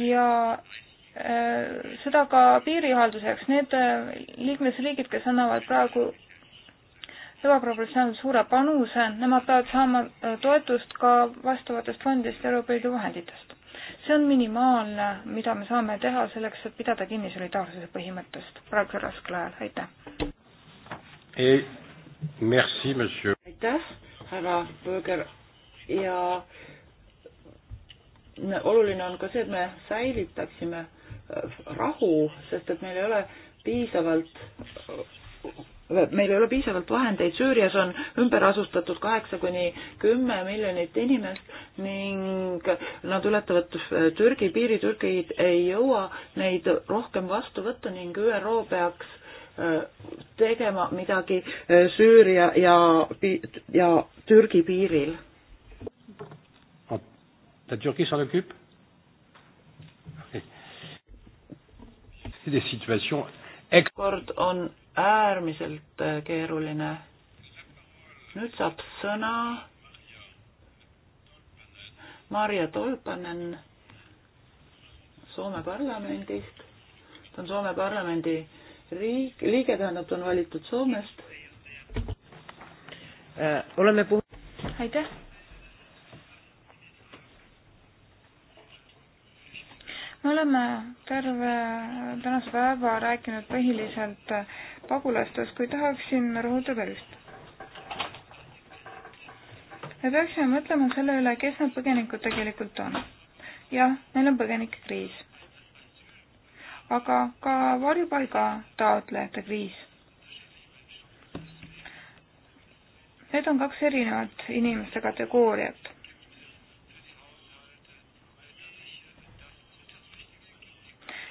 ja äh, seda ka piirihalduseks, need äh, liikmesriigid, kes annavad praegu ebaproportsionaalselt suure panuse, nemad peavad saama äh, toetust ka vastavatest fondidest, Euroopa Liidu vahenditest. see on minimaalne, mida me saame teha selleks, et pidada kinni solidaarsuse põhimõttest praegusel raskel ajal, aitäh! E, aitäh, härra Böger ja oluline on ka see, et me säilitaksime äh, rahu, sest et meil ei ole piisavalt äh, meil ei ole piisavalt vahendeid, Süürias on ümber asustatud kaheksa kuni kümme miljonit inimest ning nad ületavad äh, Türgi piiri, Türgi ei jõua neid rohkem vastu võtta ning ÜRO peaks äh, tegema midagi äh, Süüria ja, ja Türgi piiril. Türgis occupé des situations. kord on äärmiselt äh, keeruline. nüüd saab sõna Marja Tolpanen Soome parlamendist. ta on Soome parlamendi riik, liige, tähendab, ta on valitud Soomest. Äh, oleme puh-. aitäh me oleme terve tänase päeva rääkinud põhiliselt pagulastest, kuid tahaksin rõhutada üht. me peaksime mõtlema selle üle, kes need põgenikud tegelikult on. jah, meil on põgenikekriis. aga ka varjupaiga taotlejate kriis. Need on kaks erinevat inimeste kategooriat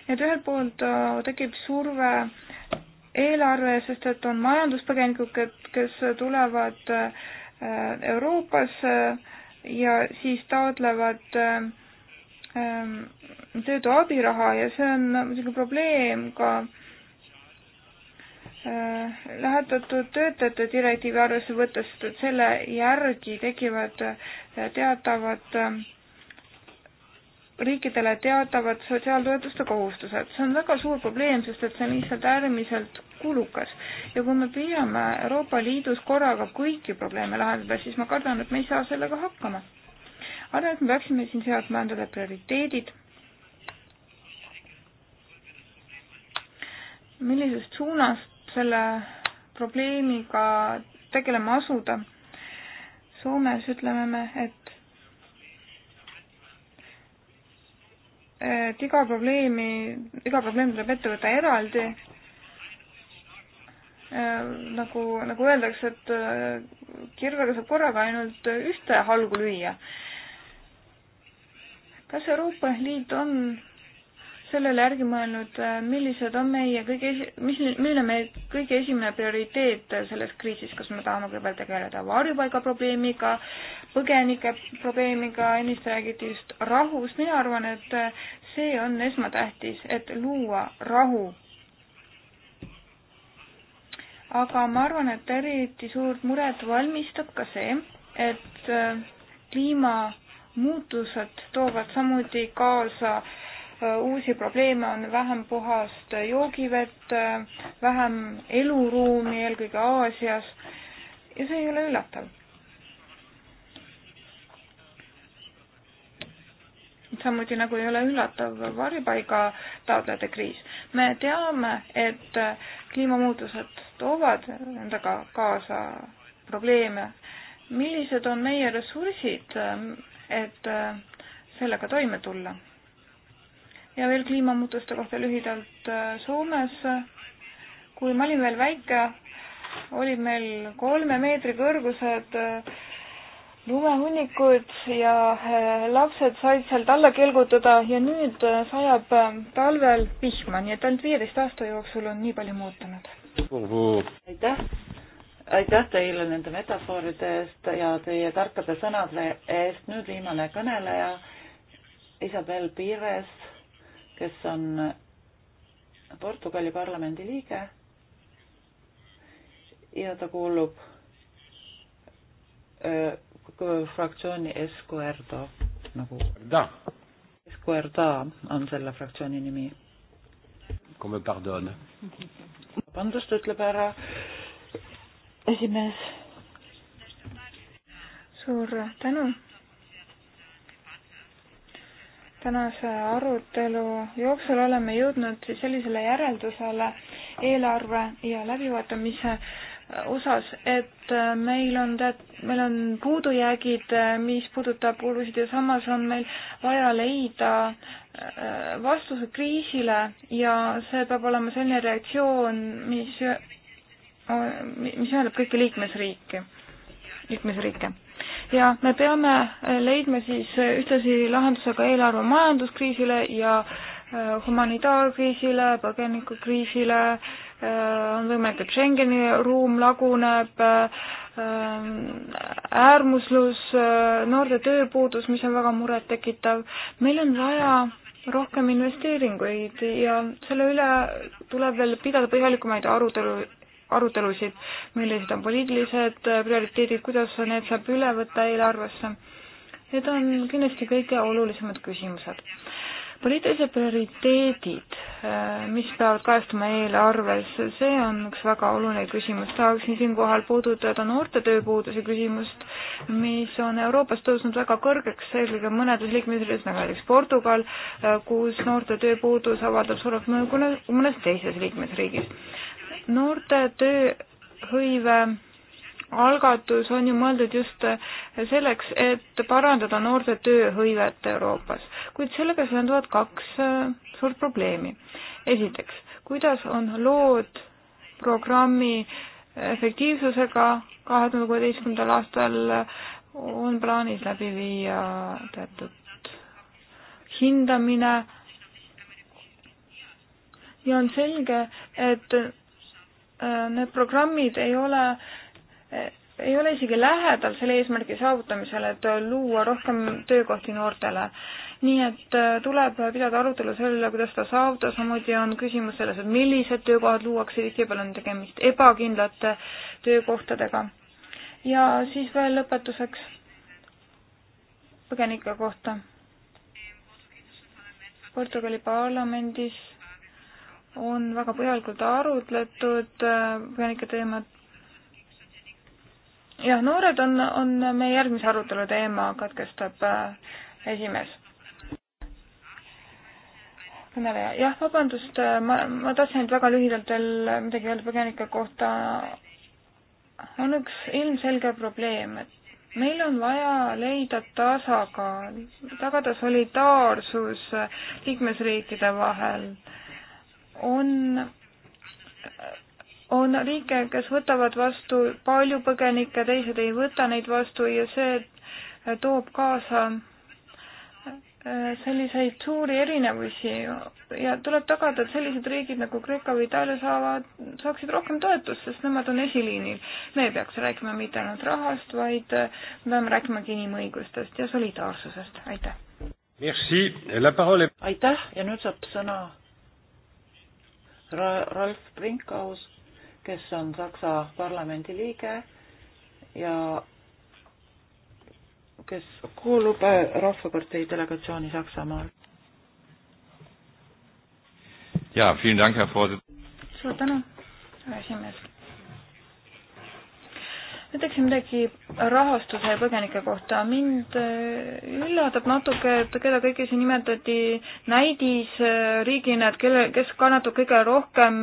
et ühelt poolt äh, tekib surve eelarve, sest et on majanduspõgenikud, kes tulevad äh, Euroopasse ja siis taotlevad äh, töötu abiraha ja see on muidugi probleem ka lähetatud töötajate direktiivi arvesse võttes, sest et selle järgi tekivad teatavad äh, riikidele teatavad sotsiaaltoetuste kohustused. see on väga suur probleem, sest et see on lihtsalt äärmiselt kulukas ja kui me püüame Euroopa Liidus korraga kõiki probleeme lahendada, siis ma kardan, et me ei saa sellega hakkama. arvan, et me peaksime siin seadma endale prioriteedid. millisest suunast selle probleemiga tegelema asuda Soomes ütleme me, et et iga probleemi, iga probleem tuleb ette võtta eraldi. Äh, nagu, nagu öeldakse, et äh, kirvega saab korraga ainult ühte halgu lüüa. kas Euroopa Liit on sellele järgi mõelnud, äh, millised on meie kõige, mis, milline meie kõige esimene prioriteet selles kriisis, kas me tahame kõigepealt tegeleda varjupaiga probleemiga, põgenike probleemiga, ennist räägiti just rahust, mina arvan, et äh, see on esmatähtis, et luua rahu aga ma arvan, et eriti suurt muret valmistab ka see, et äh, kliimamuutused toovad samuti kaasa uusi probleeme, on vähem puhast joogivett, vähem eluruumi, eelkõige Aasias ja see ei ole üllatav. samuti nagu ei ole üllatav varjupaiga taotlejate kriis. me teame, et kliimamuutused toovad endaga kaasa probleeme. millised on meie ressursid, et sellega toime tulla? ja veel kliimamuutuste kohta lühidalt äh, Soomes. kui ma olin veel väike, olid meil kolme meetri kõrgused äh, lumehunnikud ja äh, lapsed said sealt alla kelgutada ja nüüd sajab talvel vihma, nii et ainult viieteist aasta jooksul on nii palju muutunud. aitäh, aitäh teile nende metafooride eest ja teie tarkade sõnade eest. nüüd viimane kõneleja, Isabel Pires kes on Portugali parlamendi liige ja ta kuulub äh, fraktsiooni Esquerdo nagu. Esquerda on selle fraktsiooni nimi. vabandust, ütleb härra esimees. suur tänu tänase arutelu jooksul oleme jõudnud siis sellisele järeldusele eelarve ja läbivaatamise osas, et meil on tead-, meil on puudujäägid, mis puudutab kulusid ja samas on meil vaja leida äh, vastuse kriisile ja see peab olema selline reaktsioon, mis, mis ühendab kõiki liikmesriike, liikmesriike ja me peame äh, leidma siis äh, ühtlasi lahenduse ka eelarve majanduskriisile ja äh, humanitaarkriisile, põgenikukriisile, on võimalik, et Schengeni ruum laguneb, äärmuslus, noorte tööpuudus, mis on väga murettekitav. meil on vaja rohkem investeeringuid ja selle üle tuleb veel pidada põhjalikumaid arutelu, arutelusid, millised on poliitilised äh, prioriteedid, kuidas need saab üle võtta eelarvesse. Need on kindlasti kõige olulisemad küsimused. poliitilised prioriteedid, äh, mis peavad kajastuma eelarves, see on üks väga oluline küsimus. tahaksin siinkohal puudutada noorte tööpuuduse küsimust, mis on Euroopas tõusnud väga kõrgeks, eelkõige mõnedes liikmesriikides, nagu näiteks Portugal, äh, kus noorte tööpuudus avaldab suuremat mõju kui mõnes teises liikmesriigis noorte tööhõive algatus on ju mõeldud just selleks, et parandada noorte tööhõivet Euroopas, kuid sellega seonduvad kaks äh, suurt probleemi. esiteks, kuidas on lood programmi efektiivsusega kahe tuhande kuueteistkümnendal aastal on plaanis läbi viia teatud hindamine ja on selge, et Äh, need programmid ei ole, äh, ei ole isegi lähedal selle eesmärgi saavutamisele, et äh, luua rohkem töökohti noortele. nii et tuleb pidada arutelu selle üle, kuidas seda saavutada, samuti on küsimus selles, et millised töökohad luuakse, tihtipeale on tegemist ebakindlate töökohtadega. ja siis veel lõpetuseks põgenike kohta. Portugali parlamendis on väga põhjalikult arutletud äh, põgenike teemat. jah, noored on, on meie järgmise arutelu teema, katkestab äh, esimees. kõneleja, jah, vabandust, äh, ma, ma tahtsin nüüd väga lühidalt veel midagi öelda põgenike kohta. on üks ilmselge probleem, et meil on vaja leida tasakaal, tagada solidaarsus liikmesriikide vahel äh, on, on riike, kes võtavad vastu palju põgenikke, teised ei võta neid vastu ja see toob kaasa äh, selliseid suuri erinevusi ja tuleb tagada, et sellised riigid nagu Kreeka või Itaalia saavad, saaksid rohkem toetust, sest nemad on esiliinil. me ei peaks rääkima mitte ainult rahast, vaid äh, me peame rääkima ka inimõigustest ja solidaarsusest, aitäh! aitäh ja nüüd saab sõna Ralf Brinkhaus, kes on Saksa parlamendi liige ja kes kuulub äh, Rahvapartei delegatsiooni Saksamaal. jaa, suur tänu, esimees ütleksin midagi rahastuse ja põgenike kohta. mind äh, üllatab natuke, et keda kõiki siin nimetati näidisriigina, äh, et kelle, kes kannatab kõige rohkem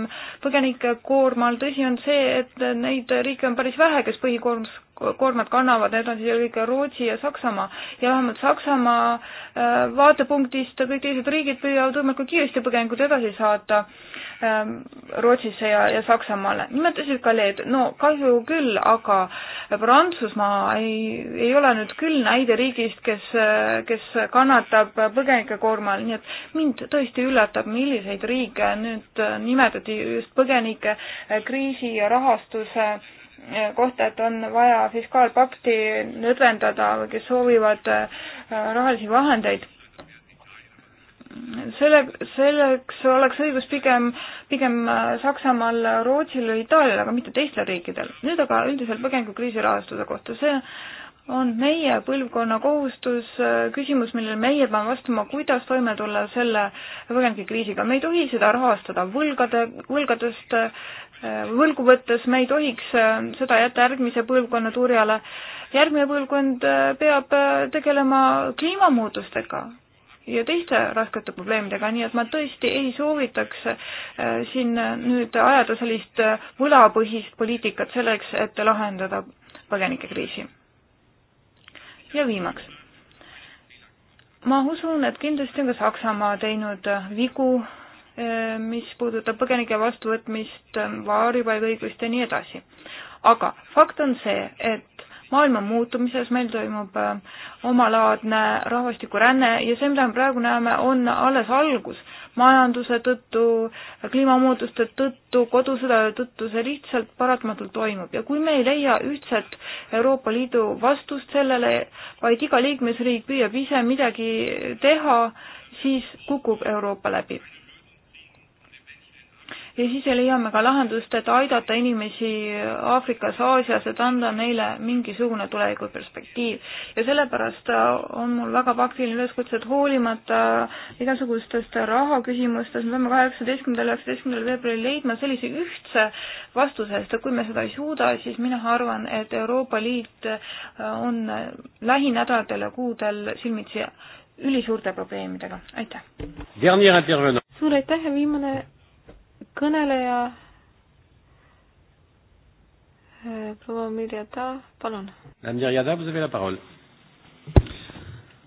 põgenike koorma all. tõsi on see, et neid riike on päris vähe, kes põhikoormust koormat kannavad, need on siis eelkõige Rootsi ja Saksamaa. ja vähemalt Saksamaa äh, vaatepunktist kõik teised riigid püüavad võimalikult kiiresti põgenikud edasi saata ähm, Rootsisse ja, ja Saksamaale. nimetasid ka Leed, no kahju küll, aga Prantsusmaa ei, ei ole nüüd küll näide riigist, kes, äh, kes kannatab põgenike koormal, nii et mind tõesti üllatab, milliseid riike nüüd äh, nimetati just põgenike kriisi ja rahastuse äh, kohta, et on vaja fiskaalpakti nõdvendada, kes soovivad äh, rahalisi vahendeid. selle, selleks oleks õigus pigem, pigem äh, Saksamaal, Rootsil ja Itaalial, aga mitte teistel riikidel. nüüd aga üldiselt põgenikukriisi rahastuse kohta, see on meie põlvkonna kohustus, äh, küsimus, millele meie peame vastama, kuidas toime tulla selle põgenikekriisiga. me ei tohi seda rahastada võlgade, võlgadest, Äh, võlgu võttes me ei tohiks äh, seda jätta järgmise põlvkonna turjale. järgmine põlvkond äh, peab tegelema kliimamuutustega ja teiste raskete probleemidega, nii et ma tõesti ei soovitaks siin nüüd ajada sellist võlapõhist poliitikat selleks, et lahendada põgenikekriisi. ja viimaks. ma usun, et kindlasti on ka Saksamaa teinud vigu Äh, mis puudutab põgenike vastuvõtmist, äh, varjupaigaõiglust ja nii edasi. aga fakt on see, et maailm on muutumises, meil toimub äh, omalaadne rahvastikuränne ja see, mida me praegu näeme, on alles algus. majanduse tõttu, kliimamuutuste tõttu, kodusõdade tõttu see lihtsalt paratamatult toimub ja kui me ei leia ühtset Euroopa Liidu vastust sellele, vaid iga liikmesriik püüab ise midagi teha, siis kukub Euroopa läbi ja siis leiame ka lahendust, et aidata inimesi Aafrikas, Aasias, et anda neile mingisugune tulevikuperspektiiv. ja sellepärast on mul väga praktiline üleskutse, et hoolimata igasugustest rahaküsimustest, me peame kaheksateistkümnendal, üheksateistkümnendal veebruaril leidma sellise ühtse vastuse, sest kui me seda ei suuda, siis mina arvan, et Euroopa Liit on lähinädalatel ja kuudel silmitsi ülisuurte probleemidega, aitäh! suur aitäh ja viimane kõneleja. Eh, proua Mirjata, palun. Mirjata, vous avez la parole.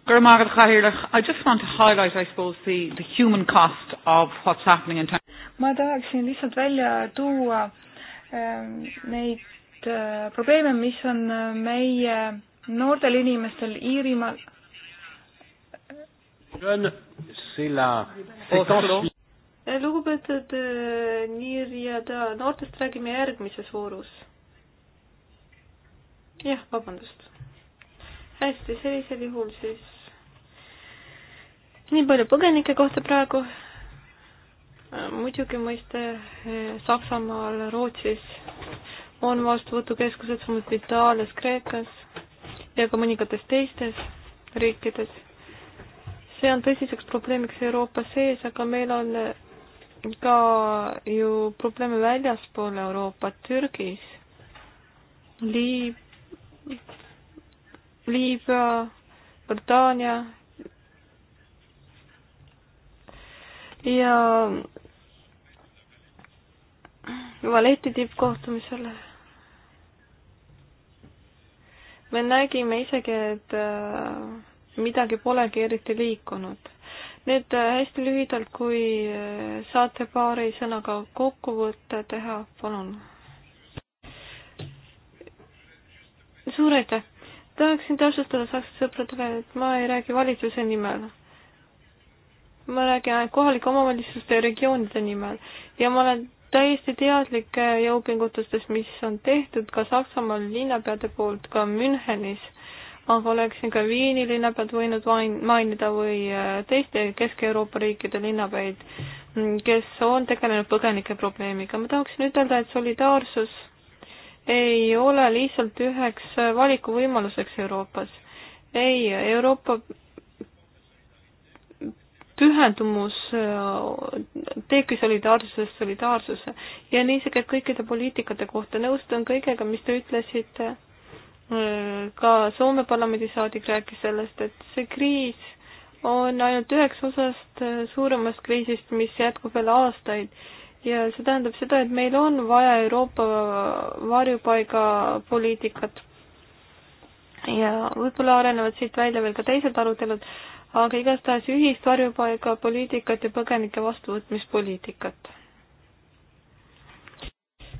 Gurmagad Khahirlach, I just want to highlight, I suppose, the, the human cost of what's happening in terms ma tahaksin lihtsalt välja tuua eh, neid eh, probleeme, mis on meie noortel inimestel Iirimaal lugupeetud äh, Nirja Ta, noortest räägime järgmises voorus. jah, vabandust. hästi, sellisel juhul siis nii palju põgenike kohta praegu. Äh, muidugi mõiste äh, Saksamaal, Rootsis on vastuvõtukeskused, samuti Itaalias, Kreekas ja ka mõningates teistes riikides see on tõsiseks probleemiks Euroopa sees, aga meil on ka ju probleeme väljaspool Euroopat, Türgis, Liib-, Liibüa, Jordaania ja Valeti tippkohtumisel me nägime isegi, et äh, midagi polegi eriti liikunud nüüd äh, hästi lühidalt, kui äh, saate paari sõnaga kokkuvõtte teha, palun. suur aitäh! tahaksin täpsustada saksa sõpradele, et ma ei räägi valitsuse nimel. ma räägin ainult kohalike omavalitsuste ja regioonide nimel ja ma olen täiesti teadlik äh, jõupingutustest, mis on tehtud ka Saksamaal linnapeade poolt, ka Münchenis äh, aga oleksin ka Viini linnapead võinud mainida või äh, teiste Kesk-Euroopa riikide linnapeid, mm, kes on tegelenud põgenike probleemiga. ma tahaksin ütelda, et solidaarsus ei ole lihtsalt üheks äh, valikuvõimaluseks Euroopas. ei, Euroopa pühendumus äh, teebki solidaarsusest solidaarsuse ja nii see käib kõikide poliitikate kohta. nõustun kõigega, mis te ütlesite ka Soome parlamendi saadik rääkis sellest, et see kriis on ainult üheks osast äh, suuremast kriisist, mis jätkub veel aastaid ja see tähendab seda, et meil on vaja Euroopa varjupaigapoliitikat. ja võib-olla arenevad siit välja veel ka teised arutelud, aga igastahes ühist varjupaigapoliitikat ja põgenike vastuvõtmispoliitikat.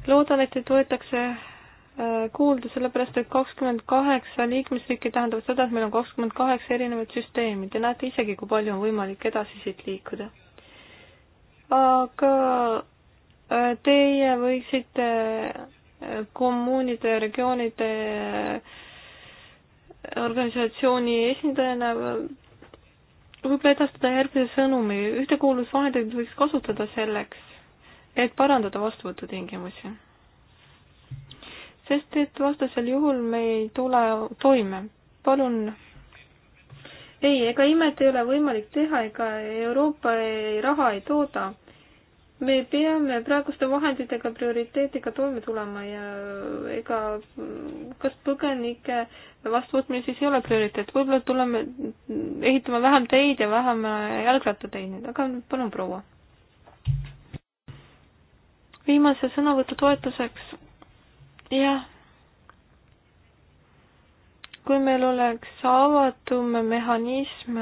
loodan, et teid võetakse kuulda, sellepärast et kakskümmend kaheksa liikmesriiki tähendab seda, et meil on kakskümmend kaheksa erinevat süsteemi. Te näete isegi, kui palju on võimalik edasi siit liikuda. aga äh, teie võiksite äh, kommuunide, regioonide äh, organisatsiooni esindajana võib-olla edastada järgmise sõnumi, ühtekuuluvusvahendeid võiks kasutada selleks, et parandada vastuvõtutingimusi sest et vastasel juhul me ei tule toime. palun. ei, ega imet ei ole võimalik teha, ega Euroopa ei, raha ei tooda. me peame praeguste vahenditega prioriteediga toime tulema ja ega kas põgenike vastuvõtmine siis ei ole prioriteet, võib-olla tuleme, ehitame vähem teid ja vähem jalgrattateid, aga palun, proua. viimase sõnavõtu toetuseks jah. kui meil oleks avatum mehhanism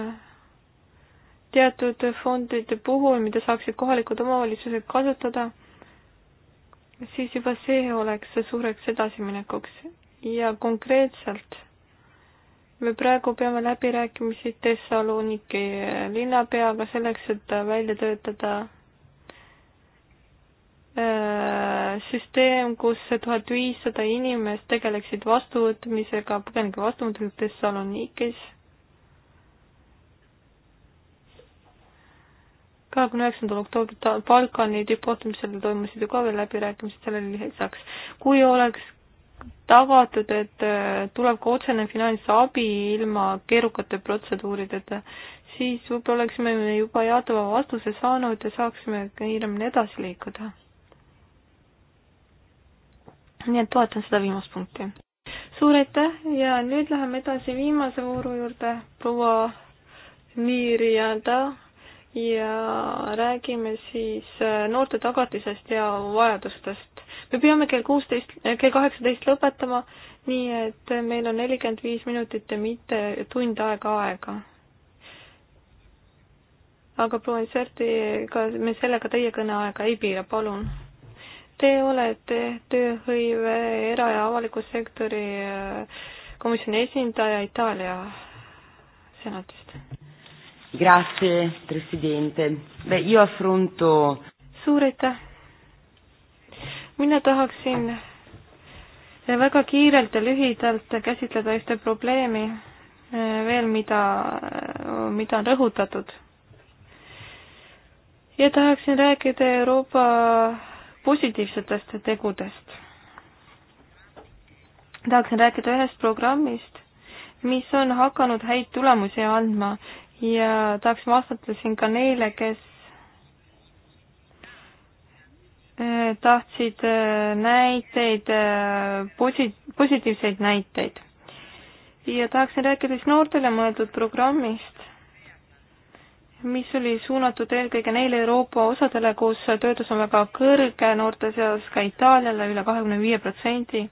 teatud fondide puhul, mida saaksid kohalikud omavalitsused kasutada, siis juba see oleks suureks edasiminekuks ja konkreetselt me praegu peame läbirääkimisi Thessaloniki linnapeaga selleks, et välja töötada Äh, süsteem, kus tuhat viissada inimest tegeleksid vastuvõtmisega, põgenike vastuvõtmisega Thessalonikis. kahekümne üheksandal oktoobril Balkani tippkohtumisel toimusid ju ka veel läbirääkimised sellele lisaks. kui oleks tagatud, et äh, tuleb ka otsene finantsabi ilma keerukate protseduurideta, siis võib-olla oleksime juba jaatava vastuse saanud ja saaksime kiiremini edasi liikuda nii et toetan seda viimast punkti. suur aitäh ja nüüd läheme edasi viimase vooru juurde, proua Miiri ja ta ja räägime siis äh, noorte tagatisest ja vajadustest. me peame kell kuusteist, äh, kell kaheksateist lõpetama, nii et meil on nelikümmend viis minutit ja mitte tund aega aega. aga proua Inserti, ega me sellega teie kõneaega ei piira, palun Te olete tööhõive era- ja avaliku sektori äh, komisjoni esindaja Itaalia senatist. Grazie, presidente. Beh, io affronto... suur aitäh! mina tahaksin väga kiirelt ja lühidalt käsitleda ühte probleemi äh, veel, mida, äh, mida on rõhutatud. ja tahaksin rääkida Euroopa positiivsetest tegudest. tahaksin rääkida ühest programmist, mis on hakanud häid tulemusi andma ja tahaksin vastata siin ka neile, kes eh, tahtsid eh, näiteid, eh, posi-, positiivseid näiteid. ja tahaksin rääkida siis noortele mõeldud programmist, mis oli suunatud eelkõige neile Euroopa osadele, kus töötus on väga kõrge, noorte seas ka Itaaliale üle kahekümne viie protsendi.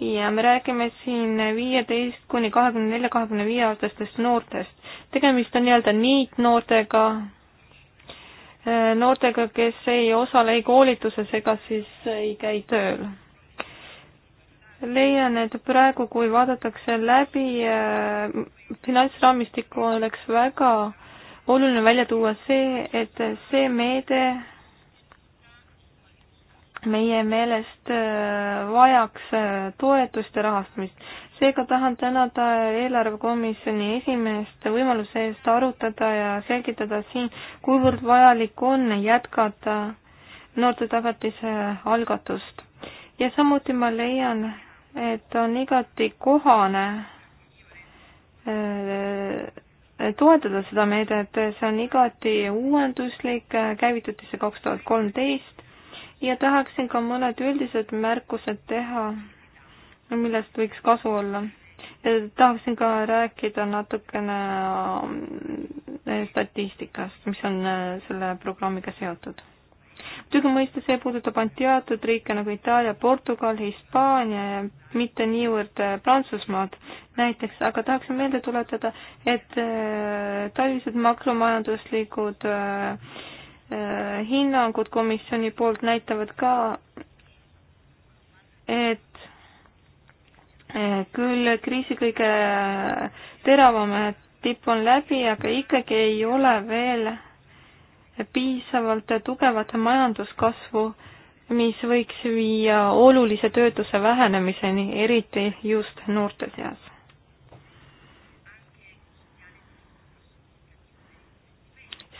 ja me räägime siin viieteist kuni kahekümne nelja, kahekümne viie aastastest noortest. tegemist on nii-öelda niitnoortega, noortega, kes ei osale ei koolituses ega siis ei käi tööl. leian, et praegu, kui vaadatakse läbi äh, finantsraamistikku, oleks väga äh, oluline on välja tuua see, et see meede meie meelest äh, vajaks äh, toetust ja rahastamist. seega tahan tänada eelarvekomisjoni esimeest võimaluse eest arutada ja selgitada siin, kuivõrd vajalik on jätkata noorte tagatise algatust. ja samuti ma leian, et on igati kohane äh, toetada seda meedet, see on igati uuenduslik, käivitati see kaks tuhat kolmteist ja tahaksin ka mõned üldised märkused teha, millest võiks kasu olla. tahaksin ka rääkida natukene ähm, statistikast, mis on äh, selle programmiga seotud muidugi mõista see puudutab ainult teatud riike nagu Itaalia, Portugal, Hispaania ja mitte niivõrd äh, Prantsusmaad näiteks, aga tahaksin meelde tuletada, et äh, talvised makromajanduslikud äh, hinnangud komisjoni poolt näitavad ka, et küll kriisi kõige teravam tipp on läbi, aga ikkagi ei ole veel piisavalt tugevat majanduskasvu, mis võiks viia olulise töötuse vähenemiseni, eriti just noorte seas.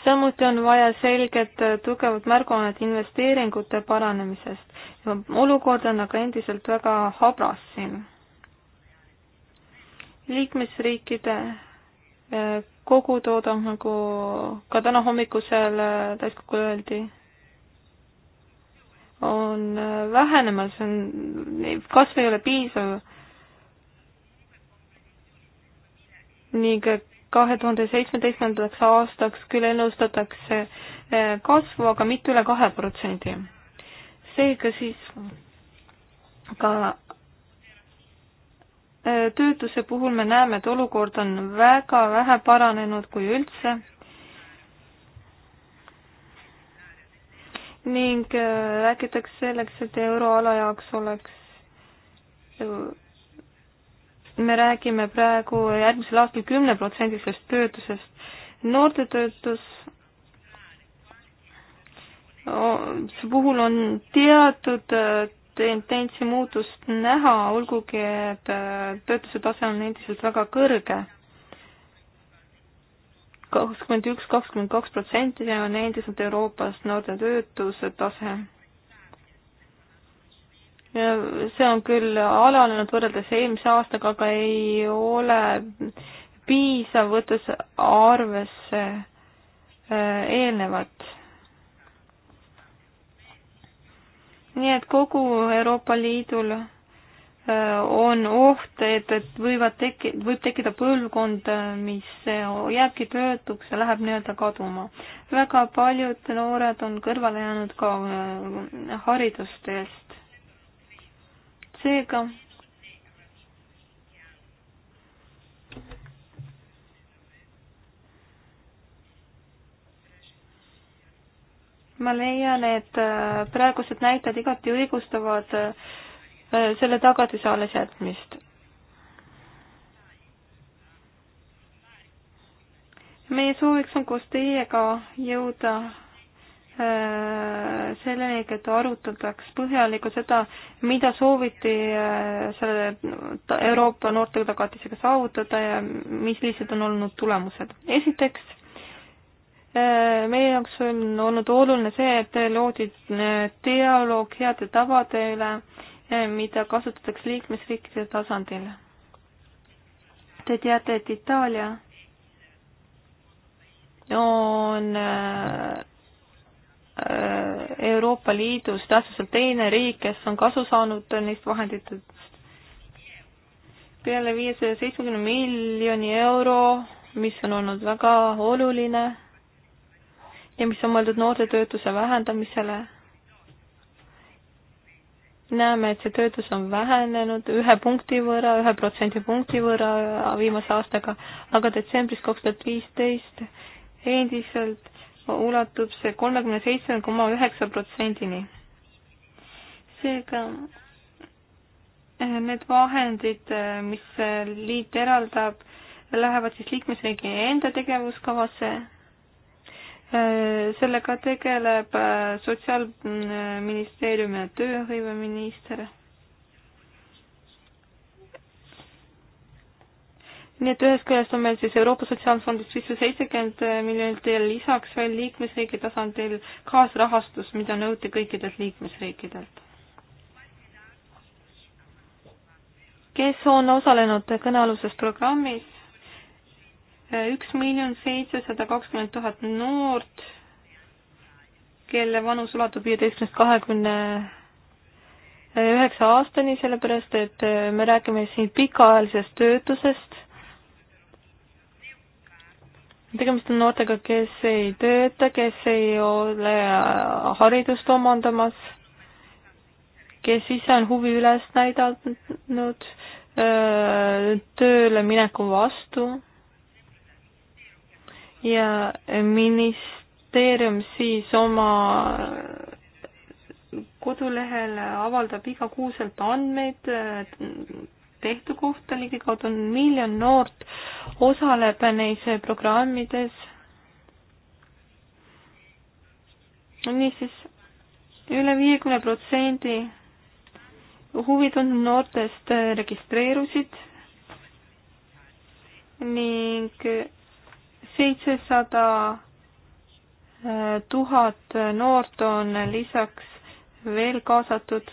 samuti on vaja selget tugevat märguannet investeeringute paranemisest. olukord on aga endiselt väga habras siin. liikmesriikide kogutoodangu, nagu ka täna hommikusel äh, täiskogul öeldi, on äh, vähenemas, on, kasv ei ole piisav ning äh, kahe tuhande seitsmeteistkümnendaks aastaks küll ennustatakse kasvu, aga mitte üle kahe protsendi. seega siis ka töötuse puhul me näeme, et olukord on väga vähe paranenud, kui üldse. ning äh, räägitakse selleks, et euroala jaoks oleks, äh, me räägime praegu järgmisel aastal kümneprotsendisest töötusest. noorte töötus see puhul on teatud äh, tendentsi muutust näha, olgugi et äh, töötuse tase on endiselt väga kõrge. kakskümmend üks, kakskümmend kaks protsenti, see on endiselt Euroopas noorte töötuse tase. see on küll alanenud võrreldes eelmise aastaga, aga ei ole piisav, võttes arvesse äh, eelnevat nii et kogu Euroopa Liidul äh, on oht, et, et võivad teki-, võib tekkida põlvkond, äh, mis äh, jääbki töötuks ja läheb nii-öelda kaduma. väga paljud noored on kõrvale jäänud ka haridustest. seega ma leian, et äh, praegused näited igati õigustavad äh, selle tagatise alles jätmist. meie sooviks on koos teiega jõuda äh, selleni, et arutataks põhjalikult seda, mida sooviti selle Euroopa noorte tagatisega saavutada ja mis lihtsalt on olnud tulemused. esiteks Äh, meie jaoks on olnud oluline see, et loodi äh, dialoog heade tavade üle, äh, mida kasutatakse liikmesriikide tasandil. Te teate, et Itaalia on Euroopa Liidus tähtsuselt teine riik, kes on kasu saanud neist vahenditest. peale viiesaja seitsmekümne miljoni euro, mis on olnud väga oluline ja mis on mõeldud noorte töötuse vähendamisele. näeme, et see töötus on vähenenud ühe punkti võrra, ühe protsendi punkti võrra viimase aastaga, aga detsembris kaks tuhat viisteist endiselt ulatub see kolmekümne seitsme koma üheksa protsendini. seega need vahendid, mis liit eraldab, lähevad siis liikmesriigi enda tegevuskavasse Äh, sellega tegeleb äh, Sotsiaalministeeriumi ja tööhõiveminister. nii et ühest küljest on meil siis Euroopa Sotsiaalfondist viissada seitsekümmend äh, miljonit ja lisaks veel liikmesriigi tasandil kaasrahastus, mida nõuti kõikidelt liikmesriikidelt. kes on osalenud kõnealuses programmis? üks miljon seitsesada kakskümmend tuhat noort, kelle vanus ulatub viieteistkümnest kahekümne üheksa aastani, sellepärast et äh, me räägime siin pikaajalisest töötusest. tegemist on noortega, kes ei tööta, kes ei ole äh, haridust omandamas, kes ise on huvi üles näidanud äh, tööle mineku vastu ja ministeerium siis oma kodulehel avaldab igakuuselt andmeid tehtu kohta, ligikaudu miljon noort osaleb neis programmides. niisiis üle viiekümne protsendi huvi tundnud noortest registreerusid ning seitsesada eh, tuhat noort on lisaks veel kaasatud.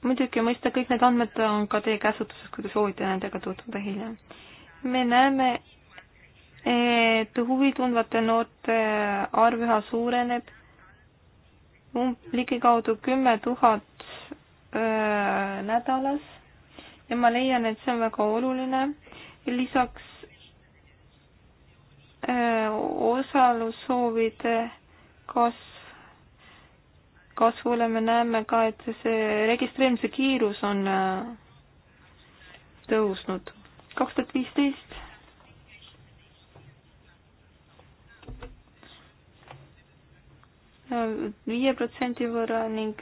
muidugi mõista, kõik need andmed on ka teie käsutuses, kui te soovite nendega tutvuda hiljem. me näeme, et huvi tundvate noorte arv üha suureneb um,. ligikaudu kümme tuhat öö, nädalas ja ma leian, et see on väga oluline. lisaks osalussoovide kasv, kasvule me näeme ka, et see registreerimise kiirus on tõusnud. kaks tuhat viisteist viie protsendi võrra ning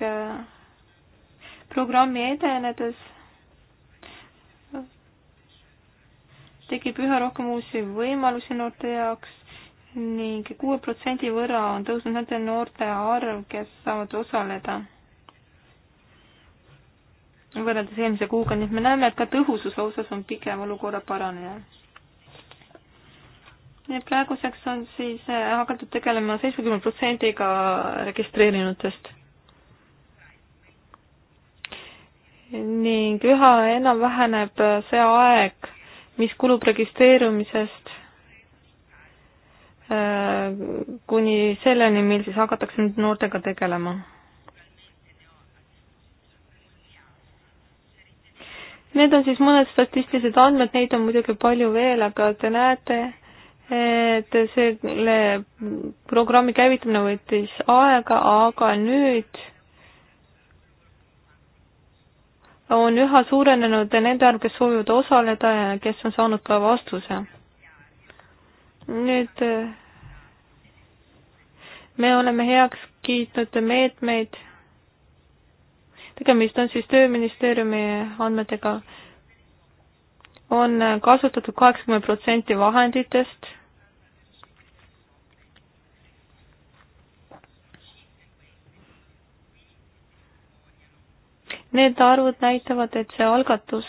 programmi edenedes tekib üha rohkem uusi võimalusi noorte jaoks ning kuue protsendi võrra on tõusnud nende noorte arv, kes saavad osaleda võrreldes eelmise kuuga, nii et me näeme, et ka tõhususe osas on pigem olukorra paranemine. nii et praeguseks on siis hakatud tegelema seitsmekümne protsendiga registreerinutest ning üha enam väheneb see aeg, mis kulub registreerumisest äh, kuni selleni, mil siis hakatakse nüüd noortega tegelema. Need on siis mõned statistilised andmed, neid on muidugi palju veel, aga te näete, et selle programmi käivitamine võttis aega, aga nüüd on üha suurenenud nende arv, kes soovivad osaleda ja kes on saanud ka vastuse. nüüd me oleme heaks kiitnud meetmeid, tegemist on siis Tööministeeriumi andmetega, on kasutatud kaheksakümmend protsenti vahenditest Need arvud näitavad, et see algatus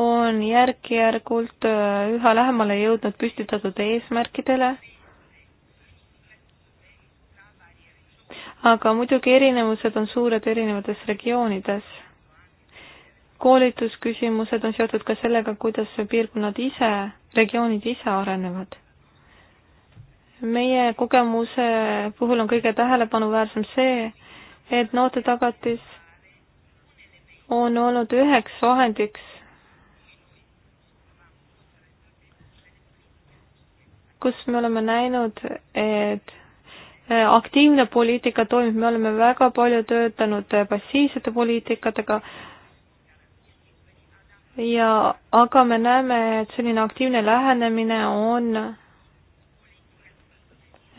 on järk-järgult äh, üha lähemale jõudnud püstitatud eesmärkidele. aga muidugi erinevused on suured erinevates regioonides. koolitusküsimused on seotud ka sellega, kuidas piirkonnad ise, regioonid ise arenevad. meie kogemuse puhul on kõige tähelepanuväärsem see, et noorte tagatis on olnud üheks vahendiks kus me oleme näinud, et eh, aktiivne poliitika toimib, me oleme väga palju töötanud eh, passiivsete poliitikatega ja aga me näeme, et selline aktiivne lähenemine on,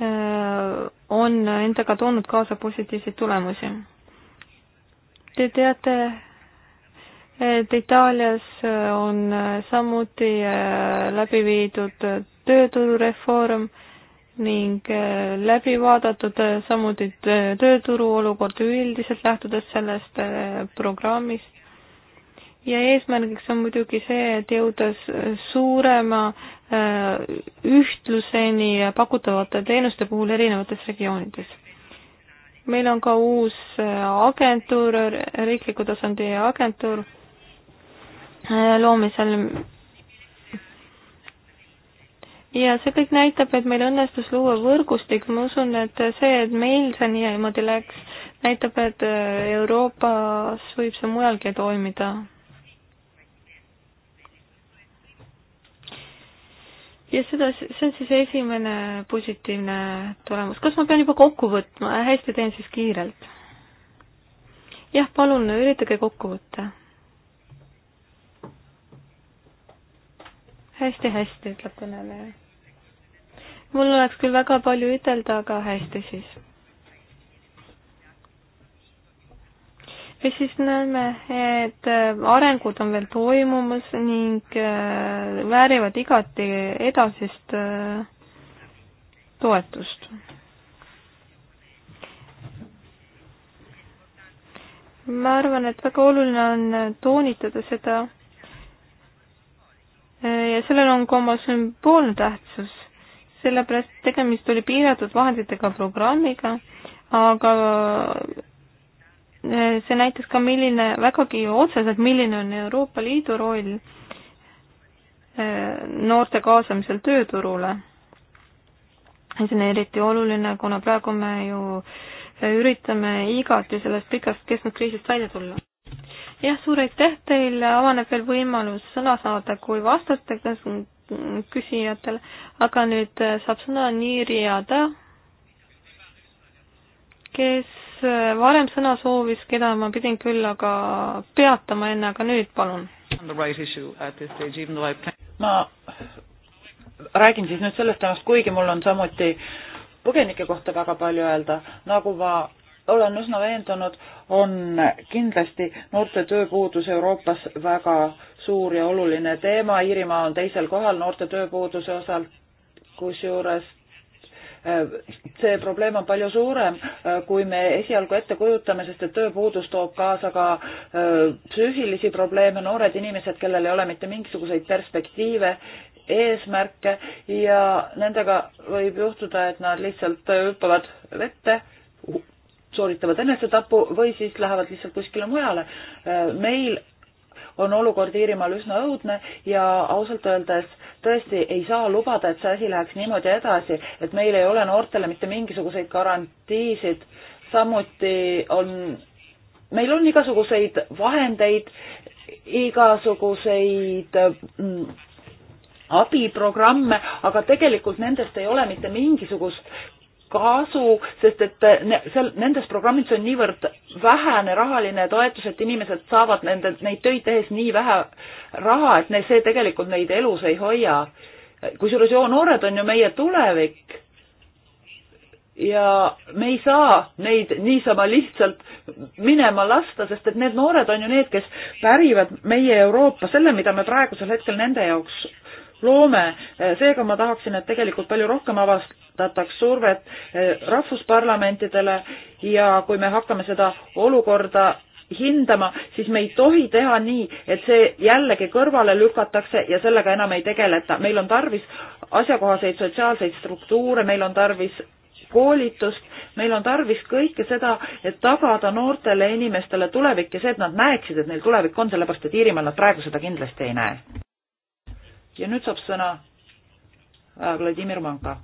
eh, on endaga toonud kaasa positiivseid tulemusi. Te teate, et Itaalias äh, on äh, samuti äh, läbi viidud tööturureform ning läbi vaadatud samuti tööturu olukord üldiselt lähtudes sellest programmist. ja eesmärgiks on muidugi see, et jõuda suurema ühtluseni pakutavate teenuste puhul erinevates regioonides. meil on ka uus agentuur, riikliku tasandi agentuur Äh, loomisel. ja see kõik näitab, et meil õnnestus luua võrgustik, ma usun, et see, et meil see niimoodi läks, näitab, et äh, Euroopas võib see mujalgi toimida. ja seda, see on siis esimene positiivne tulemus. kas ma pean juba kokku võtma? hästi, teen siis kiirelt. jah, palun üritage kokku võtta hästi-hästi, ütleb kõneleja. mul oleks küll väga palju ütelda, aga hästi siis. ja siis näeme, et äh, arengud on veel toimumas ning äh, väärivad igati edasist äh, toetust. ma arvan, et väga oluline on toonitada seda, ja sellel on ka oma sümboolne tähtsus, sellepärast tegemist oli piiratud vahenditega programmiga, aga äh, see näitas ka, milline, vägagi otseselt, milline on Euroopa Liidu roll äh, noorte kaasamisel tööturule. see on eriti oluline, kuna praegu me ju äh, üritame igati sellest pikast kestnud kriisist välja tulla jah, suur aitäh, teil avaneb veel võimalus sõna saada, kui vastate küsijatele, aga nüüd äh, saab sõna nii Riada, kes äh, varem sõna soovis, keda ma pidin küll aga peatama enne, aga nüüd palun. ma räägin siis nüüd sellest temast, kuigi mul on samuti põgenike kohta väga palju öelda, nagu ma olen üsna veendunud, on kindlasti noorte tööpuudus Euroopas väga suur ja oluline teema. Iirimaa on teisel kohal noorte tööpuuduse osal, kusjuures äh, see probleem on palju suurem, äh, kui me esialgu ette kujutame, sest et tööpuudus toob kaasa ka äh, psüühilisi probleeme, noored inimesed, kellel ei ole mitte mingisuguseid perspektiive, eesmärke ja nendega võib juhtuda, et nad lihtsalt hüppavad vette sooritavad enesetapu või siis lähevad lihtsalt kuskile mujale. Äh, meil on olukord Iirimaal üsna õudne ja ausalt öeldes tõesti ei saa lubada, et see asi läheks niimoodi edasi, et meil ei ole noortele mitte mingisuguseid garantiisid. samuti on, meil on igasuguseid vahendeid, igasuguseid mm, abiprogramme, aga tegelikult nendest ei ole mitte mingisugust kasu, sest et äh, ne, seal nendes programmides on niivõrd vähene rahaline toetus, et inimesed saavad nende, neid töid tehes nii vähe raha, et ne, see tegelikult neid elus ei hoia. kusjuures joo noored on ju meie tulevik. ja me ei saa neid niisama lihtsalt minema lasta, sest et need noored on ju need, kes pärivad meie Euroopa selle, mida me praegusel hetkel nende jaoks loome. seega ma tahaksin, et tegelikult palju rohkem avastataks survet eh, rahvusparlamentidele ja kui me hakkame seda olukorda hindama, siis me ei tohi teha nii, et see jällegi kõrvale lükatakse ja sellega enam ei tegeleta. meil on tarvis asjakohaseid sotsiaalseid struktuure, meil on tarvis koolitust, meil on tarvis kõike seda, et tagada noortele inimestele tulevik ja see, et nad näeksid, et neil tulevik on, sellepärast et Iirimaal nad praegu seda kindlasti ei näe ja nüüd saab sõna äh, Vladimir Manka.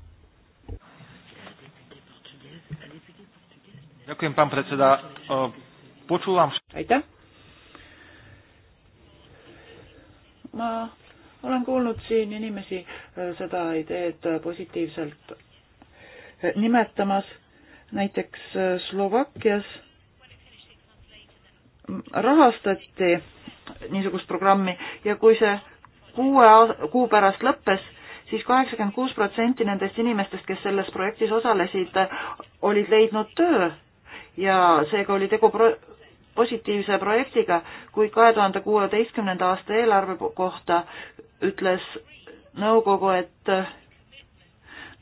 aitäh. ma olen kuulnud siin inimesi äh, seda ideed äh, positiivselt nimetamas, näiteks Slovakkias rahastati niisugust programmi ja kui see kuue kuu pärast lõppes, siis kaheksakümmend kuus protsenti nendest inimestest, kes selles projektis osalesid, olid leidnud töö ja seega oli tegu pro positiivse projektiga, kuid kahe tuhande kuueteistkümnenda aasta eelarve kohta ütles nõukogu, et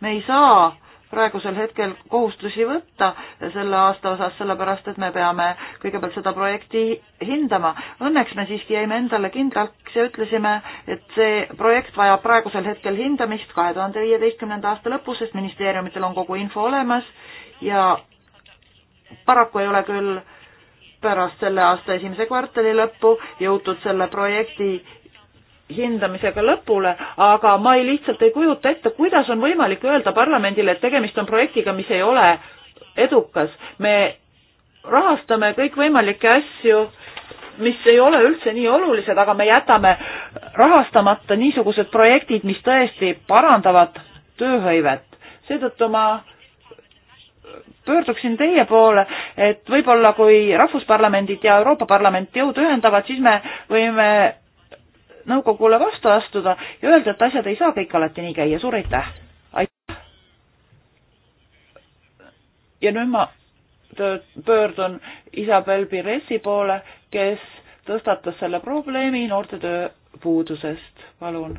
me ei saa praegusel hetkel kohustusi võtta selle aasta osas, sellepärast et me peame kõigepealt seda projekti hindama. Õnneks me siiski jäime endale kindlaks ja ütlesime, et see projekt vajab praegusel hetkel hindamist kahe tuhande viieteistkümnenda aasta lõpus, sest ministeeriumitel on kogu info olemas ja paraku ei ole küll pärast selle aasta esimese kvartali lõppu jõutud selle projekti hindamisega lõpule, aga ma ei lihtsalt ei kujuta ette, kuidas on võimalik öelda parlamendile, et tegemist on projektiga, mis ei ole edukas. me rahastame kõikvõimalikke asju, mis ei ole üldse nii olulised, aga me jätame rahastamata niisugused projektid, mis tõesti parandavad tööhõivet. seetõttu ma pöörduksin teie poole, et võib-olla kui Rahvusparlamendid ja Euroopa Parlament jõud ühendavad, siis me võime nõukogule vastu astuda ja öelda, et asjad ei saa kõik alati nii käia, suur aitäh! aitäh! ja nüüd ma pöördun Isabel Piresi poole, kes tõstatas selle probleemi noorte tööpuudusest, palun.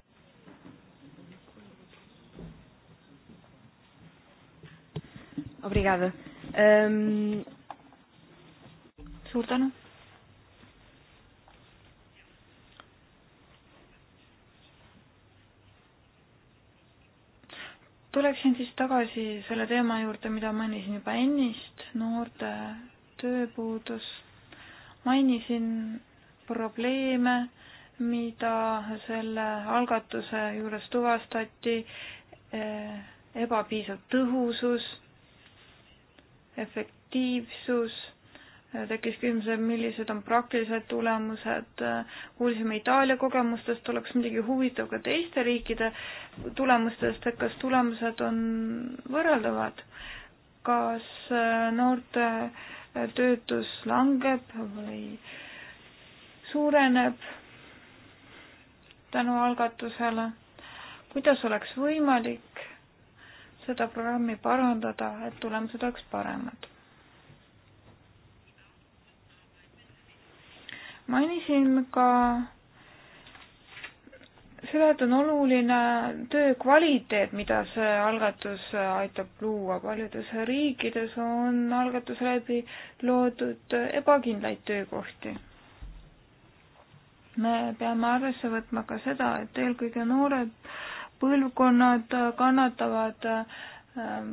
Obrigada um,. suur tänu tuleksin siis tagasi selle teema juurde, mida mainisin juba ennist, noorte tööpuudus. mainisin probleeme, mida selle algatuse juures tuvastati, ebapiisav tõhusus, efektiivsus tekkis küsimus, et millised on praktilised tulemused, kuulsime Itaalia kogemustest, oleks muidugi huvitav ka teiste riikide tulemustest, et kas tulemused on võrreldavad, kas äh, noorte äh, töötus langeb või suureneb tänu algatusele, kuidas oleks võimalik seda programmi parandada, et tulemused oleks paremad mainisin ka seda, et on oluline töö kvaliteet, mida see algatus aitab luua. paljudes riikides on algatuse läbi loodud ebakindlaid töökohti. me peame arvesse võtma ka seda, et eelkõige noored põlvkonnad kannatavad ähm,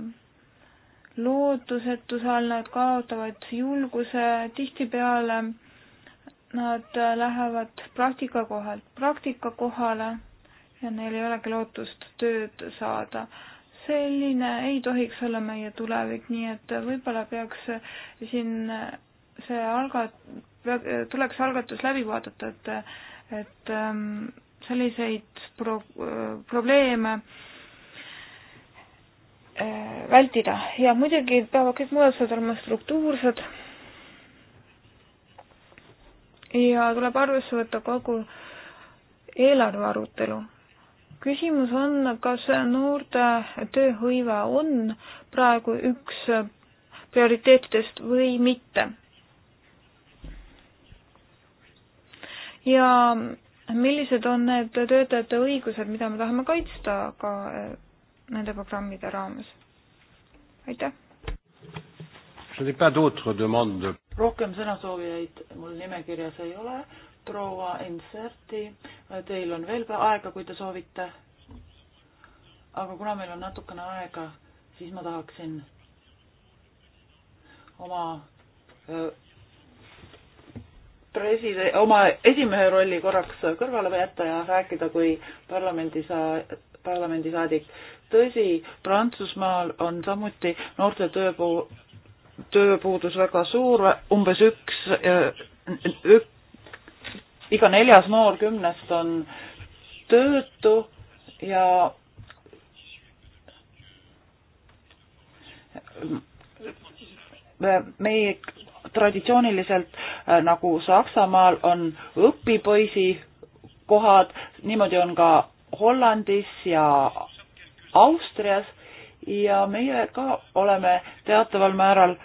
lootusetuse all, nad kaotavad julguse tihtipeale nad äh, lähevad praktika kohalt praktika kohale ja neil ei olegi lootust tööd saada. selline ei tohiks olla meie tulevik, nii et võib-olla peaks siin see algat-, tuleks algatus läbi vaadata, et, et ähm, selliseid pro-, probleeme äh, vältida ja muidugi peavad kõik muudatused olema struktuursed ja tuleb arvesse võtta kogu eelarve arutelu. küsimus on, kas noorte tööhõive on praegu üks prioriteetidest või mitte. ja millised on need töötajate õigused, mida me tahame kaitsta ka nende programmide raames? aitäh! rohkem sõnasoovijaid mul nimekirjas ei ole. proua Inserti, teil on veel aega, kui te soovite. aga kuna meil on natukene aega, siis ma tahaksin oma preside-, oma esimehe rolli korraks kõrvale jätta ja rääkida kui parlamendisa-, parlamendisaadik. tõsi, Prantsusmaal on samuti noorte tööpu-, tööpuudus väga suur, umbes üks, ük, iga neljas noor kümnest on töötu ja meie traditsiooniliselt äh, nagu Saksamaal on õpipoisi kohad, niimoodi on ka Hollandis ja Austrias ja meie ka oleme teataval määral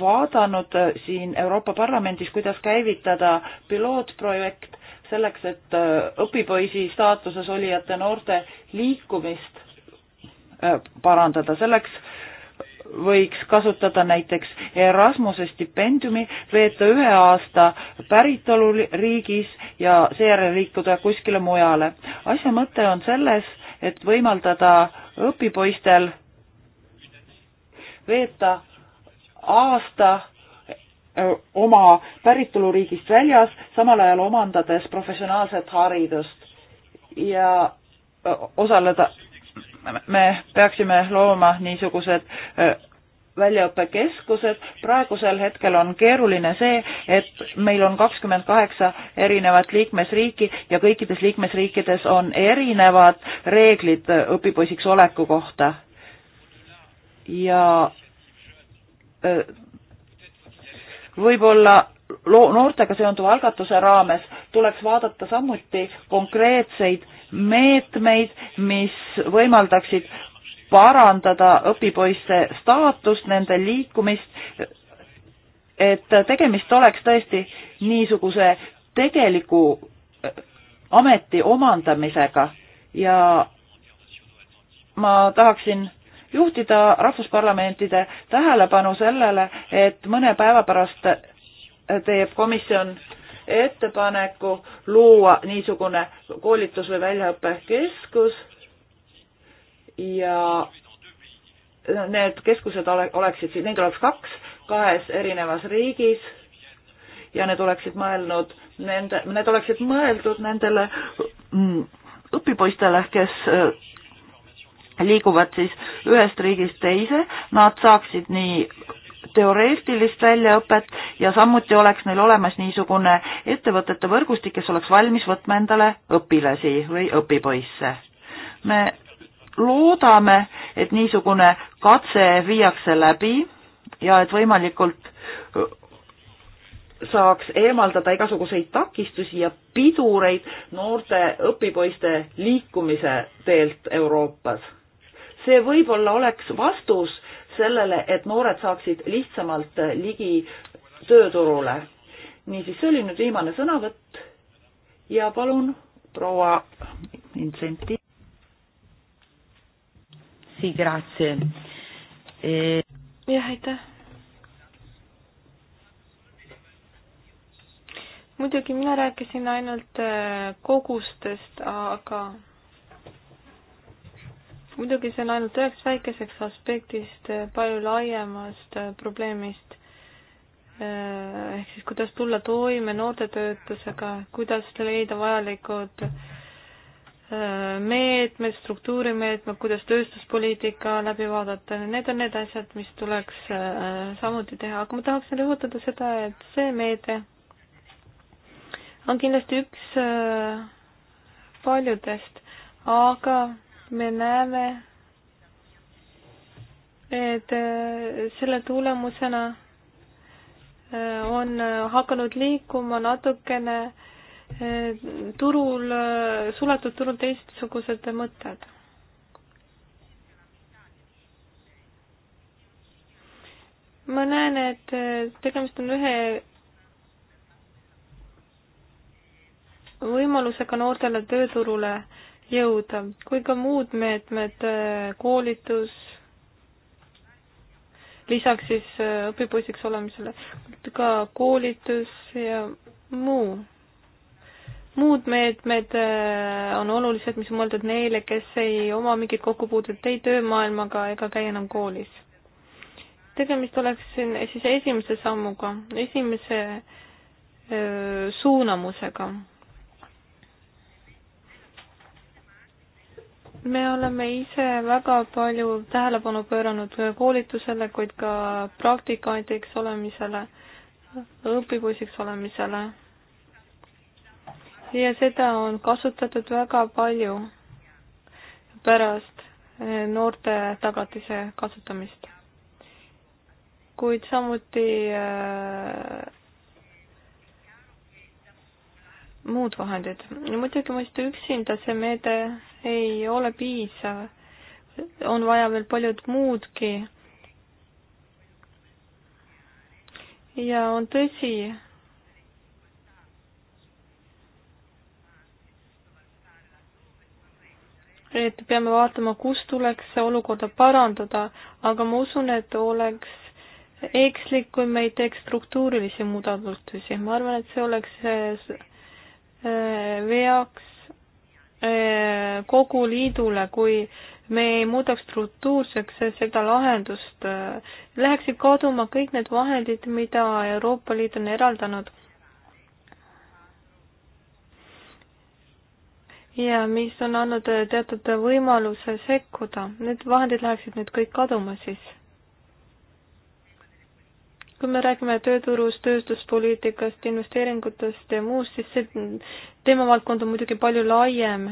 vaadanud äh, siin Euroopa Parlamendis, kuidas käivitada pilootprojekt selleks, et äh, õpipoisi staatuses olijate noorte liikumist äh, parandada, selleks võiks kasutada näiteks Erasmuse stipendiumi, veeta ühe aasta päritoluriigis ja seejärel liikuda kuskile mujale. asja mõte on selles, et võimaldada õpipoistel veeta aasta äh, oma päritoluriigist väljas, samal ajal omandades professionaalset haridust ja äh, osaleda, me peaksime looma niisugused äh, väljaõppekeskused, praegusel hetkel on keeruline see, et meil on kakskümmend kaheksa erinevat liikmesriiki ja kõikides liikmesriikides on erinevad reeglid õpipoisiks oleku kohta ja võib-olla noortega seonduva algatuse raames tuleks vaadata samuti konkreetseid meetmeid, mis võimaldaksid parandada õpipoiste staatust, nende liikumist, et tegemist oleks tõesti niisuguse tegeliku ameti omandamisega ja ma tahaksin juhtida rahvusparlamentide tähelepanu sellele, et mõne päeva pärast teeb komisjon ettepaneku luua niisugune koolitus- või väljaõppekeskus ja need keskused oleksid siis, neid oleks kaks kahes erinevas riigis ja need oleksid mõelnud nende, need oleksid mõeldud nendele mm, õpipoistele, kes liiguvad siis ühest riigist teise, nad saaksid nii teoreetilist väljaõpet ja samuti oleks neil olemas niisugune ettevõtete võrgustik, kes oleks valmis võtma endale õpilasi või õpipoisse. me loodame, et niisugune katse viiakse läbi ja et võimalikult saaks eemaldada igasuguseid takistusi ja pidureid noorte õpipoiste liikumise teelt Euroopas see võib-olla oleks vastus sellele, et noored saaksid lihtsamalt ligi tööturule. niisiis, see oli nüüd viimane sõnavõtt ja palun, proua Vincenti. Eh, jah, aitäh. muidugi mina rääkisin ainult eh, kogustest, aga muidugi see on ainult üheks väikeseks aspektist eh, palju laiemast eh, probleemist. Eh, ehk siis, kuidas tulla toime noortetöötusega, kuidas leida vajalikud meetmed, struktuurimeetmed, kuidas tööstuspoliitika läbi vaadata, need on need asjad, mis tuleks samuti teha, aga ma tahaksin rõhutada seda, et see meede on kindlasti üks paljudest, aga me näeme, et äh, selle tulemusena äh, on äh, hakanud liikuma natukene turul, suletud turul teistsugused mõtted ma näen, et tegemist on ühe võimalusega noortele tööturule jõuda, kui ka muud meetmed, äh, koolitus, lisaks siis äh, õpipoisiks olemisele, ka koolitus ja muu. muud meetmed äh, on olulised, mis on mõeldud neile, kes ei oma mingit kokkupuudet ei töömaailmaga ega käi enam koolis. tegemist oleks siin siis esimese sammuga, esimese suunamusega me oleme ise väga palju tähelepanu pööranud koolitusele, kuid ka praktikandiks olemisele, õpipoisiks olemisele. ja seda on kasutatud väga palju pärast noorte tagatise kasutamist. kuid samuti äh, muud vahendid. muidugi mõista üksinda see meede ei ole piisav. on vaja veel paljud muudki. ja on tõsi, et peame vaatama, kus tuleks olukorda parandada, aga ma usun, et oleks ekslik, kui me ei teeks struktuurilisi muudatusi. ma arvan, et see oleks äh, äh, veaks Eh, kogu liidule, kui me ei muudaks struktuurseks seda lahendust, eh, läheksid kaduma kõik need vahendid, mida Euroopa Liit on eraldanud. ja mis on andnud teatud võimaluse sekkuda, need vahendid läheksid nüüd kõik kaduma siis kui me räägime tööturust, tööstuspoliitikast, investeeringutest ja muust, siis see teemavaldkond on muidugi palju laiem.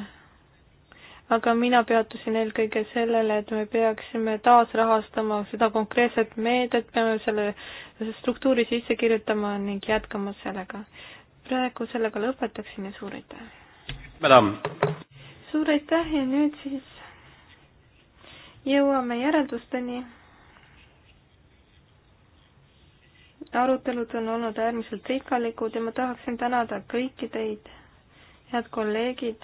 aga mina peatusin eelkõige sellele, et me peaksime taasrahastama seda konkreetset meedet, peame selle struktuuri sisse kirjutama ning jätkama sellega. praegu sellega lõpetaksin ja suur aitäh! suur aitäh ja nüüd siis jõuame järeldusteni arutelud on olnud äärmiselt rikkalikud ja ma tahaksin tänada kõiki teid, head kolleegid,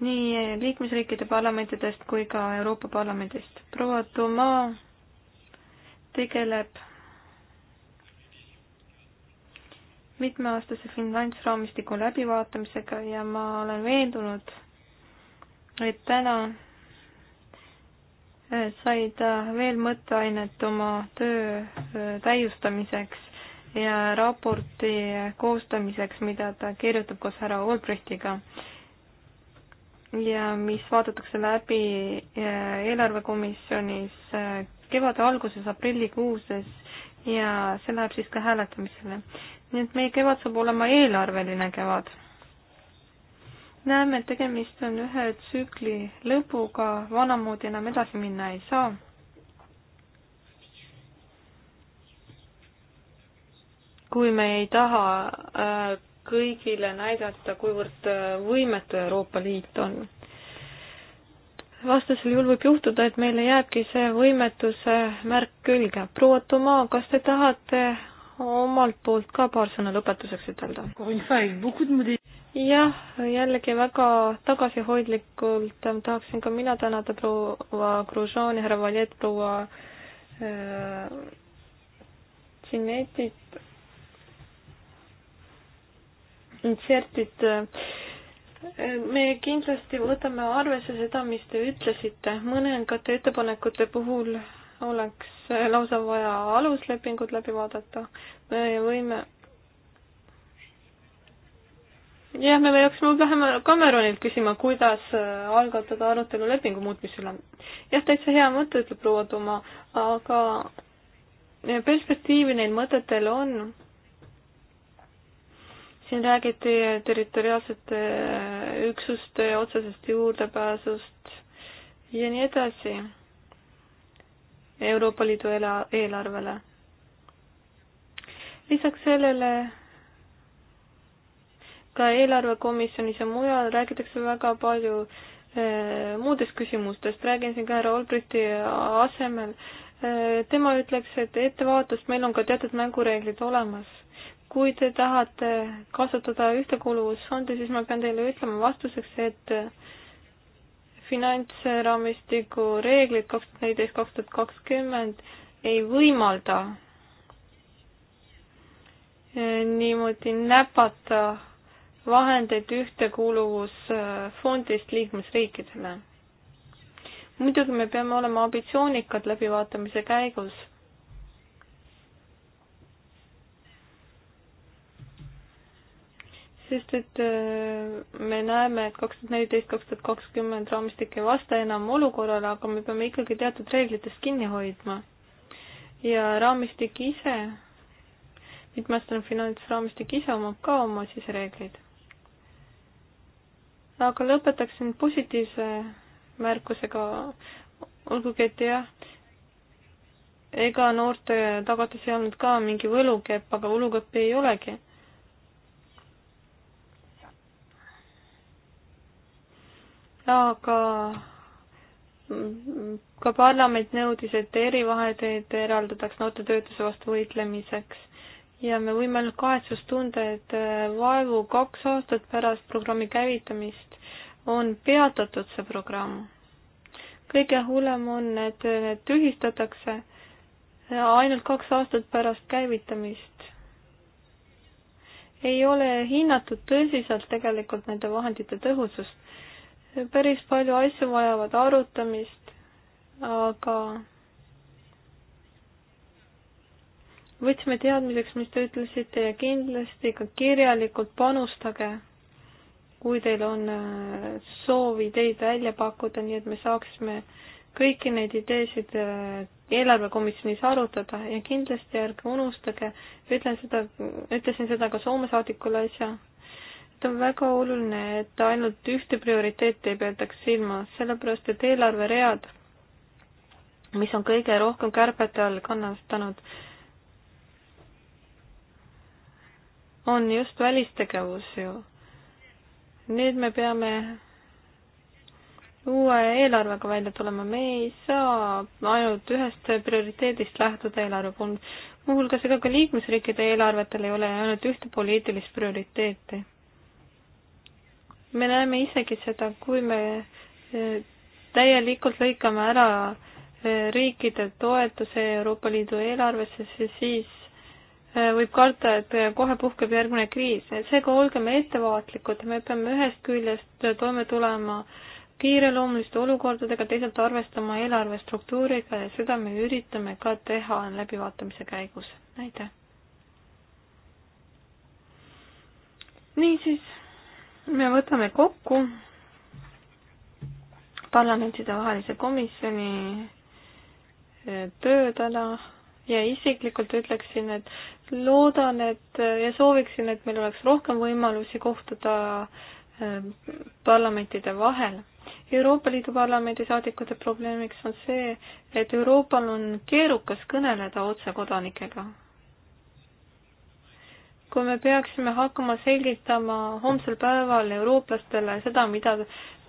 nii liikmesriikide parlamentidest kui ka Euroopa Parlamendist. proua Toma tegeleb mitmeaastase finantsraamistiku läbivaatamisega ja ma olen veendunud, et täna said äh, veel mõtteainet oma töö äh, täiustamiseks ja raporti koostamiseks, mida ta kirjutab koos härra Olbrichtiga ja mis vaadatakse läbi äh, eelarvekomisjonis kevade alguses, aprillikuuses ja see läheb siis ka hääletamisele. nii et meie kevad saab olema eelarveline kevad näeme, et tegemist on ühe tsükli lõpuga, vanamoodi enam edasi minna ei saa. kui me ei taha äh, kõigile näidata, kuivõrd äh, võimetu Euroopa Liit on. vastasel juhul võib juhtuda, et meile jääbki see võimetuse märk külge. proua Toma, kas te tahate omalt poolt ka paar sõna lõpetuseks ütelda? jah, jällegi väga tagasihoidlikult tahaksin ka mina tänada proua Gružoni, härra Valjet, proua äh, Sinetit, Insertit. me kindlasti võtame arvesse seda, mis te ütlesite, mõningate ettepanekute puhul oleks lausa vaja aluslepingud läbi vaadata, me võime jah, me peaksime lähema Cameronilt küsima, kuidas äh, algatada arutelu lepingu muutmise üle. jah, täitsa hea mõte, ütleb proua Tuma, aga äh, perspektiivi neil mõtetel on. siin räägiti territoriaalsete äh, üksuste otsesest juurdepääsust ja nii edasi Euroopa Liidu ela-, eelarvele. lisaks sellele ka eelarvekomisjonis ja mujal räägitakse väga palju eh, muudest küsimustest, räägin siin ka härra Olbriti asemel. Eh, tema ütleks, et ettevaatust, meil on ka teatud mängureeglid olemas. kui te tahate kasutada ühtekuuluvusfondi, siis ma pean teile ütlema vastuseks, et eh, finantsraamistiku reeglid kaks tuhat neliteist, kaks tuhat kakskümmend ei võimalda niimoodi näpata vahendeid ühtekuuluvusfondist liikmesriikidele. muidugi me peame olema ambitsioonikad läbivaatamise käigus. sest et äh, me näeme, et kaks tuhat neliteist, kaks tuhat kakskümmend raamistik ei vasta enam olukorrale, aga me peame ikkagi teatud reeglitest kinni hoidma. ja raamistik ise mitmestel finantsraamistik ise omab ka oma sisereegleid aga lõpetaksin positiivse märkusega, olgugi et jah, ega noorte tagatis ei olnud ka mingi võlukepp, aga võlukeppi ei olegi. aga ka parlament nõudis, et erivahendeid eraldataks noorte töötuse vastu võitlemiseks ja me võime ainult kahetsust tunda, et äh, vaevu kaks aastat pärast programmi käivitamist on peatatud see programm. kõige hullem on, et äh, need tühistatakse äh, ainult kaks aastat pärast käivitamist. ei ole hinnatud tõsiselt tegelikult nende vahendite tõhusust. päris palju asju vajavad arutamist, aga võtsime teadmiseks, mis te ütlesite ja kindlasti ka kirjalikult panustage, kui teil on äh, soov ideid välja pakkuda, nii et me saaksime kõiki neid ideesid äh, eelarvekomisjonis arutada ja kindlasti ärge unustage, ütlen seda, ütlesin seda ka Soome saadikule äsja, et on väga oluline, et ainult ühte prioriteeti ei peetaks silma, sellepärast et eelarveread, mis on kõige rohkem kärbete all kannatanud, on just välistegevus ju. nüüd me peame uue eelarvega välja tulema, me ei saa ainult ühest prioriteedist lähtuda eelarve puhul. muuhulgas ega ka liikmesriikide eelarvetel ei ole ainult ühte poliitilist prioriteeti. me näeme isegi seda, kui me eh, täielikult lõikame ära eh, riikide toetuse Euroopa Liidu eelarvesse, siis Äh, võib karta, et äh, kohe puhkeb järgmine kriis, seega olgem ettevaatlikud, me peame ühest küljest toime tulema kiireloomuliste olukordadega, teisalt arvestama eelarve struktuuriga ja seda me üritame ka teha läbivaatamise käigus, aitäh. niisiis, me võtame kokku parlamentide vahelise komisjoni äh, töö täna ja isiklikult ütleksin, et loodan, et ja sooviksin, et meil oleks rohkem võimalusi kohtuda ähm, parlamentide vahel. Euroopa Liidu Parlamendi saadikute probleemiks on see, et Euroopal on keerukas kõneleda otse kodanikega. kui me peaksime hakkama selgitama homsel päeval eurooplastele seda, mida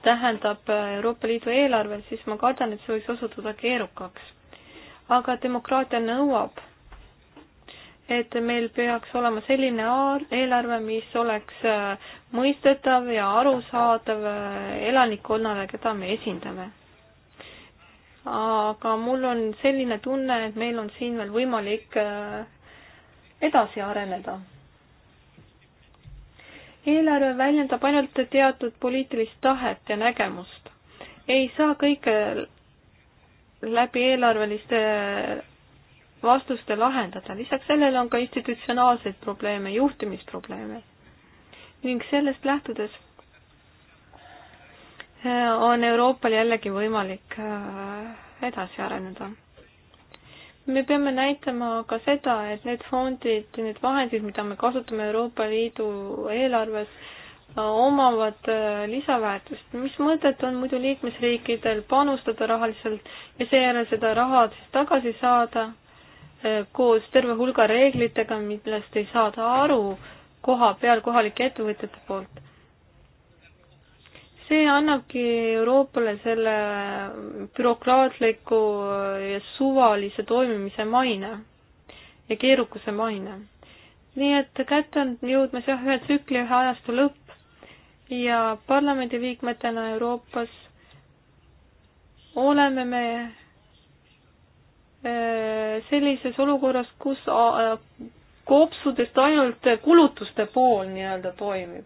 tähendab Euroopa Liidu eelarvel, siis ma kardan, et see võiks osutuda keerukaks aga demokraatia nõuab, et meil peaks olema selline eelarve, mis oleks äh, mõistetav ja arusaadav äh, elanikkonnale, keda me esindame. aga mul on selline tunne, et meil on siin veel võimalik äh, edasi areneda. eelarve väljendab ainult teatud poliitilist tahet ja nägemust. ei saa kõike läbi eelarveliste vastuste lahendada. lisaks sellele on ka institutsionaalseid probleeme, juhtimisprobleeme. ning sellest lähtudes äh, on Euroopal jällegi võimalik äh, edasi areneda. me peame näitama ka seda, et need fondid, need vahendid, mida me kasutame Euroopa Liidu eelarves, omavad äh, lisaväärtust. mis mõtet on muidu liikmesriikidel panustada rahaliselt ja seejärel seda raha siis tagasi saada äh, koos terve hulga reeglitega, millest ei saada aru koha peal kohalike ettevõtjate poolt. see annabki Euroopale selle bürokraatliku ja suvalise toimimise maine ja keerukuse maine. nii et kätte on jõudmas jah, ühe tsükli, ühe ajastu lõpp ja parlamendiliikmetena Euroopas oleme me äh, sellises olukorras, kus äh, kopsudest ainult kulutuste pool nii-öelda toimib.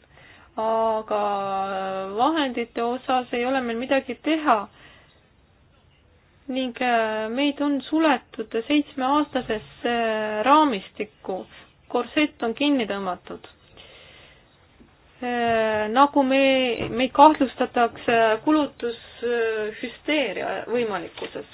aga vahendite osas ei ole meil midagi teha. ning äh, meid on suletud seitsmeaastasesse raamistikku, korsett on kinni tõmmatud Äh, nagu me, meid kahtlustatakse kulutushüsteeria võimalikkuses.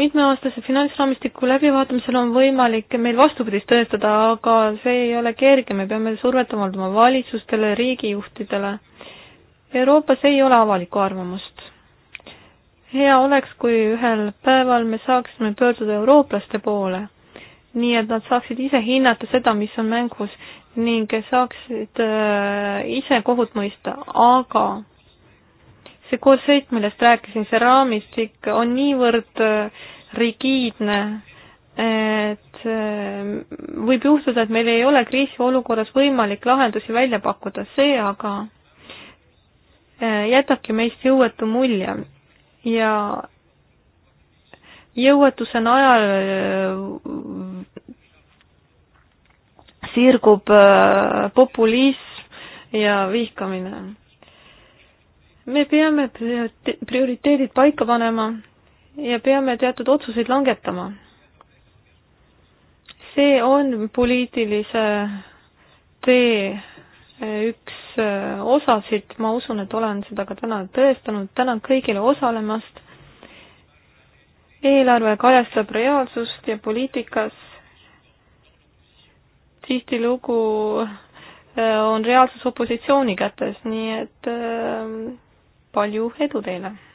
mitmeaastase finantsraamistiku läbivaatamisel on võimalik meil vastupidist tõestada, aga see ei ole kerge, me peame survet avaldama valitsustele, riigijuhtidele. Euroopas ei ole avalikku arvamust. hea oleks, kui ühel päeval me saaksime pöörduda eurooplaste poole nii et nad saaksid ise hinnata seda, mis on mängus ning saaksid äh, ise kohut mõista, aga see korsett, millest rääkisin, see raamistik on niivõrd äh, rigiidne, et äh, võib juhtuda, et meil ei ole kriisiolukorras võimalik lahendusi välja pakkuda, see aga äh, jätabki meist jõuetu mulje ja jõuetuse najal äh, sirgub äh, populism ja vihkamine. me peame prioriteedid paika panema ja peame teatud otsuseid langetama. see on poliitilise tee äh, üks äh, osasid, ma usun, et olen seda ka täna tõestanud, tänan kõigile osalemast. eelarve kajastab reaalsust ja poliitikas tihtilugu äh, on reaalsus opositsiooni kätes, nii et äh, palju edu teile!